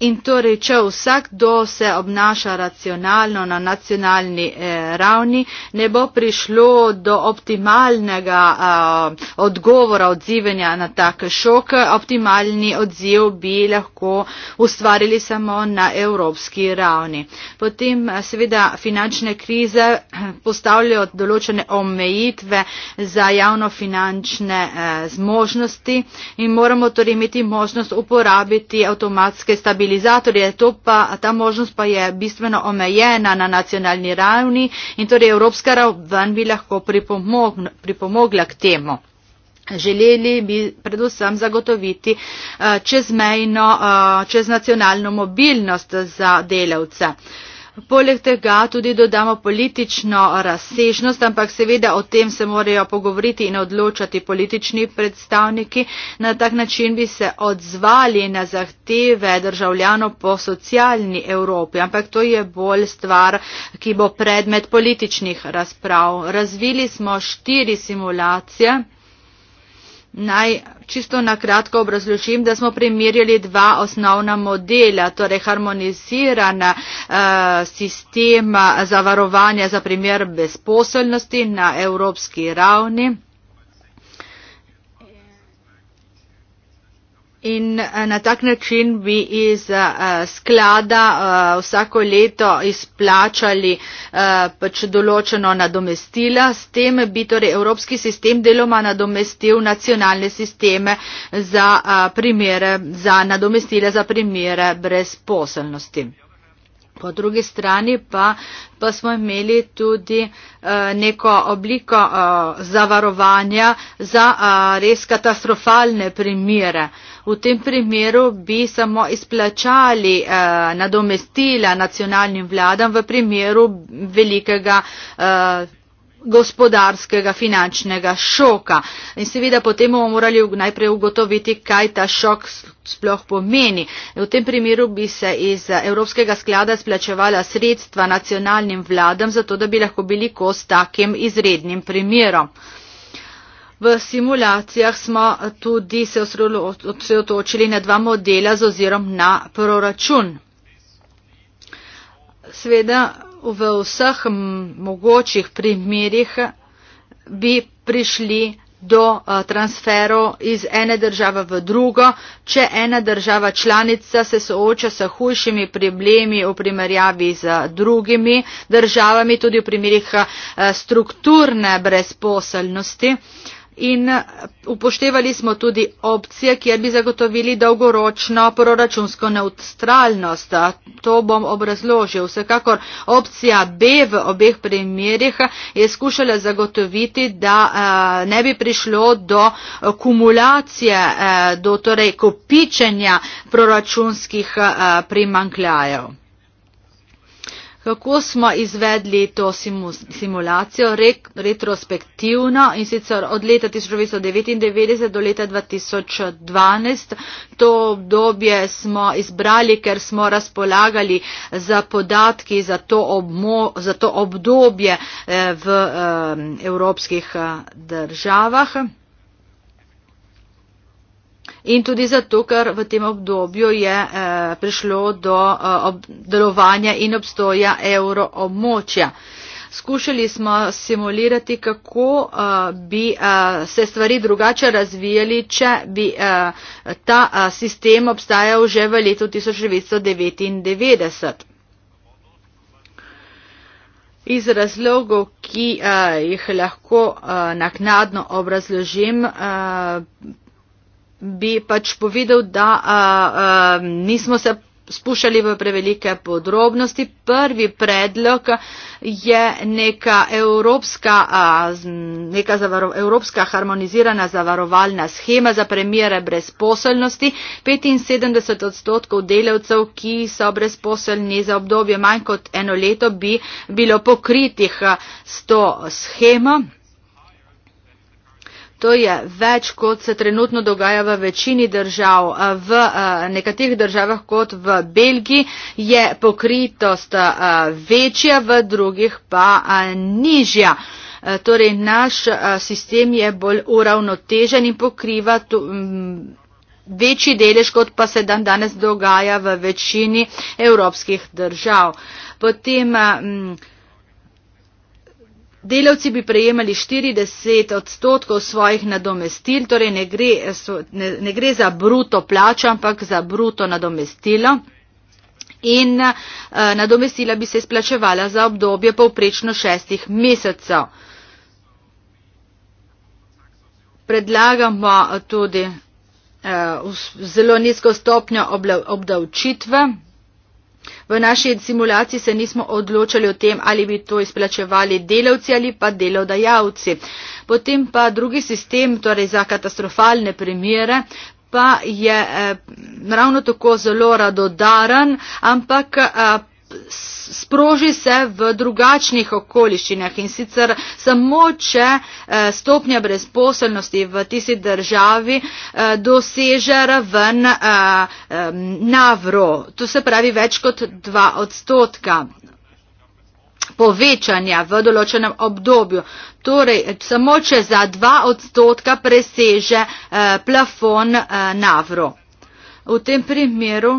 [SPEAKER 5] In torej, če vsak, kdo se obnaša racionalno na nacionalni eh, ravni, ne bo prišlo do optimalnega eh, odgovora odzivanja na tak šok, optimalni odziv bi lahko ustvarili samo na evropski ravni. Potem eh, seveda finančne krize eh, postavljajo določene omejitve za javnofinančne eh, zmožnosti in moramo torej imeti možnost uporabiti avtomatske stabilnosti stabilizatorje to pa ta možnost pa je bistveno omejena na nacionalni ravni in torej evropska raven bi lahko pripomogla k temu. Želeli bi predvsem zagotoviti eh, čezmejno, eh, čeznacionalno mobilnost za delavce. Poleg tega tudi dodamo politično razsežnost, ampak seveda o tem se morajo pogovoriti in odločati politični predstavniki. Na tak način bi se odzvali na zahteve državljanov po socialni Evropi, ampak to je bolj stvar, ki bo predmet političnih razprav. Razvili smo štiri simulacije. Naj čisto na kratko obrazložim, da smo primerjali dva osnovna modela, torej harmonizirana eh, sistema zavarovanja za primer brezposelnosti na evropski ravni. In eh, na tak način bi iz uh, sklada uh, vsako leto izplačali uh, pač določeno nadomestila. S tem bi torej evropski sistem deloma nadomestil nacionalne sisteme za, uh, primere, za nadomestile za primere brezposelnosti. Po drugi strani pa, pa smo imeli tudi neko obliko zavarovanja za res katastrofalne primere. V tem primeru bi samo izplačali eh, nadomestila nacionalnim vladam v primeru velikega eh, gospodarskega finančnega šoka. In seveda potem bomo morali najprej ugotoviti, kaj ta šok sploh pomeni. V tem primeru bi se iz Evropskega sklada splačevala sredstva nacionalnim vladam, zato da bi lahko bili kos takim izrednim primerom. V simulacijah smo tudi se osredotočili na dva modela z ozirom na proračun. Sveda v vseh mogočih primerjih bi prišli do transferov iz ene države v drugo, če ena država članica se sooča s hujšimi problemi v primerjavi z drugimi državami, tudi v primerjih strukturne brezposelnosti. Uh, in eh, upoštevali smo tudi opcije, kjer bi zagotovili dolgoročno proračunsko neutralnost. To bom obrazložil. Vsekakor opcija B v obeh primerjih je skušala zagotoviti, da eh, ne bi prišlo do eh, kumulacije, do torej kopičenja proračunskih primankljajev kako smo izvedli to simulacijo retrospektivno in sicer od leta 1999 do leta 2012. To obdobje smo izbrali, ker smo razpolagali za podatki za to, obmo, za to obdobje eh, v eh, evropskih eh, državah in tudi zato, ker v tem obdobju je eh, prišlo do eh, delovanja in obstoja evroobmočja. Skušali smo simulirati, kako eh, bi se stvari drugače razvijali, če bi ta sistem obstajal že v letu 1999. Iz razlogov, ki uh, jih lahko uh, naknadno obrazložim, uh, bi pač povedal, da a, a, nismo se spuščali v prevelike podrobnosti. Prvi predlog je neka evropska, a, neka zavaro, evropska harmonizirana zavarovalna schema za premjere brezposelnosti. 75 odstotkov delavcev, ki so brezposelni za obdobje manj kot eno leto, bi bilo pokritih s to schemo. To je več, kot se trenutno dogaja v večini držav. V nekaterih državah, kot v Belgiji, je pokritost večja, v drugih pa nižja. Torej, naš sistem je bolj uravnotežen in pokriva tu, večji delež, kot pa se dan danes dogaja v večini evropskih držav. Potem, m, Delavci bi prejemali 40 odstotkov svojih nadomestil, torej ne gre, ne, ne gre za bruto plačo, ampak za bruto nadomestilo. In eh, nadomestila bi se splačevala za obdobje povprečno šestih mesecev. Predlagamo tudi eh, zelo nizko stopnjo obdavčitve V naši simulaciji se nismo odločali o tem, ali bi to izplačevali delavci ali pa delodajalci. Potem pa drugi sistem, torej za katastrofalne primere, pa je eh, ravno tako zelo radodaren, ampak eh, sproži se v drugačnih okoliščinah in sicer samo, če eh, stopnja brezposelnosti v tisti državi eh, doseže raven eh, navro. To se pravi več kot dva odstotka povečanja v določenem obdobju. Torej, samo če za dva odstotka preseže plafon navro. V tem primeru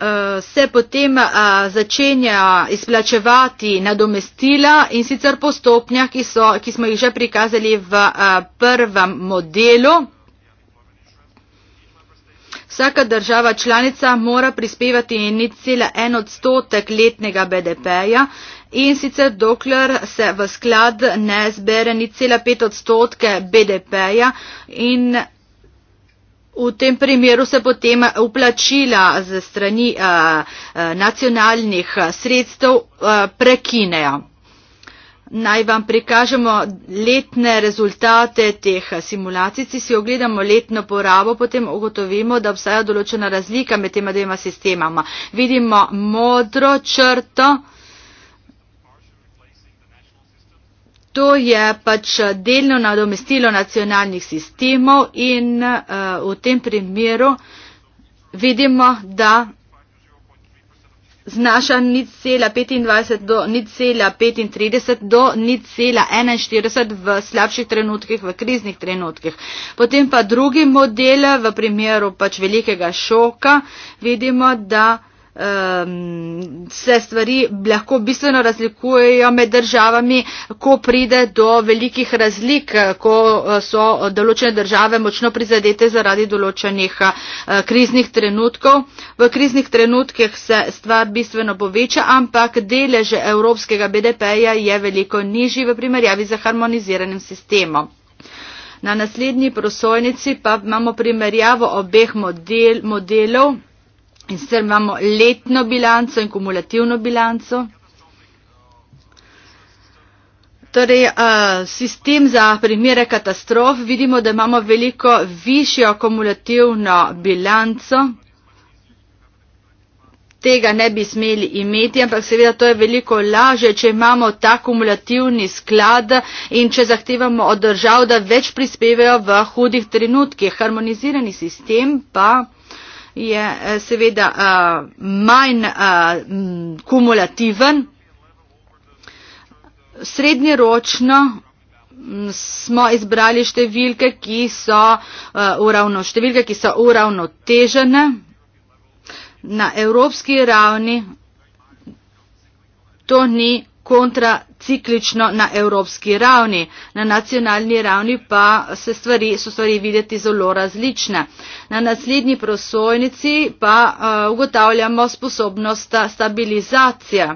[SPEAKER 5] Eh, se potem eh, začenja izplačevati nadomestila in sicer po stopnjah, ki, so, ki smo jih že prikazali v eh, prvem modelu. Vsaka država članica mora prispevati 0,1 odstotek letnega BDP-ja in sicer dokler se v sklad ne zbere 0,5 odstotke BDP-ja in V tem primeru se potem vplačila z strani eh, eh, nacionalnih eh, sredstev prekinejo. Naj vam prikažemo letne rezultate teh simulacij. Če si ogledamo letno porabo, potem ugotovimo, da obstaja določena razlika med tema dvema sistemama. Vidimo modro črto. To je pač delno nadomestilo nacionalnih sistemov in uh, v tem primeru vidimo, da znaša nič cela 25 do nič cela 35 do nič cela 41 v slabših trenutkih, v kriznih trenutkih. Potem pa drugi model v primeru pač velikega šoka vidimo, da um, se stvari lahko bistveno razlikujejo med državami, ko pride do velikih razlik, ko eh, so določene države močno prizadete zaradi določenih eh, kriznih trenutkov. V kriznih trenutkih se stvar bistveno poveča, ampak delež evropskega BDP-ja je veliko nižji v primerjavi z harmoniziranim sistemom. Na naslednji prosojnici pa imamo primerjavo obeh model, modelov. In sicer imamo letno bilanco in kumulativno bilanco. Torej, uh, sistem za primere katastrof, vidimo, da imamo veliko višjo kumulativno bilanco. Tega ne bi smeli imeti, ampak seveda to je veliko laže, če imamo ta kumulativni sklad in če zahtevamo od držav, da več prispevajo v hudih trenutkih. Harmonizirani sistem pa je eh, seveda uh, manj uh, kumulativen. Srednjeročno smo izbrali številke, ki so, uh, uravno, številke, ki so uravnotežene na evropski ravni. To ni kontraciklično na evropski ravni. Na nacionalni ravni pa se stvari, so stvari videti zelo različne. Na naslednji prosojnici pa uh, ugotavljamo sposobnost stabilizacije.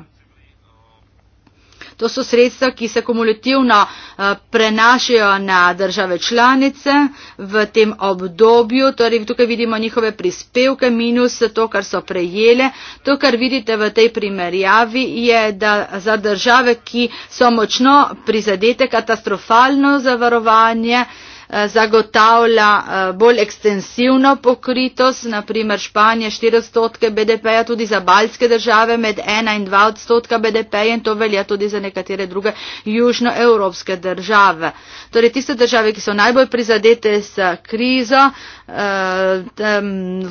[SPEAKER 5] To so sredstva, ki se kumulativno eh, prenašajo na države članice v tem obdobju. Torej, tukaj vidimo njihove prispevke minus to, kar so prejele. To, kar vidite v tej primerjavi, je, da za države, ki so močno prizadete katastrofalno zavarovanje, Eh, zagotavlja eh, bolj ekstensivno pokritost, naprimer Španija 4 odstotke BDP-ja, tudi za balske države med 1 in 2 odstotka BDP-ja in to velja tudi za nekatere druge južnoevropske države. Torej, tiste države, ki so najbolj prizadete s krizo, eh,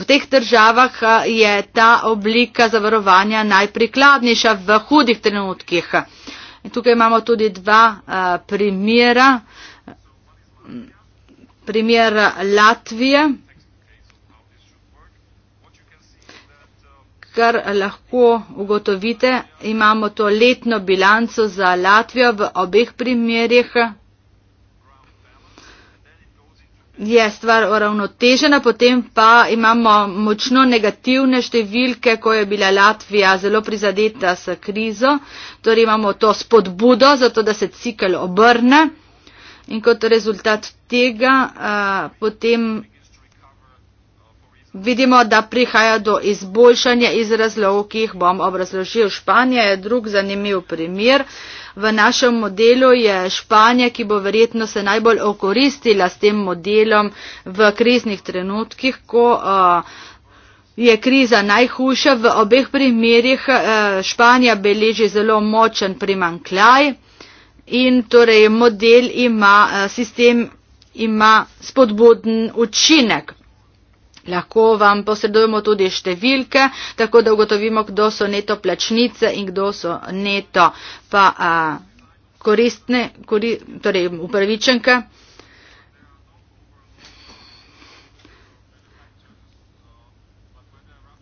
[SPEAKER 5] v teh državah je ta oblika zavarovanja najprikladnejša v hudih trenutkih. In tukaj imamo tudi dva uh, primera primer Latvije, kar lahko ugotovite, imamo to letno bilanco za Latvijo v obeh primerjih. Je stvar uravnotežena, potem pa imamo močno negativne številke, ko je bila Latvija zelo prizadeta s krizo. Torej imamo to spodbudo, zato da se cikl obrne. In kot rezultat tega uh, potem vidimo, da prihaja do izboljšanja iz razlogov, ki jih bom obrazložil. Španija je drug zanimiv primer. V našem modelu je Španija, ki bo verjetno se najbolj okoristila s tem modelom v kriznih trenutkih, ko uh, je kriza najhujša. V obeh primerjih uh, Španija beleži zelo močen primankljaj in torej model ima uh, sistem ima spodbuden učinek. Lahko vam posredujemo tudi številke, tako da ugotovimo, kdo so neto plačnice in kdo so neto pa, a, koristne, kori, torej upravičenke.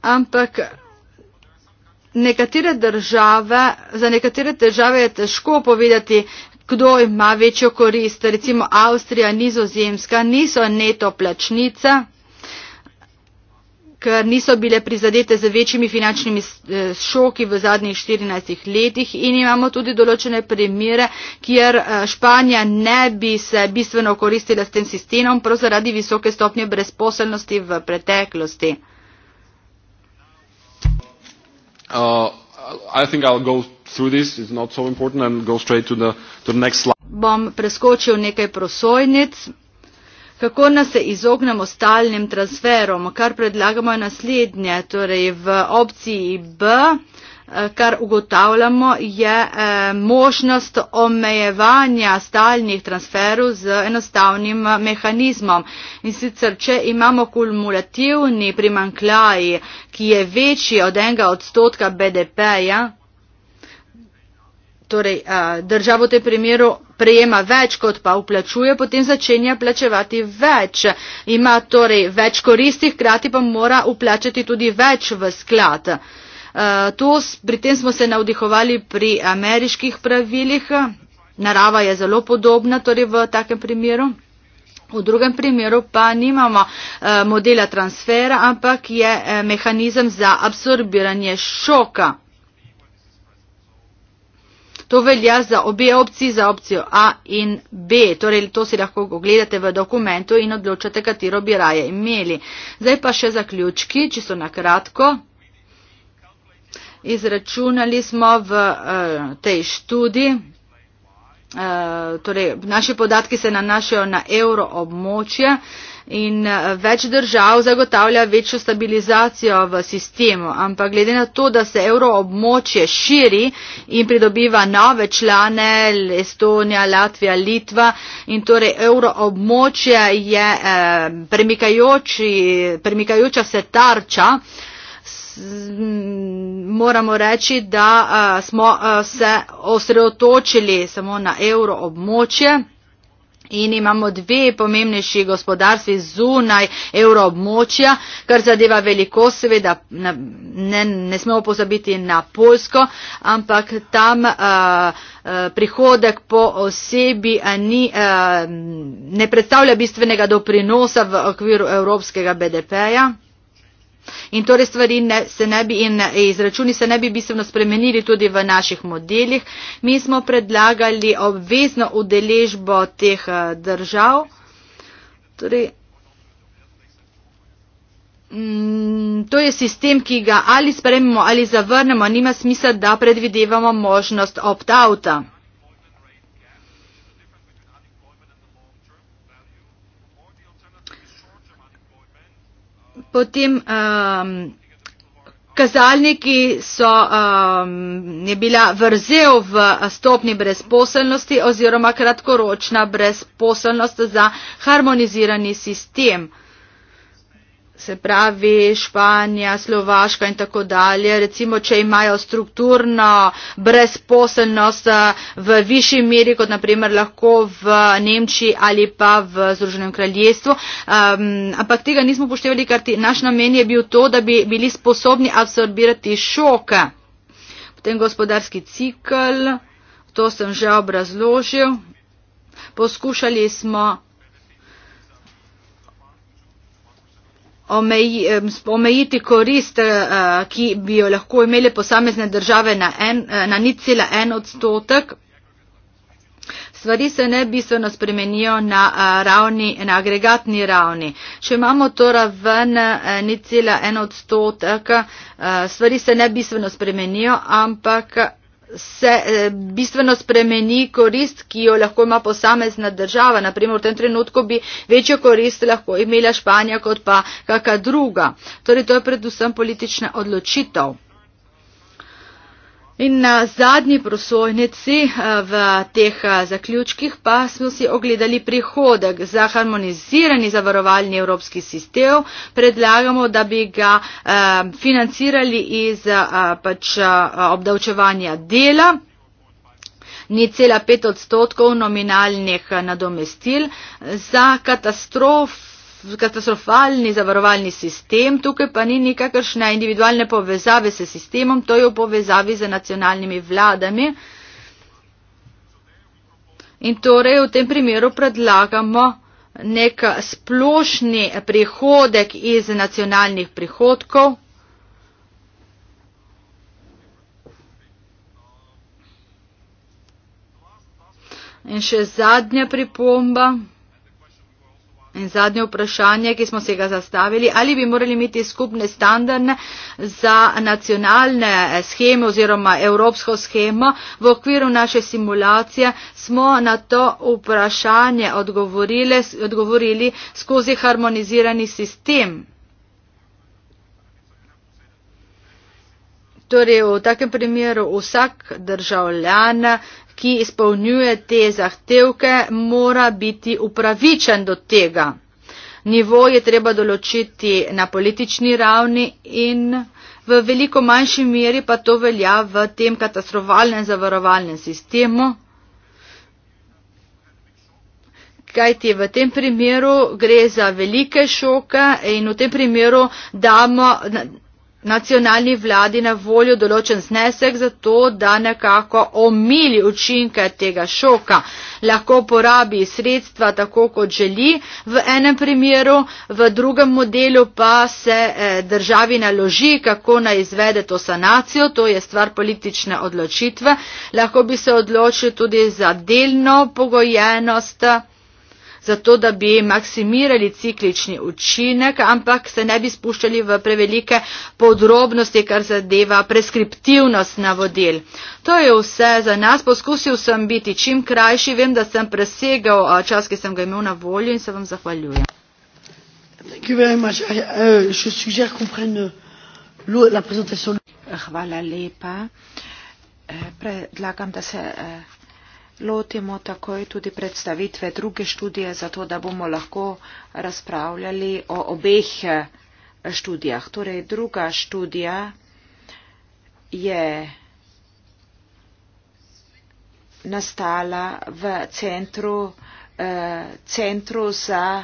[SPEAKER 5] Ampak nekatere države, za nekatere države je težko povedati, kdo ima večjo korist. Recimo Avstrija, Nizozemska niso neto plačnica, ker niso bile prizadete z večjimi finančnimi eh, šoki v zadnjih 14 letih in imamo tudi določene primere, kjer eh, Španija ne bi se bistveno koristila s tem sistemom, prav zaradi visoke stopnje brezposelnosti v preteklosti.
[SPEAKER 3] Uh,
[SPEAKER 4] this, so important and go straight to the, to the next slide.
[SPEAKER 5] Bom preskočil nekaj prosojnic. Kako nas se izognemo stalnim transferom? Kar predlagamo je naslednje, torej v opciji B, eh, kar ugotavljamo, je eh, možnost omejevanja stalnih transferov z enostavnim eh, mehanizmom. In sicer, če imamo kumulativni primankljaj, ki je večji od enega odstotka BDP-ja, torej država v tem primeru prejema več, kot pa uplačuje, potem začenja plačevati več. Ima torej več koristi, hkrati pa mora uplačati tudi več v sklad. To, pri tem smo se navdihovali pri ameriških pravilih. Narava je zelo podobna torej v takem primeru. V drugem primeru pa nimamo modela transfera, ampak je mehanizem za absorbiranje šoka. To velja za obe opciji, za opcijo A in B. Torej, to si lahko ogledate v dokumentu in odločate, katero bi raje imeli. Zdaj pa še zaključki, če so nakratko. Izračunali smo v uh, tej študiji, uh, torej naši podatki se nanašajo na evro območje. Uh, in eh, več držav zagotavlja večjo stabilizacijo v sistemu. Ampak glede na to, da se euroobmočje širi in pridobiva nove člane, Estonija, Latvija, Litva in torej euroobmočje je eh, premikajoča se tarča, moramo reči, da eh, smo se osredotočili samo na euroobmočje in imamo dve pomembnejši gospodarstvi zunaj evroobmočja, kar zadeva velikost, seveda ne, ne smemo pozabiti na Polsko, ampak tam a, eh, a, eh, prihodek po osebi a, eh, ni, a, ne predstavlja bistvenega doprinosa v okviru evropskega BDP-ja. In torej stvari ne, se ne bi in eh, izračuni se ne bi bistveno spremenili tudi v naših modelih. Mi smo predlagali obvezno udeležbo teh eh, držav. Torej, mm, To je sistem, ki ga ali sprememo ali zavrnemo, nima smisla, da predvidevamo možnost opt-outa. potem um, kazalniki so um, je bila vrzel v uh, stopni brezposelnosti oziroma kratkoročna brezposelnost za harmonizirani sistem se pravi Španija, Slovaška in tako dalje, recimo, če imajo strukturno brezposelnost eh, v višji meri, kot naprimer lahko v Nemčiji ali pa v Združenem kraljestvu. Um, ampak tega nismo poštevali, ker naš namen je bil to, da bi bili sposobni absorbirati šoke. Potem gospodarski cikl, to sem že obrazložil. Poskušali smo omeji, omejiti korist, eh, ki bi jo lahko imele posamezne države na, en, eh, na nicila en odstotek. Stvari se ne bistveno spremenijo na, eh, ravni, na agregatni ravni. Če imamo to raven ni cela en odstotek, stvari se ne bistveno spremenijo, ampak se eh, bistveno spremeni korist, ki jo lahko ima posamezna država. Naprimer, v tem trenutku bi večjo korist lahko imela Španija kot pa kaka druga. Torej, to je predvsem politična odločitev. In na zadnji prosojnici eh, v teh eh, zaključkih pa smo si ogledali prihodek za harmonizirani zavarovalni evropski sistem. Predlagamo, da bi ga eh, financirali iz pač obdavčevanja dela ni cela pet odstotkov nominalnih nadomestil za katastrofe katastrofalni zavarovalni sistem, tukaj pa ni nikakršne individualne povezave s sistemom, to je v povezavi z nacionalnimi vladami. In torej v tem primeru predlagamo nek splošni prihodek iz nacionalnih prihodkov. In še zadnja pripomba. In zadnje vprašanje, ki smo se ga zastavili, ali bi morali imeti skupne standarde za nacionalne scheme oziroma evropsko schemo v okviru naše simulacije, smo na to vprašanje odgovorili, odgovorili skozi harmonizirani sistem. Torej, v takem primeru vsak državljan ki izpolnjuje te zahtevke, mora biti upravičen do tega. Nivo je treba določiti na politični ravni in v veliko manjši meri pa to velja v tem katastrofalnem zavarovalnem sistemu. Kajti v tem primeru gre za velike šoke in v tem primeru damo, nacionalni vladi na voljo določen znesek za to, da nekako omili učinke tega šoka. Lahko porabi sredstva tako, kot želi v enem primeru, v drugem modelu pa se eh, državi naloži, kako naj izvede to sanacijo, to je stvar politične odločitve. Lahko bi se odločil tudi za delno pogojenost zato da bi maksimirali ciklični učinek, ampak se ne bi spuščali v prevelike podrobnosti, kar zadeva preskriptivnost navodil. To je vse za nas. Poskusil sem biti čim krajši. Vem, da sem presegal eh, čas, ki sem ga imel na voljo in se vam zahvaljujem. Uh, euh, Hvala lepa. Eh,
[SPEAKER 1] predlagam, da se. Eh, lotimo takoj tudi predstavitve druge študije, zato da bomo lahko razpravljali o obeh eh, študijah. Torej, druga študija je nastala v centru, eh, centru za,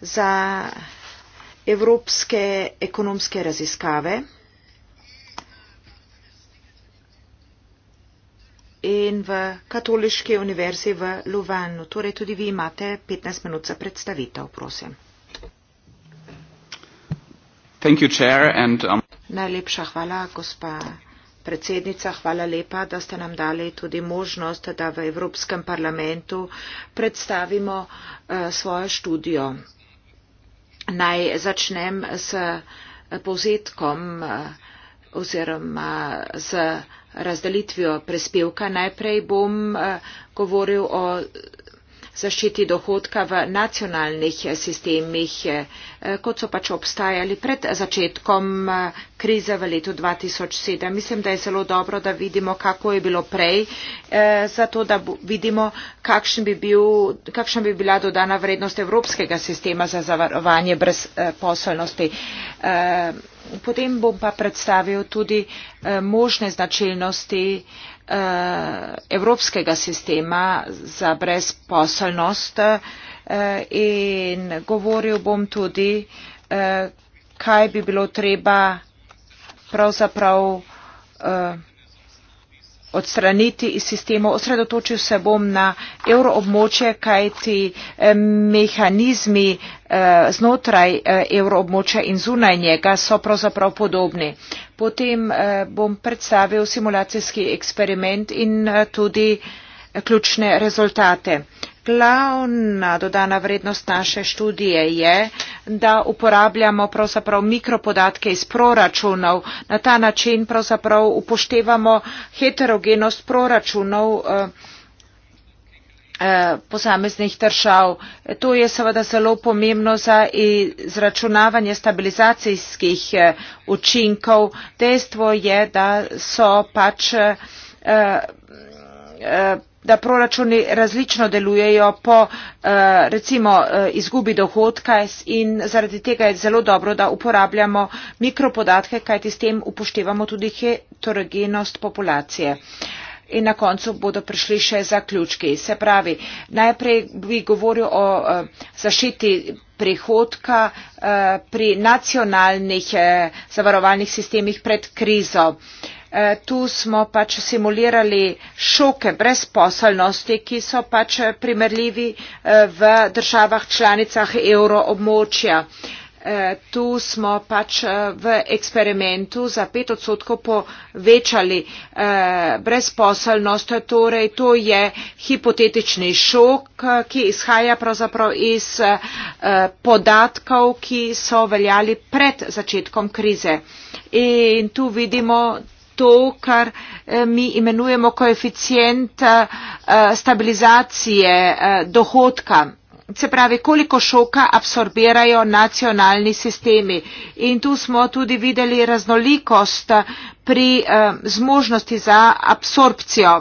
[SPEAKER 1] za evropske ekonomske raziskave. in v Katoliški univerzi v Luvanu. Torej tudi vi imate 15 minut za predstavitev,
[SPEAKER 3] prosim. You, Chair, and, um...
[SPEAKER 1] Najlepša hvala, gospa predsednica. Hvala lepa, da ste nam dali tudi možnost, da v Evropskem parlamentu predstavimo uh, svojo študijo. Naj začnem s eh, povzetkom uh, oziroma z. Uh, razdelitvijo prispevka. Najprej bom eh, govoril o zaščiti dohodka v nacionalnih eh, sistemih, eh, kot so pač obstajali pred začetkom krize v letu 2007. Mislim, da je zelo dobro, da vidimo, kako je bilo prej, zato da vidimo, kakšen bi bil, kakšna bi bila dodana vrednost evropskega sistema za zavarovanje brezposelnosti potem bom pa predstavil tudi eh, možne značilnosti eh, evropskega sistema za brezposelnost eh, in govoril bom tudi, kaj bi bilo treba pravzaprav odstraniti iz sistemov. Osredotočil se bom na euroobmočje, kajti eh, mehanizmi eh, znotraj euroobmočja eh, in zunaj njega so pravzaprav podobni. Potem bom predstavil simulacijski eksperiment in tudi ključne rezultate glavna dodana vrednost naše študije je, da uporabljamo pravzaprav mikropodatke iz proračunov. Na ta način pravzaprav upoštevamo heterogenost proračunov eh, eh, posameznih držav. To je seveda zelo pomembno za izračunavanje stabilizacijskih eh, učinkov. Dejstvo je, da so pač da proračuni različno delujejo po eh, recimo eh, izgubi dohodka in zaradi tega je zelo dobro, da uporabljamo mikropodatke, kajti s tem upoštevamo tudi heterogenost populacije. In na koncu bodo prišli še zaključki. Se pravi, najprej bi govoril o eh, zašiti prihodka pri nacionalnih zavarovalnih sistemih pred krizo. Eh, tu smo pač simulirali šoke brezposelnosti, ki so pač eh, primerljivi eh, v državah članicah euroobmočja. Tu smo pač v eksperimentu za pet odstotkov povečali brezposelnost, torej to je hipotetični šok, ki izhaja pravzaprav iz podatkov, ki so veljali pred začetkom krize. In tu vidimo, to, kar eh, mi imenujemo koeficient eh, stabilizacije eh, dohodka. Se pravi, koliko šoka absorbirajo nacionalni sistemi. In tu smo tudi videli raznolikost pri zmožnosti za absorpcijo.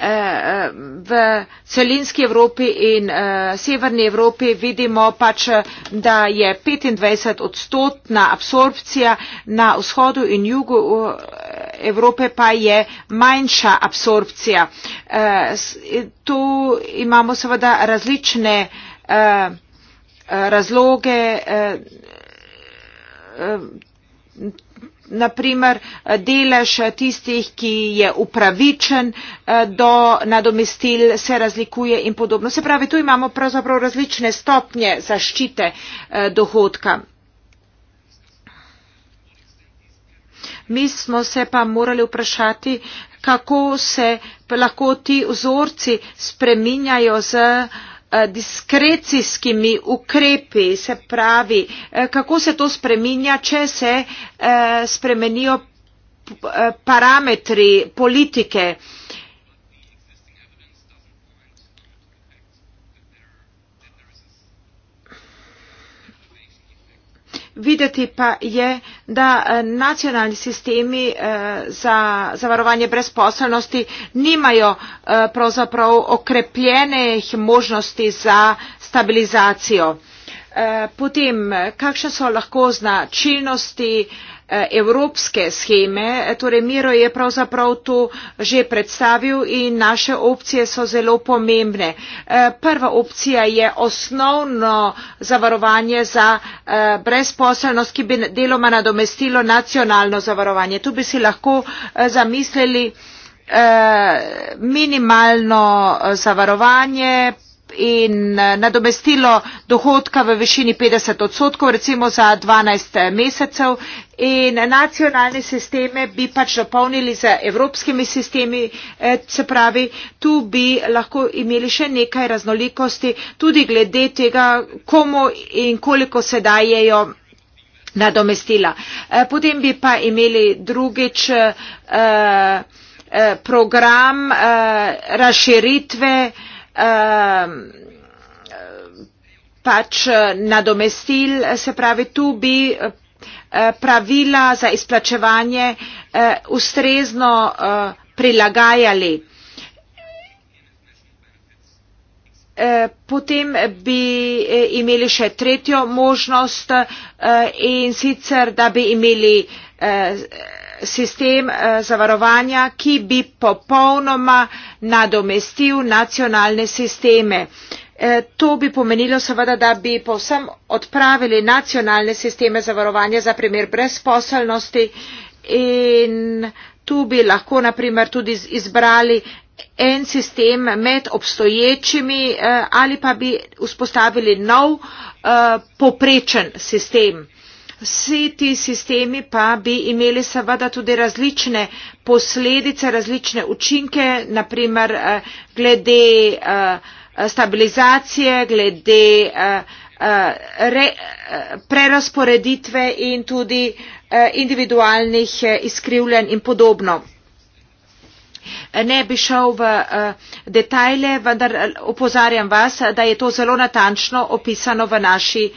[SPEAKER 1] Eh, eh, v celinski Evropi in eh, severni Evropi vidimo pač, da je 25 odstotna absorpcija, na vzhodu in jugu Evrope pa je manjša absorpcija. Tu imamo seveda različne razloge naprimer eh, delež eh, tistih, ki je upravičen eh, do nadomestil, se razlikuje in podobno. Se pravi, tu imamo pravzaprav različne stopnje zaščite dohodka. Mi smo se pa morali vprašati, kako se lahko ti vzorci spreminjajo z Eh, diskrecijskimi ukrepi, se pravi, eh, kako se to spreminja, če se eh, spremenijo parametri politike. Videti pa je, da eh, nacionalni sistemi eh, za zavarovanje brezposelnosti nimajo eh, pravzaprav okrepljenih možnosti za stabilizacijo. Potem, kakšne so lahko značilnosti Eh, evropske scheme eh, torej miro je pravzaprav to že predstavil in naše opcije so zelo pomembne. Eh, prva opcija je osnovno zavarovanje za brezposelnost ki bi deloma nadomestilo nacionalno zavarovanje. tu bi si lahko zamislili minimalno zavarovanje in eh, nadomestilo dohodka v višini 50 odstotkov, recimo za 12 eh, mesecev. In nacionalne sisteme bi pač dopolnili z evropskimi sistemi, eh, se pravi, tu bi lahko imeli še nekaj raznolikosti, tudi glede tega, komu in koliko se dajejo nadomestila. Potem bi pa imeli drugič program razširitve, Ehm, pač eh, nadomestil, se pravi, tu bi eh, pravila za izplačevanje eh, ustrezno prilagajali. Potem bi imeli še tretjo možnost in sicer, da bi imeli sistem eh, zavarovanja, ki bi popolnoma nadomestil nacionalne sisteme. Eh, to bi pomenilo seveda, da bi povsem odpravili nacionalne sisteme zavarovanja za primer brezposelnosti in tu bi lahko naprimer tudi izbrali en sistem med obstoječimi eh, ali pa bi vzpostavili nov poprečen sistem. Vsi ti sistemi pa bi imeli seveda tudi različne posledice, različne učinke, naprimer eh, glede eh, stabilizacije, glede eh, prerasporeditve in tudi individualnih izkrivljanj in podobno. Ne bi šel v detajle, vendar opozarjam vas, da je to zelo natančno opisano v naši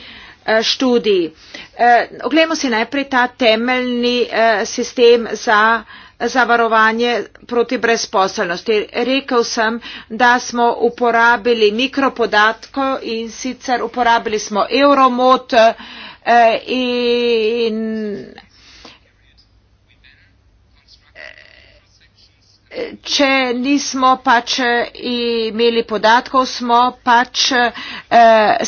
[SPEAKER 1] Eh, študij. Eh, oglejmo si najprej ta temeljni eh, sistem za zavarovanje proti brezposelnosti. Rekel sem, da smo uporabili mikropodatko in sicer uporabili smo Euromod in če nismo pač eh, imeli podatkov, smo pač eh,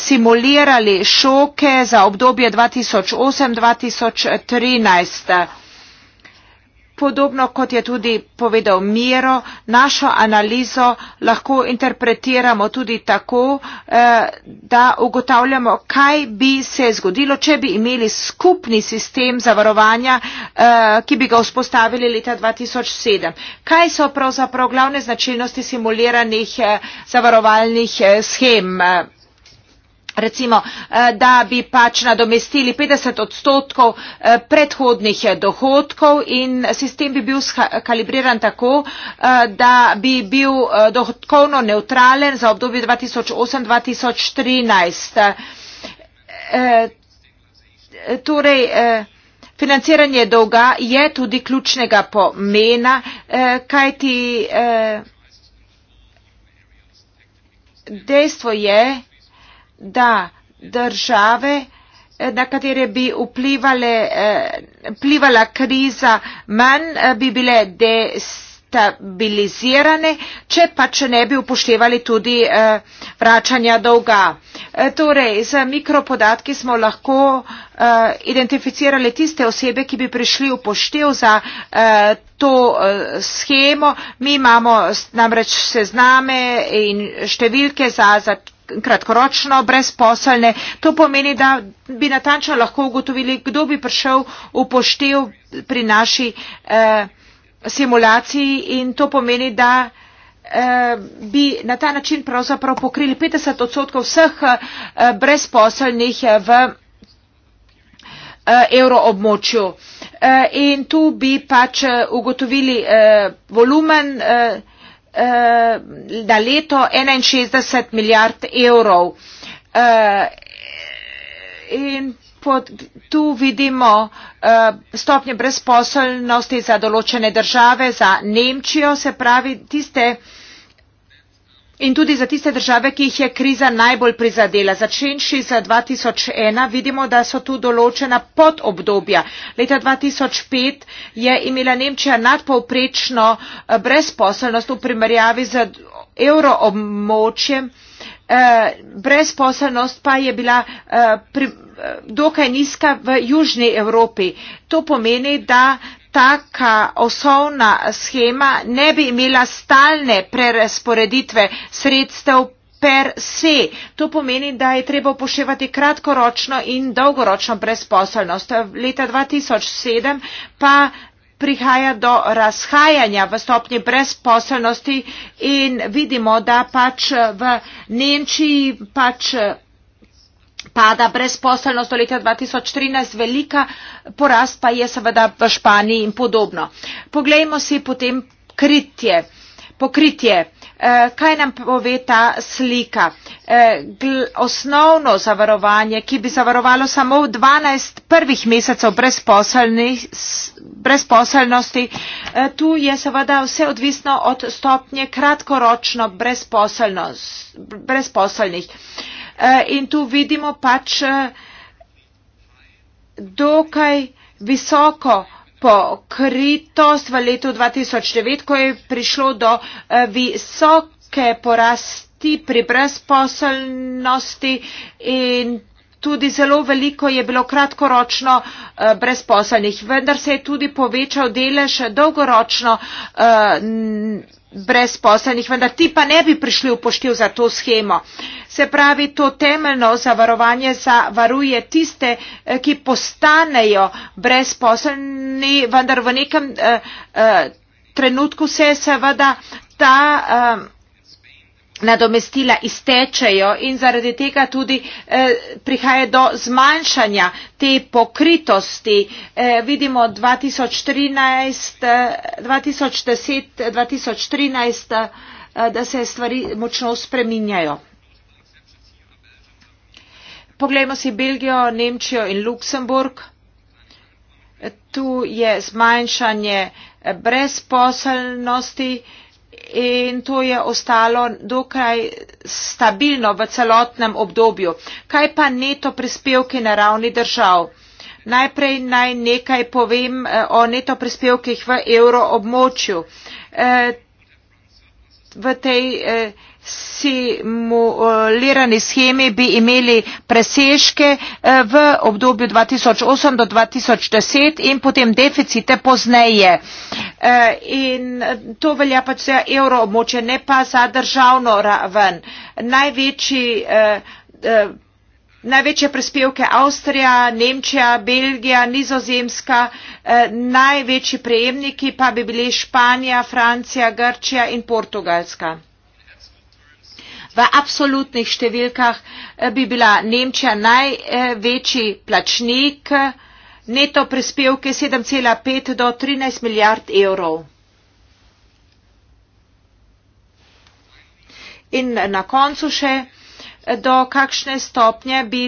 [SPEAKER 1] simulirali šoke za obdobje 2008-2013 podobno kot je tudi povedal Miro, našo analizo lahko interpretiramo tudi tako, eh, da ugotavljamo, kaj bi se zgodilo, če bi imeli skupni sistem zavarovanja, eh, ki bi ga vzpostavili leta 2007. Kaj so pravzaprav glavne značilnosti simuliranih eh, zavarovalnih schem? recimo, eh, da bi pač nadomestili 50 odstotkov eh, predhodnih eh, dohodkov in sistem bi bil kalibriran tako, da bi bil dohodkovno neutralen za obdobje 2008-2013. Torej, financiranje dolga je tudi ključnega pomena, kajti dejstvo je, da je da države, eh, na katere bi vplivale, eh, vplivala kriza, manj eh, bi bile destabilizirane, če pač ne bi upoštevali tudi vračanja dolga. Torej, z mikropodatki smo lahko identificirali tiste osebe, ki bi prišli v poštev za to schemo. Mi imamo namreč sezname in številke za, za kratkoročno brezposelne. To pomeni, da bi natančno lahko ugotovili, kdo bi prišel upoštev pri naši eh, simulaciji in to pomeni, da eh, bi na ta način pravzaprav pokrili 50 odstotkov vseh eh, brezposelnih v eh, evroobmočju. Eh, in tu bi pač eh, ugotovili volumen na eh, leto 61 milijard evrov. Eh, in pod, tu vidimo eh, stopnje brezposelnosti za določene države, za Nemčijo, se pravi tiste in tudi za tiste države, ki jih je kriza najbolj prizadela. Začenši z 2001 vidimo, da so tu določena podobdobja. Leta 2005 je imela Nemčija nadpovprečno eh, brezposelnost v primerjavi z euroobmočjem. Eh, brezposelnost pa je bila eh, dokaj nizka v Južni Evropi. To pomeni, da taka osnovna schema ne bi imela stalne prerasporeditve sredstev per se. To pomeni, da je treba upoševati kratkoročno in dolgoročno brezposelnost. Leta 2007 pa prihaja do razhajanja v stopnji brezposelnosti in vidimo, da pač v Nemčiji pač pada brezposelnost do leta 2013, velika porast pa je seveda v Španiji in podobno. Poglejmo si potem kritje, pokritje. Eh, kaj nam pove ta slika? Eh, osnovno zavarovanje, ki bi zavarovalo samo 12 prvih mesecev brezposelnosti, eh, tu je seveda vse odvisno od stopnje kratkoročno brezposelnih. Eh, in tu vidimo pač eh, dokaj visoko pokritost v letu 2009, ko je prišlo do eh, visoke porasti pri brezposelnosti in tudi zelo veliko je bilo kratkoročno brezposelnih. Vendar se je tudi povečal delež dolgoročno brezposelnih, vendar ti pa ne bi prišli upoštev za to schemo. Se pravi, to temeljno zavarovanje zavaruje tiste, eh, ki postanejo brezposelni, vendar v nekem eh, eh, trenutku se je seveda ta. Eh, nadomestila iztečejo in zaradi tega tudi eh, prihaja do zmanjšanja te pokritosti. Eh, vidimo 2013, 2010-2013, eh, da se stvari močno spreminjajo. Poglejmo si Belgijo, Nemčijo in Luksemburg. Tu je zmanjšanje brezposelnosti, in to je ostalo dokaj stabilno v celotnem obdobju. Kaj pa neto prispevki na ravni držav? Najprej naj nekaj povem eh, o neto prispevkih v evroobmočju. Eh, v tej eh, simulirani schemi bi imeli presežke eh, v obdobju 2008 do 2010 in potem deficite pozneje. Eh, in eh, to velja pač za evroobmočje, ne pa za državno raven. Največji, največje prispevke Avstrija, Nemčija, Belgija, Nizozemska, največji prejemniki pa bi bili Španija, Francija, Grčija in Portugalska v absolutnih številkah eh, bi bila Nemčija največji plačnik, neto prispevke 7,5 do 13 milijard evrov. In na koncu še, do kakšne stopnje bi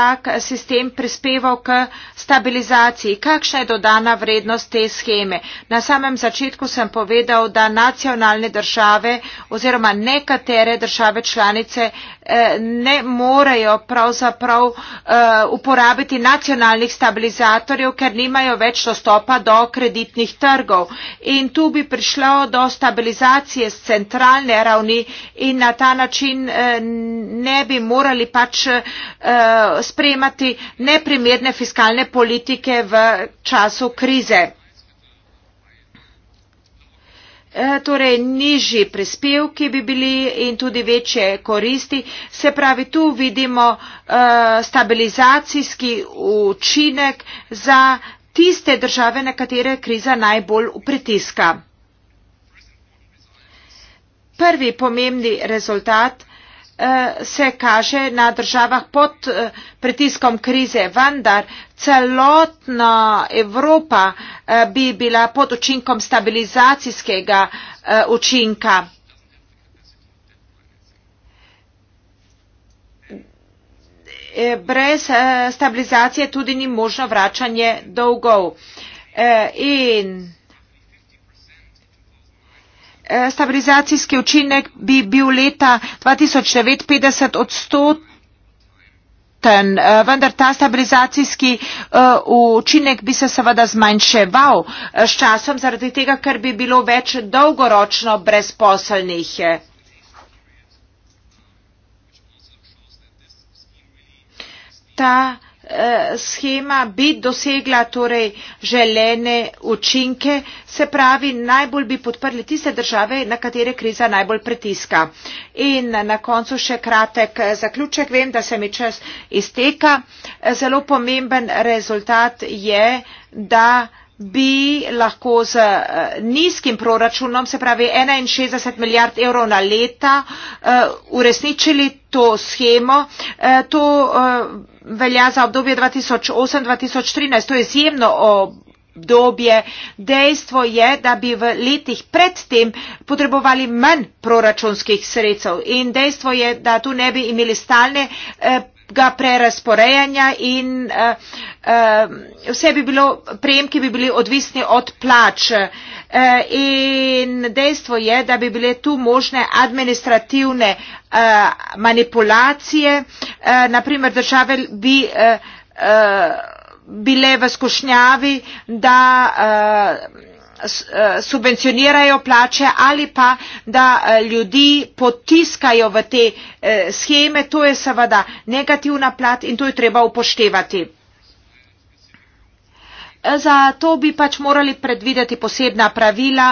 [SPEAKER 1] tak sistem prispeval k stabilizaciji. Kakšna je dodana vrednost te scheme? Na samem začetku sem povedal, da nacionalne države oziroma nekatere države članice Eh, ne morejo pravzaprav eh, uporabiti nacionalnih stabilizatorjev, ker nimajo več dostopa do kreditnih trgov. In tu bi prišlo do stabilizacije z centralne ravni in na ta način eh, ne bi morali pač sprejemati neprimerne fiskalne politike v času krize. Eh, torej nižji prispevki bi bili in tudi večje koristi. Se pravi, tu vidimo uh, stabilizacijski učinek za tiste države, na katere kriza najbolj pritiska. Prvi pomembni rezultat Eh, se kaže na državah pod eh, pritiskom krize, vendar celotna Evropa eh, bi bila pod učinkom stabilizacijskega učinka. Brez stabilizacije tudi ni možno vračanje dolgov. In Eh, stabilizacijski učinek bi bil leta 2009 50 odstoten, eh, vendar ta stabilizacijski eh, učinek bi se seveda zmanjševal s časom, zaradi tega, ker bi bilo več dolgoročno brezposelnih. Ta eh, schema bi dosegla torej želene učinke, se pravi, najbolj bi podprli tiste države, na katere kriza najbolj pritiska. In na koncu še kratek eh, zaključek, vem, da se mi čas izteka. Eh, zelo pomemben rezultat je, da bi lahko z eh, nizkim proračunom, se pravi 61 milijard evrov na leta, eh, uresničili to schemo. Eh, to velja za obdobje 2008-2013. To je izjemno obdobje. Dejstvo je, da bi v letih predtem potrebovali manj proračunskih sredstev in dejstvo je, da tu ne bi imeli stalne ga prerasporejanja in uh, uh, vse bi bilo, prejemki bi bili odvisni od plač. Uh, in dejstvo je, da bi bile tu možne administrativne uh, manipulacije. Uh, naprimer, države bi. Uh, uh, bile v skušnjavi, da uh, Eh, subvencionirajo plače ali pa, da eh, ljudi potiskajo v te eh, scheme. To je seveda negativna plat in to je treba upoštevati. Za to bi pač morali predvideti posebna pravila,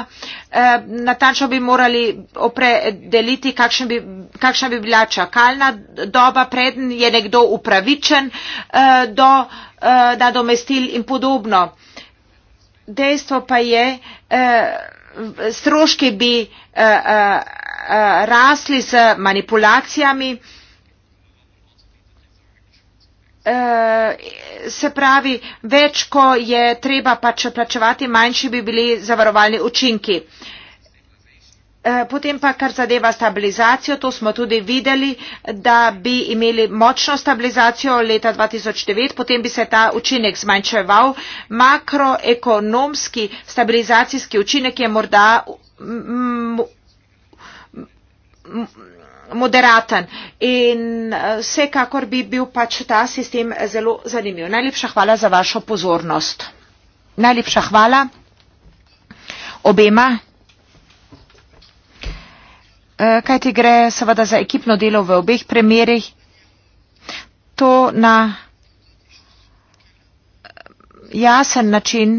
[SPEAKER 1] natančno bi morali opredeliti, kakšna bi, kakšna bi bila čakalna doba, preden je nekdo upravičen do nadomestil in podobno dejstvo pa je, eh, stroški bi eh, eh, eh, rasli z manipulacijami. Uh, se pravi, več ko je treba pač plačevati, manjši bi bili zavarovalni učinki. Uh, Eh, potem pa, kar zadeva stabilizacijo, to smo tudi videli, da bi imeli močno stabilizacijo leta 2009, potem bi se ta učinek zmanjševal. Makroekonomski stabilizacijski učinek je morda mm, mm, moderaten in eh, vsekakor bi bil pač ta sistem zelo zanimiv. Najlepša hvala za vašo pozornost. Najlepša hvala obema. Eh, kajti gre seveda za ekipno delo v obeh primerjih. To na eh, jasen način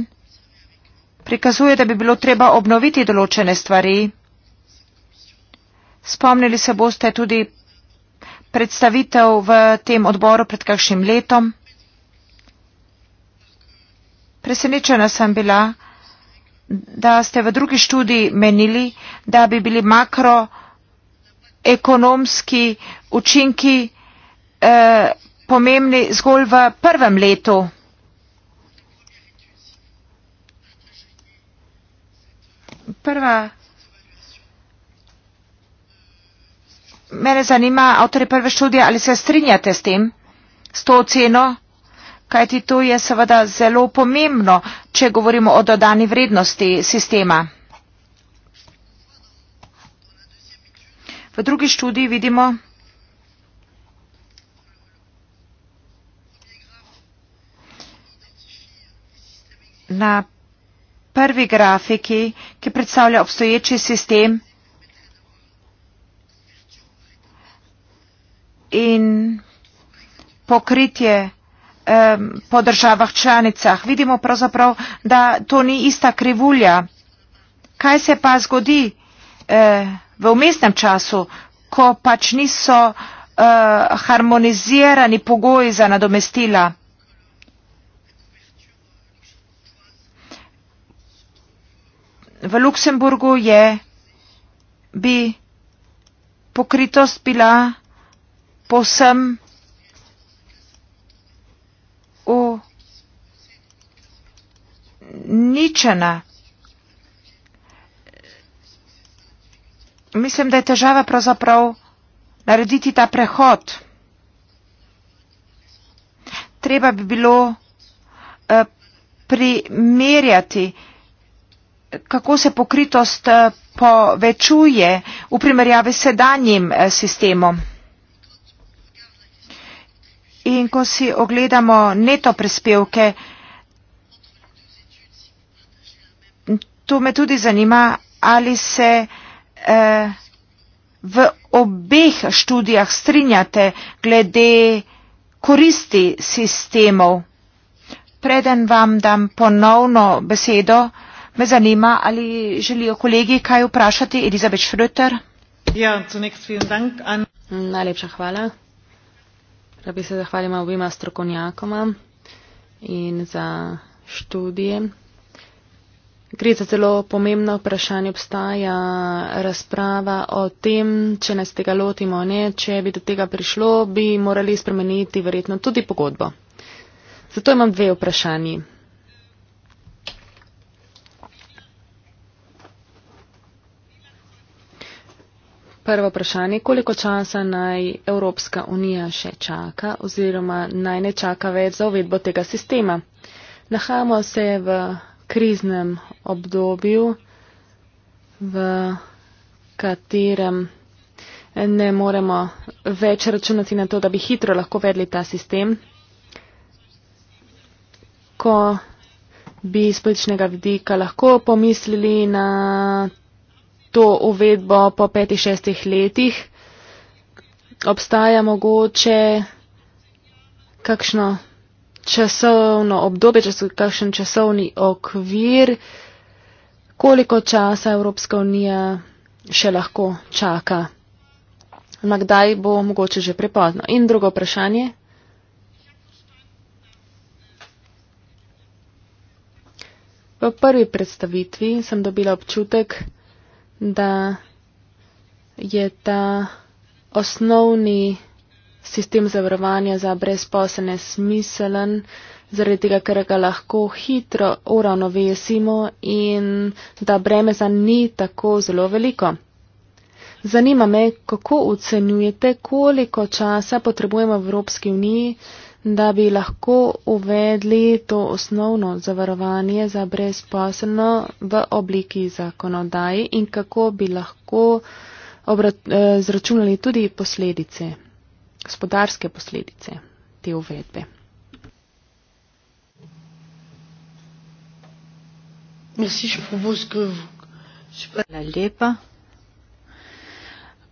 [SPEAKER 1] prikazuje, da bi bilo treba obnoviti določene stvari. Spomnili se boste tudi predstavitev v tem odboru pred kakšnim letom. Presenečena sem bila, da ste v drugi študiji menili, da bi bili makro ekonomski učinki eh, pomembni zgolj v prvem letu. Prva. Mene zanima, avtori prve študije, ali se strinjate s tem, s to oceno, kajti to je seveda zelo pomembno, če govorimo o dodani vrednosti sistema. V drugi študiji vidimo, na prvi grafiki, ki predstavlja obstoječi sistem in pokritje um, po državah članicah. Vidimo pravzaprav, da to ni ista krivulja. Kaj se pa zgodi? Uh, v umestnem času, ko pač niso uh, harmonizirani pogoji za nadomestila. V Luksemburgu je bi pokritost bila posem uničena. mislim, da je težava pravzaprav narediti ta prehod. Treba bi bilo uh, primerjati, kako se pokritost eh, povečuje v primerjavi s sedanjim eh, sistemom. In ko si ogledamo neto prispevke, to me tudi zanima, ali se Eh, v obeh študijah strinjate glede koristi sistemov. Preden vam dam ponovno besedo, me zanima, ali želijo kolegi kaj vprašati. Elizabeth Schröter.
[SPEAKER 4] Ja, an... Najlepša hvala. Rabi se zahvalila obima strokovnjakoma in za študije. Gre za zelo pomembno vprašanje, obstaja razprava o tem, če nas tega lotimo, ne, če bi do tega prišlo, bi morali spremeniti verjetno tudi pogodbo. Zato imam dve vprašanji. Prvo vprašanje, koliko časa naj Evropska unija še čaka oziroma naj ne čaka več za uvedbo tega sistema? Nahajamo se v kriznem obdobju, v katerem ne moremo več računati na to, da bi hitro lahko vedli ta sistem, ko bi iz političnega vidika lahko pomislili na to uvedbo po petih, šestih letih, obstaja mogoče kakšno časovno obdobje, če so kakšen časovni okvir, koliko časa Evropska unija še lahko čaka, na kdaj bo mogoče že prepozno. In drugo vprašanje. V prvi predstavitvi sem dobila občutek, da je ta osnovni sistem zavarovanja za brezposelne smiselen, zaradi tega, ker ga lahko hitro uravnovesimo in da breme za ni tako zelo veliko. Zanima me, kako ocenjujete, koliko časa potrebujemo v Evropski uniji, da bi lahko uvedli to osnovno zavarovanje za brezposelno v obliki zakonodaji in kako bi lahko eh, zračunali tudi posledice gospodarske posledice te uvedbe.
[SPEAKER 5] Hvala lepa.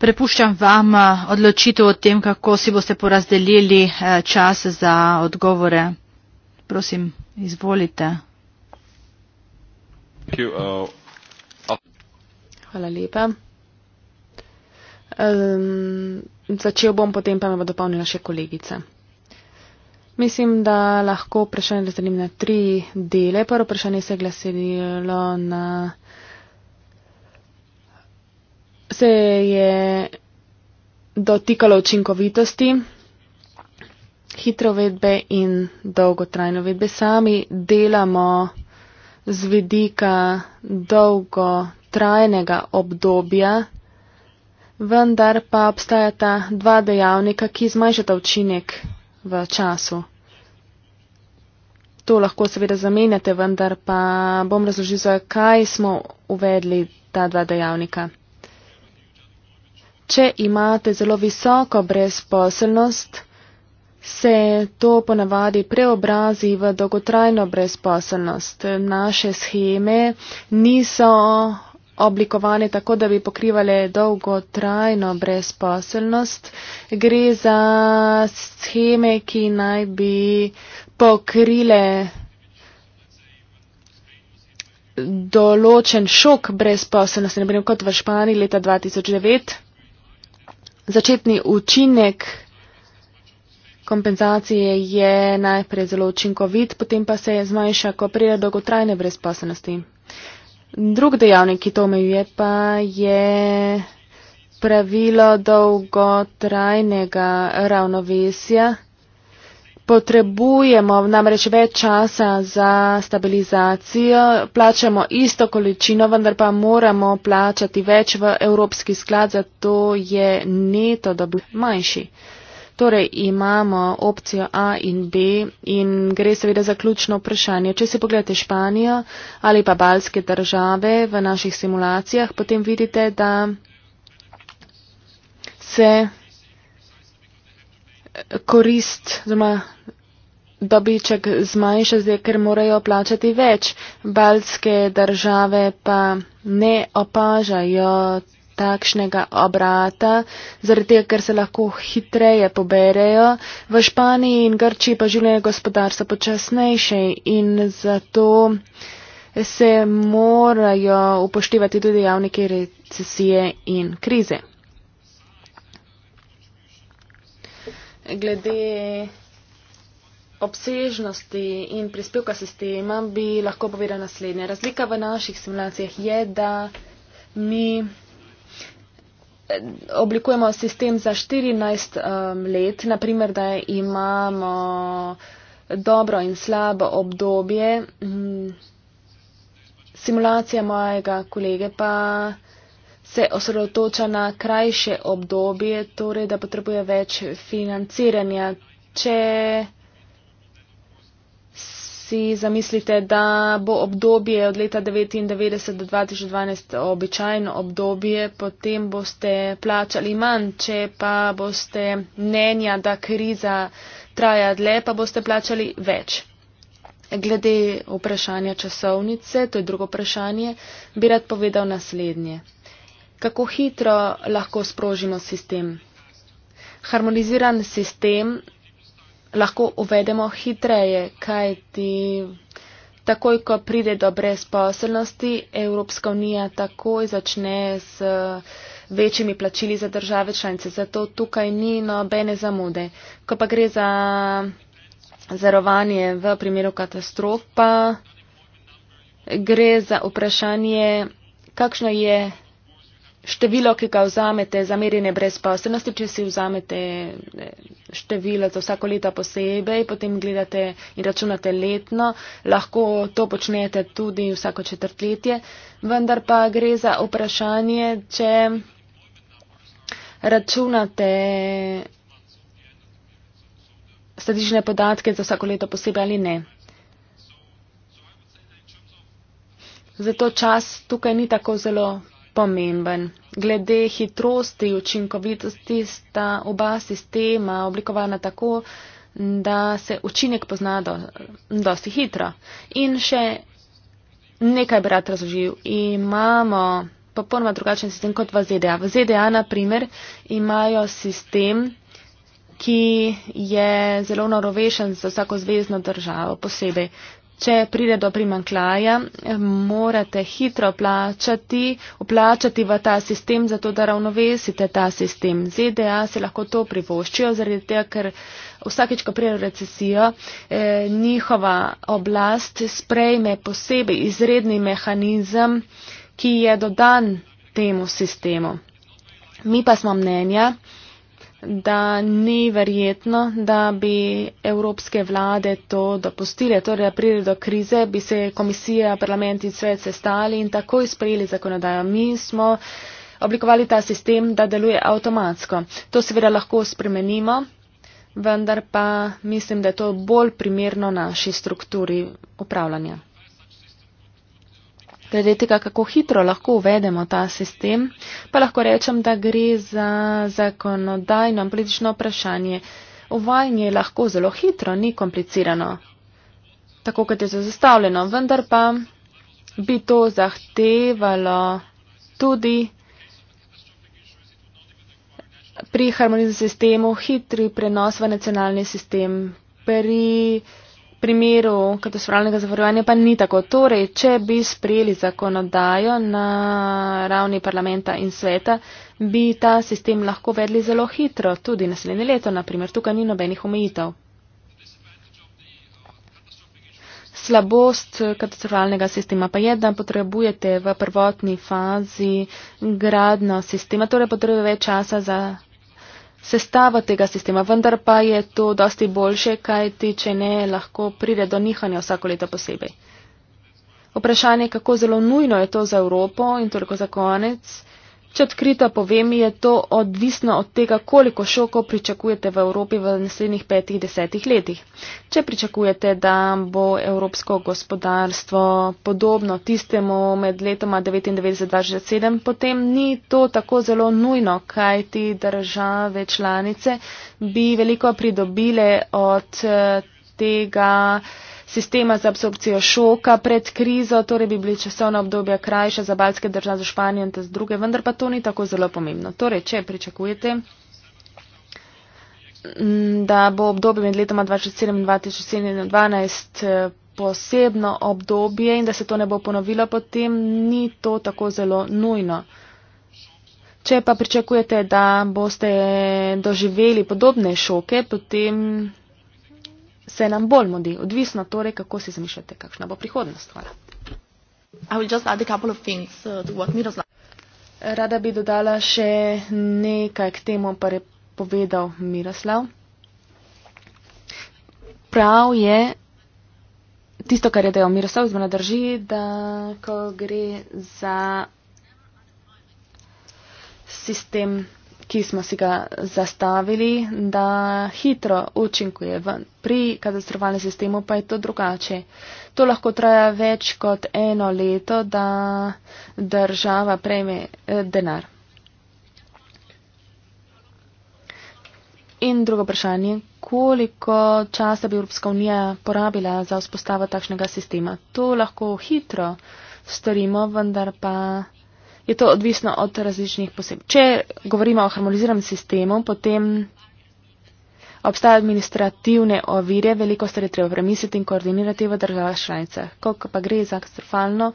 [SPEAKER 5] Prepuščam vam eh, odločitev o tem, kako si boste porazdelili eh, čas za odgovore. Prosim, izvolite. Uh, Hvala
[SPEAKER 4] lepa. Um, začel bom, potem pa me bo dopolnila še kolegica. Mislim, da lahko vprašanje razdelim na tri dele. Prvo vprašanje se je glasilo na. se je dotikalo učinkovitosti, hitro vedbe in dolgotrajno vedbe. Sami delamo z vidika dolgotrajnega obdobja vendar pa obstajata dva dejavnika, ki zmanjšata učinek v času. To lahko seveda zamenjate, vendar pa bom razložil, zakaj smo uvedli ta dva dejavnika. Če imate zelo visoko brezposelnost, se to ponavadi preobrazi v dolgotrajno brezposelnost. Naše scheme niso oblikovane tako, da bi pokrivale dolgotrajno brezposelnost. Gre za scheme, ki naj bi pokrile določen šok brezposelnosti, naprimer kot v Španiji leta 2009. Začetni učinek kompenzacije je najprej zelo učinkovit, potem pa se zmanjša, ko prije dolgotrajne brezposelnosti. Drug dejavnik, ki to omejuje, pa je pravilo dolgotrajnega ravnovesja. Potrebujemo namreč več časa za stabilizacijo, plačamo isto količino, vendar pa moramo plačati več v Evropski sklad, zato je neto dobi manjši. Torej imamo opcijo A in B in gre seveda za ključno vprašanje. Če si pogledate Španijo ali pa balske države v naših simulacijah, potem vidite, da se eh, korist oziroma dobiček zmanjša, zdaj, ker morajo plačati več. Balske države pa ne opažajo takšnega obrata, zaradi tega, ker se lahko hitreje poberejo. V Španiji in Grčiji pa življenje gospodarstva počasnejše in zato se morajo upoštevati tudi javniki recesije in krize. Glede obsežnosti in prispevka sistema bi lahko povedala naslednje. Razlika v naših simulacijah je, da mi oblikujemo sistem za 14 um, let, naprimer, da imamo dobro in slabo obdobje. Mm. Simulacija mojega kolege pa se osredotoča na krajše obdobje, torej da potrebuje več financiranja. Če si zamislite, da bo obdobje od leta 99 do 2012 običajno obdobje, potem boste plačali manj, če pa boste mnenja, da kriza traja dlje, pa boste plačali več. Glede vprašanja časovnice, to je drugo vprašanje, bi rad povedal naslednje. Kako hitro lahko sprožimo sistem? Harmoniziran sistem lahko uvedemo hitreje, kajti takoj, ko pride do brezposelnosti, Evropska unija takoj začne z eh, večjimi plačili za države članice. Zato tukaj ni nobene zamude. Ko pa gre za zarovanje v primeru katastrofa, gre za vprašanje, kakšno je Število, ki ga vzamete za merjenje brezposobnosti, če si vzamete eh, število za vsako leto posebej, potem gledate in računate letno, lahko to počnete tudi vsako četrtletje, vendar pa gre za vprašanje, če računate statične podatke za vsako leto posebej ali ne. Zato čas tukaj ni tako zelo pomemben. Glede hitrosti, učinkovitosti sta oba sistema oblikovana tako, da se učinek pozna do, dosti hitro. In še nekaj bi rad razložil. Imamo popolnoma drugačen sistem kot v ZDA. V ZDA, na primer, imajo sistem, ki je zelo narovešen za vsako zvezdno državo posebej. Če pride do primankljaja, morate hitro plačati, vplačati v ta sistem, zato da ravnovesite ta sistem. ZDA se lahko to privoščijo, zaradi tega, ker vsakeč, ko prijo recesijo, eh, njihova oblast sprejme posebej izredni mehanizem, ki je dodan temu sistemu. Mi pa smo mnenja, da ni verjetno, da bi evropske vlade to dopustile. Torej, da pride do krize, bi se komisija, parlament in svet sestali in takoj sprejeli zakonodajo. Mi smo oblikovali ta sistem, da deluje avtomatsko. To seveda lahko spremenimo, vendar pa mislim, da je to bolj primerno naši strukturi upravljanja. Glede tega, kako hitro lahko uvedemo ta sistem, pa lahko rečem, da gre za zakonodajno politično vprašanje. Uvajanje je lahko zelo hitro, ni komplicirano, tako kot je zazastavljeno, vendar pa bi to zahtevalo tudi pri harmoniziranem sistemu hitri prenos v nacionalni sistem, pri primeru katastrofalnega zavarovanja pa ni tako. Torej, če bi sprejeli zakonodajo na ravni parlamenta in sveta, bi ta sistem lahko vedli zelo hitro, tudi naslednje leto, naprimer, tukaj ni nobenih omejitev. Slabost katastrofalnega sistema pa je, da potrebujete v prvotni fazi gradno sistema, torej potrebuje več časa za sestava tega sistema, vendar pa je to dosti boljše, kaj ti, če ne, lahko pride do nihanja vsako leto posebej. Vprašanje, kako zelo nujno je to za Evropo in toliko za konec. Če odkrito povem, je to odvisno od tega, koliko šokov pričakujete v Evropi v naslednjih petih, desetih letih. Če pričakujete, da bo evropsko gospodarstvo podobno tistemu med letoma 1999-2007, potem ni to tako zelo nujno, kaj ti države članice bi veliko pridobile od eh, tega, sistema za absorpcijo šoka pred krizo, torej bi bili časovna obdobja krajša za balske države, za Španijo in te druge, vendar pa to ni tako zelo pomembno. Torej, če pričakujete, mm, da bo obdobje med letoma 2007 in 2012 eh, posebno obdobje in da se to ne bo ponovilo, potem ni to tako zelo nujno. Če pa pričakujete, da boste doživeli podobne šoke, potem se nam bolj modi, odvisno torej, kako si zamišljate, kakšna bo prihodnost. Hvala. Uh, Rada bi dodala še nekaj k temu, kar je povedal Miroslav. Prav je tisto, kar je dejal Miroslav, zmena drži, da ko gre za sistem ki smo si ga zastavili, da hitro učinkuje ven. Pri katastrofalnem sistemu pa je to drugače. To lahko traja več kot eno leto, da država prejme eh, denar. In drugo vprašanje, koliko časa bi Evropska unija porabila za vzpostavo takšnega sistema? To lahko hitro storimo, vendar pa je to odvisno od različnih poseb. Če govorimo o harmoniziranem sistemu, potem obstajajo administrativne ovire, veliko stvari treba premisliti in koordinirati v državah članicah. Ko pa gre za katastrofalno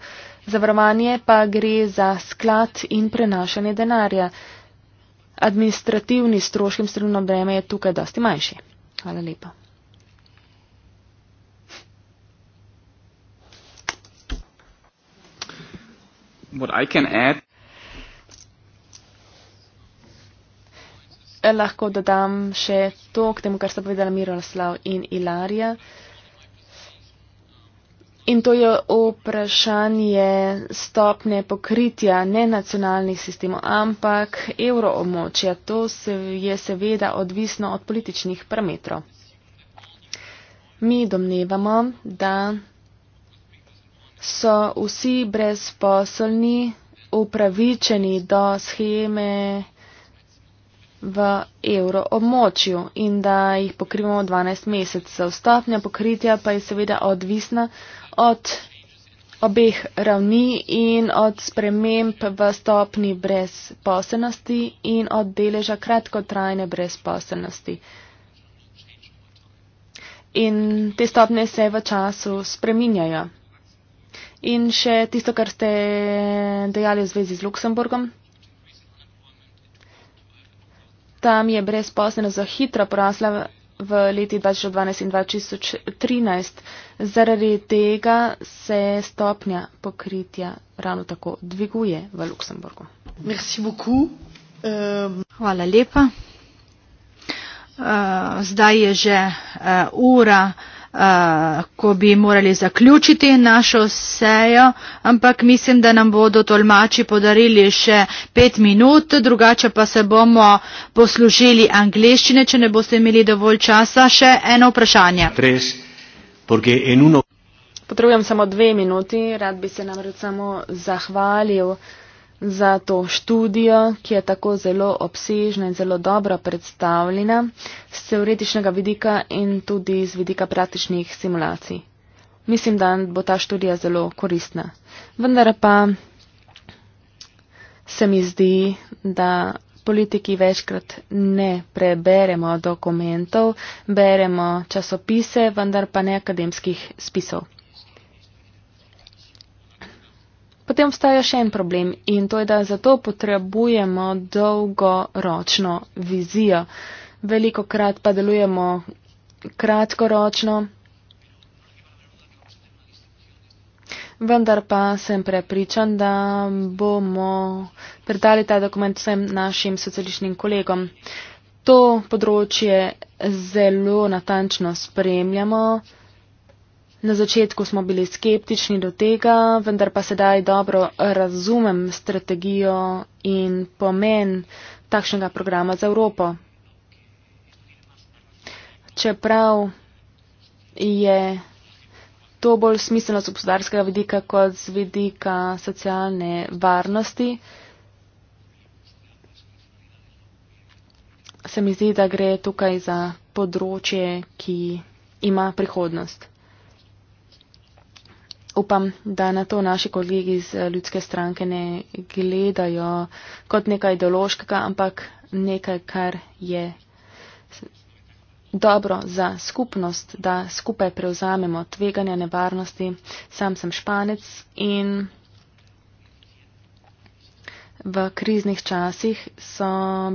[SPEAKER 4] zavarovanje, pa gre za sklad in prenašanje denarja. Administrativni stroški in strunno breme je tukaj dosti manjši. Hvala lepa.
[SPEAKER 3] What I can add
[SPEAKER 4] lahko dodam še to, k temu, kar sta povedala Miroslav in Ilarija. In to je vprašanje stopne pokritja ne nacionalnih sistemov, ampak evroomočja. To se je seveda odvisno od političnih parametrov. Mi domnevamo, da so vsi brezposelni upravičeni do scheme v evroobmočju in da jih pokrivamo 12 mesecev. Stopnja pokritja pa je seveda odvisna od obeh ravni in od sprememb v stopni brezposelnosti in od deleža kratkotrajne brezposelnosti. In te stopne se v času spreminjajo. In še tisto, kar ste dejali v zvezi z Luksemburgom tam je brezposlenost za hitro porasla v leti 2012 in 2013. Zaradi tega se stopnja pokritja ravno tako dviguje v Luksemburgu.
[SPEAKER 2] Merci
[SPEAKER 5] beaucoup. Um. Hvala lepa. Uh, zdaj je že uh, ura. Eh, ko bi morali zaključiti našo sejo, ampak mislim, da nam bodo tolmači podarili še pet minut, drugače pa se bomo poslužili angliščine, če ne boste imeli dovolj časa. Še eno vprašanje. Potrebujem samo dve
[SPEAKER 4] minuti, rad bi se namreč samo zahvalil za to študijo, ki je tako zelo obsežna in zelo dobro predstavljena z teoretičnega vidika in tudi z vidika praktičnih simulacij. Mislim, da bo ta študija zelo koristna. Vendar pa se mi zdi, da politiki večkrat ne preberemo dokumentov, beremo časopise, vendar pa ne akademskih spisov. Potem obstaja še en problem in to je, da zato potrebujemo dolgoročno vizijo. Veliko krat pa delujemo kratkoročno, vendar pa sem prepričan, da bomo predali ta dokument vsem našim socialističnim kolegom. To področje zelo natančno spremljamo. Na začetku smo bili skeptični do tega, vendar pa sedaj dobro razumem strategijo in pomen takšnega programa za Evropo. Čeprav je to bolj smiselno z gospodarskega vidika kot z vidika socialne varnosti, se mi zdi, da gre tukaj za področje, ki ima prihodnost upam, da na to naši kolegi iz eh, ljudske stranke ne gledajo kot nekaj ideološkega, ampak nekaj, kar je dobro za skupnost, da skupaj prevzamemo tveganja nevarnosti. Sam sem španec in v kriznih časih so,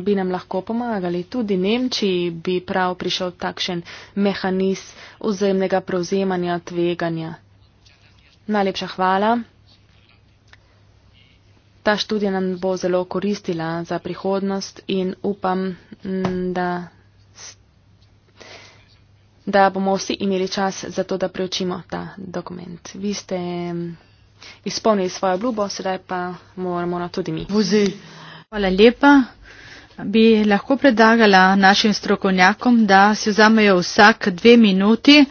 [SPEAKER 4] bi nam lahko pomagali. Tudi Nemčiji bi prav prišel takšen mehanizm vzajemnega prevzemanja tveganja. Najlepša hvala. Ta študija nam bo zelo koristila za prihodnost in upam, mm, da, da bomo vsi imeli čas za to, da preučimo ta dokument. Vi ste
[SPEAKER 5] mm, izpolnili svojo obljubo, sedaj pa moramo tudi mi. Vzi. Hvala lepa. Bi lahko predlagala našim strokovnjakom, da si vzamejo vsak dve minuti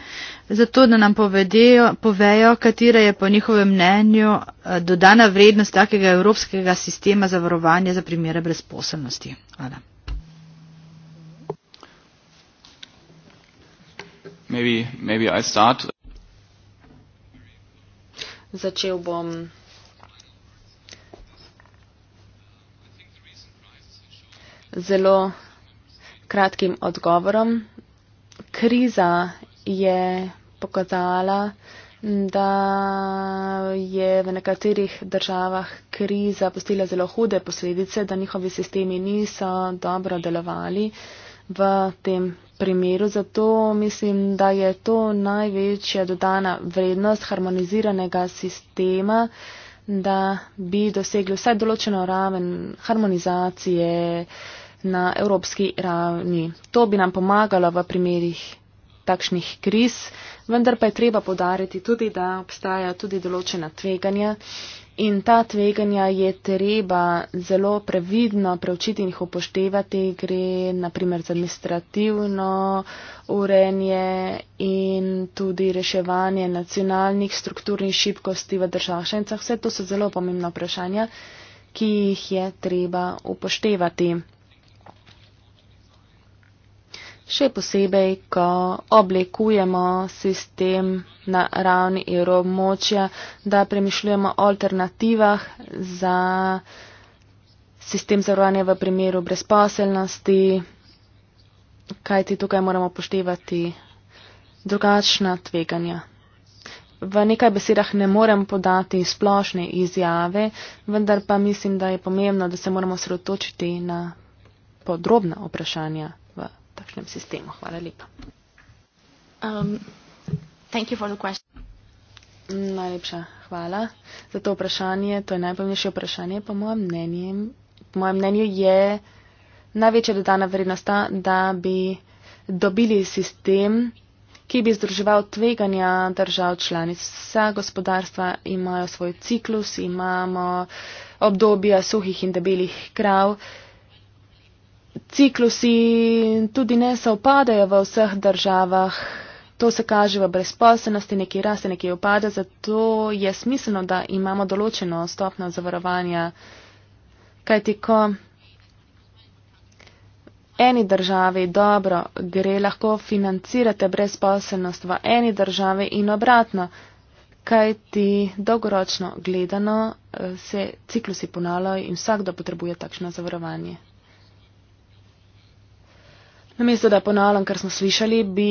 [SPEAKER 5] zato da nam povedejo, povejo, katera je po njihovem mnenju eh, dodana vrednost takega evropskega sistema zavarovanja za primere brezposobnosti. Hvala. Maybe, maybe I start.
[SPEAKER 4] Začel bom. Zelo kratkim odgovorom. Kriza je pokazala, da je v nekaterih državah kriza postila zelo hude posledice, da njihovi sistemi niso dobro delovali v tem primeru. Zato mislim, da je to največja dodana vrednost harmoniziranega sistema, da bi dosegli vsaj določeno raven harmonizacije na evropski ravni. To bi nam pomagalo v primerih takšnih kriz, vendar pa je treba podariti tudi, da obstajajo tudi določena tveganja in ta tveganja je treba zelo previdno preučiti in jih upoštevati, gre naprimer za administrativno urenje in tudi reševanje nacionalnih strukturnih šibkosti v državšencah. Vse to so zelo pomembna vprašanja, ki jih je treba upoštevati še posebej, ko oblikujemo sistem na ravni evroobmočja, da premišljujemo o alternativah za sistem zavarovanja v primeru brezposelnosti, kajti tukaj moramo poštevati drugačna tveganja. V nekaj besedah ne morem podati splošne izjave, vendar pa mislim, da je pomembno, da se moramo sredotočiti na podrobna vprašanja takšnem sistemu. Hvala lepa. Um, Najlepša hvala za to vprašanje. To je najpomembnejše vprašanje, po mojem mnenju. Po mojem mnenju je največja dodana vrednost ta, da bi dobili sistem, ki bi združeval tveganja držav članic. Vsa gospodarstva imajo svoj ciklus, imamo obdobja suhih in debelih krav ciklusi tudi ne sovpadajo v vseh državah. To se kaže v brezposelnosti, nekaj raste, nekaj upada, zato je smiselno, da imamo določeno stopno zavarovanja. Kaj ti, ko eni državi dobro gre, lahko financirate brezposelnost v eni državi in obratno. Kaj ti dolgoročno gledano eh, se ciklusi ponavljajo in vsakdo potrebuje takšno zavarovanje. Namesto da ponavljam, kar smo slišali, bi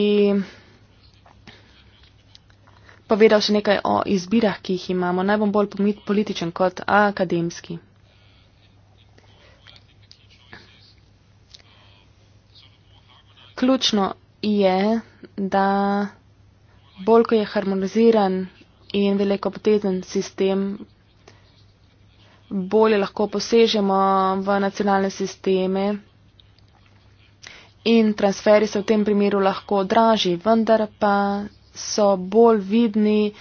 [SPEAKER 4] povedal še nekaj o izbirah, ki jih imamo. Naj bom bolj političen kot akademski. Ključno je, da bolj, ko je harmoniziran in velikopotezen sistem, bolje lahko posežemo v nacionalne sisteme in transferi so v tem primeru lahko dražji, vendar pa so bolj vidni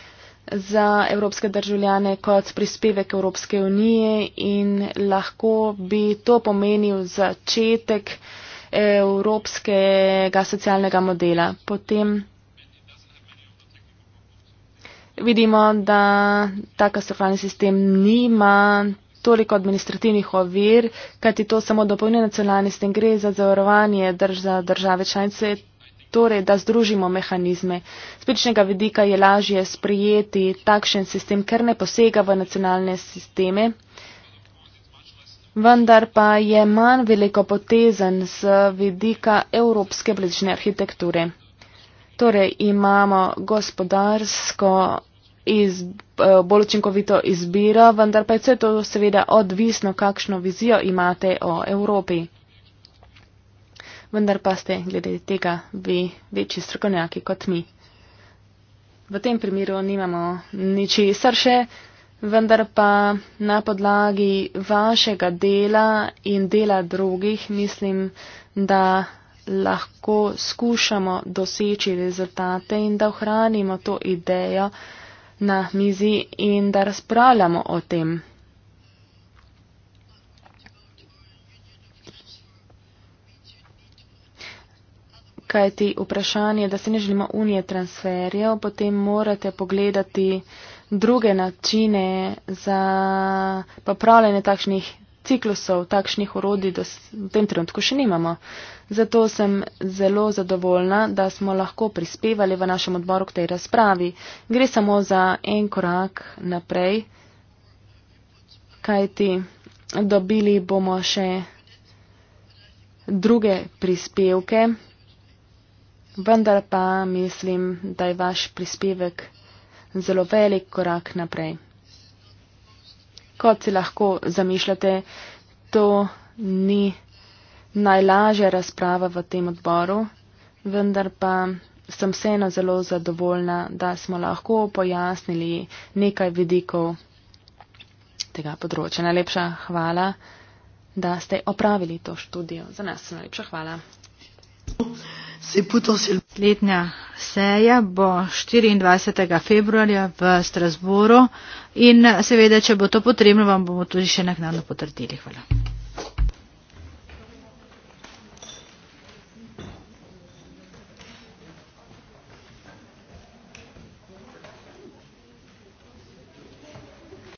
[SPEAKER 4] za evropske državljane kot prispevek Evropske unije in lahko bi to pomenil začetek evropskega socialnega modela. Potem vidimo, da ta katastrofalni sistem nima toliko administrativnih ovir, kajti to samo dopolnjuje nacionalni sistem, gre za zavarovanje drža, države članice, torej da združimo mehanizme. Z pričnega vidika je lažje sprijeti takšen sistem, ker ne posega v nacionalne sisteme, vendar pa je manj veliko potezen z vidika evropske politične arhitekture. Torej imamo gospodarsko iz, eh, bolj učinkovito izbiro, vendar pa je vse to seveda odvisno, kakšno vizijo imate o Evropi. Vendar pa ste glede tega vi večji strokovnjaki kot mi. V tem primeru nimamo ničesar še, vendar pa na podlagi vašega dela in dela drugih mislim, da lahko skušamo doseči rezultate in da ohranimo to idejo, na mizi in da razpravljamo o tem. Kaj ti vprašanje, da se ne želimo unije transferjev, potem morate pogledati druge načine za popravljanje takšnih ciklusov, takšnih urodij, da v tem trenutku še nimamo. Zato sem zelo zadovoljna, da smo lahko prispevali v našem odboru k tej razpravi. Gre samo za en korak naprej, kajti dobili bomo še druge prispevke, vendar pa mislim, da je vaš prispevek zelo velik korak naprej kot si lahko zamišljate, to ni najlažja razprava v tem odboru, vendar pa sem vseeno zelo zadovoljna, da smo lahko pojasnili nekaj vidikov tega področja. Najlepša hvala, da ste opravili to študijo. Za nas najlepša hvala.
[SPEAKER 5] Hvala. Letnja seja bo 24. februarja v Strasboru in seveda, če bo to potrebno, vam bomo tudi še naknadno potrdili. Hvala.